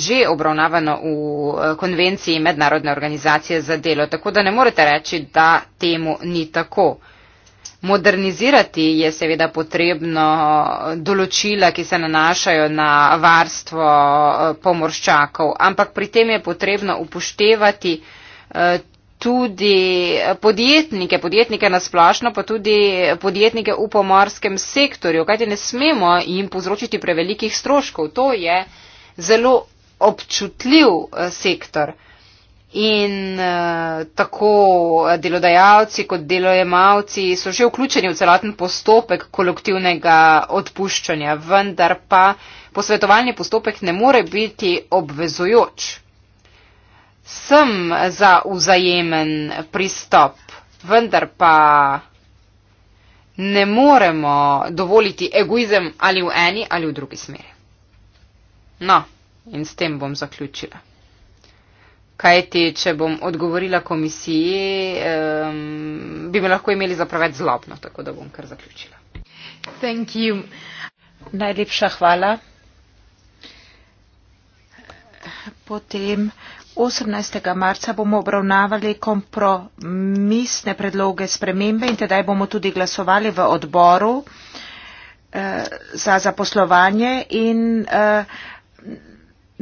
že obravnavano v eh, konvenciji Mednarodne organizacije za delo, tako da ne morete reči, da temu ni tako. Modernizirati je seveda potrebno določila, ki se nanašajo na varstvo eh, pomorščakov, ampak pri tem je potrebno upoštevati eh, tudi podjetnike, podjetnike nasplašno, pa tudi podjetnike v pomorskem sektorju, kajti ne smemo jim povzročiti prevelikih stroškov. To je zelo občutljiv eh, sektor. In eh, tako delodajalci kot delojemalci so že vključeni v celoten postopek kolektivnega odpuščanja, vendar pa posvetovalni postopek ne more biti obvezujoč sem za vzajemen pristop, vendar pa ne moremo dovoliti egoizem ali v eni ali v drugi smeri. No, in s tem bom zaključila. Kaj ti, če bom odgovorila komisiji, um, bi me lahko imeli za preveč zlobno, tako da bom kar zaključila. Thank you. Najlepša hvala. Potem osemnajst marca bomo obravnavali kompromisne predloge spremembe in tedaj bomo tudi glasovali v odboru eh, za zaposlovanje in eh,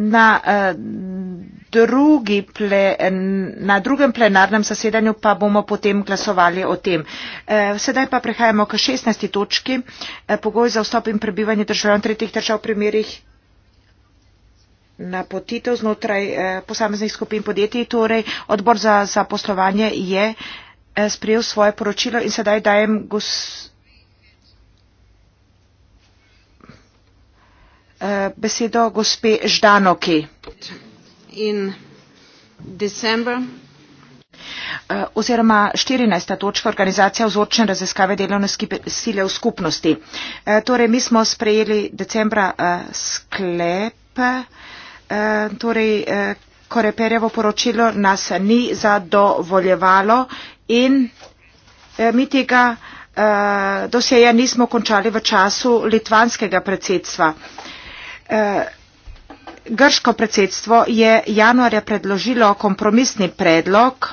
na, eh, drugi plen, na drugem plenarnem zasedanju pa bomo potem glasovali o tem. Sedaj pa prehajamo k 16. točki, pogoj za vstop in prebivanje državljanov tretjih držav v primerih napotitev znotraj eh, posameznih skupin podjetij. Torej, odbor za zaposlovanje je eh, sprejel svoje poročilo in sedaj dajem gos. Eh, besedo gospe Ždanoki. In december oziroma 14. točka organizacija vzorčne raziskave delovne sile v skupnosti. Torej, mi smo sprejeli decembra sklep, Eh, torej eh, Koreperjevo poročilo nas ni zadovoljevalo in eh, mi tega dosjeja nismo končali v času litvanskega predsedstva. Grško predsedstvo je januarja predložilo kompromisni predlog,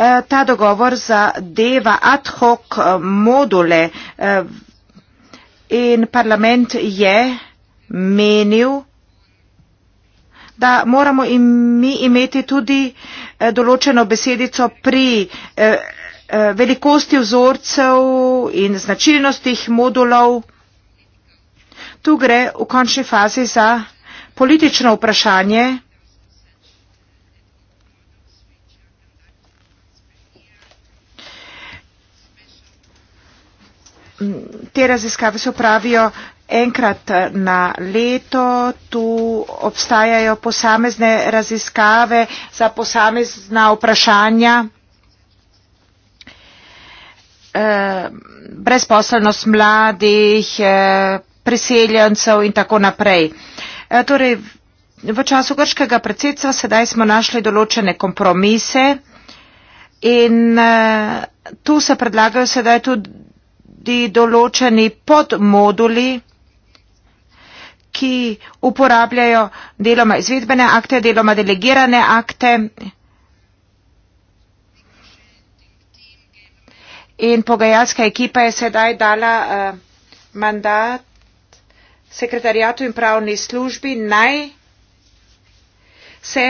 Eh, ta dogovor zadeva ad hoc eh, module eh, in parlament je menil, da moramo im, mi imeti tudi določeno besedico pri velikosti vzorcev in značilnostih modulov. Tu gre v končni fazi za politično vprašanje. te raziskave se opravijo enkrat eh, na leto, tu obstajajo posamezne raziskave za posamezna vprašanja. Eh, brezposelnost mladih, eh, priseljencev in tako naprej. Eh, torej, v času grškega predsedstva sedaj smo našli določene kompromise in eh, tu se predlagajo sedaj tudi tudi določeni podmoduli, ki uporabljajo deloma izvedbene akte, deloma delegirane akte. In pogajalska ekipa je sedaj dala uh, mandat sekretarijatu in pravni službi naj se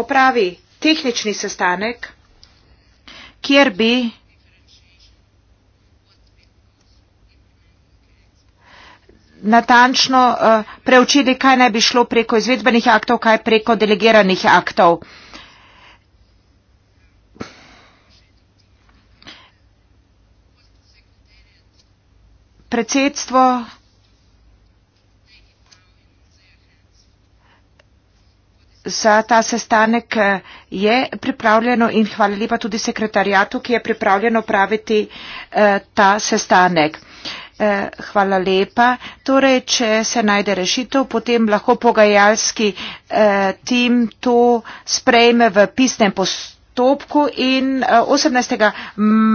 opravi tehnični sestanek, kjer bi natančno uh, preučili, kaj naj bi šlo preko izvedbenih aktov, kaj preko delegiranih aktov. Predsedstvo za ta sestanek eh, je pripravljeno in hvala lepa tudi sekretarijatu, ki je pripravljeno praviti eh, ta sestanek. Eh, hvala lepa. Torej, če se najde rešitev, potem lahko pogajalski eh, tim to sprejme v pisnem postopku in eh, 18.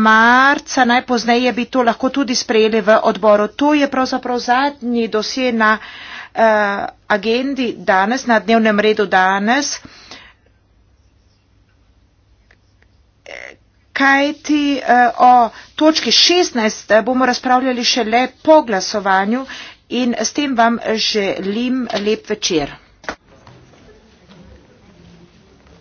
marca najpozneje bi to lahko tudi sprejeli v odboru. To je pravzaprav zadnji dosje na eh, agendi danes, na dnevnem redu danes kajti eh, o točki 16 eh, bomo razpravljali šele po glasovanju in s tem vam želim lep večer.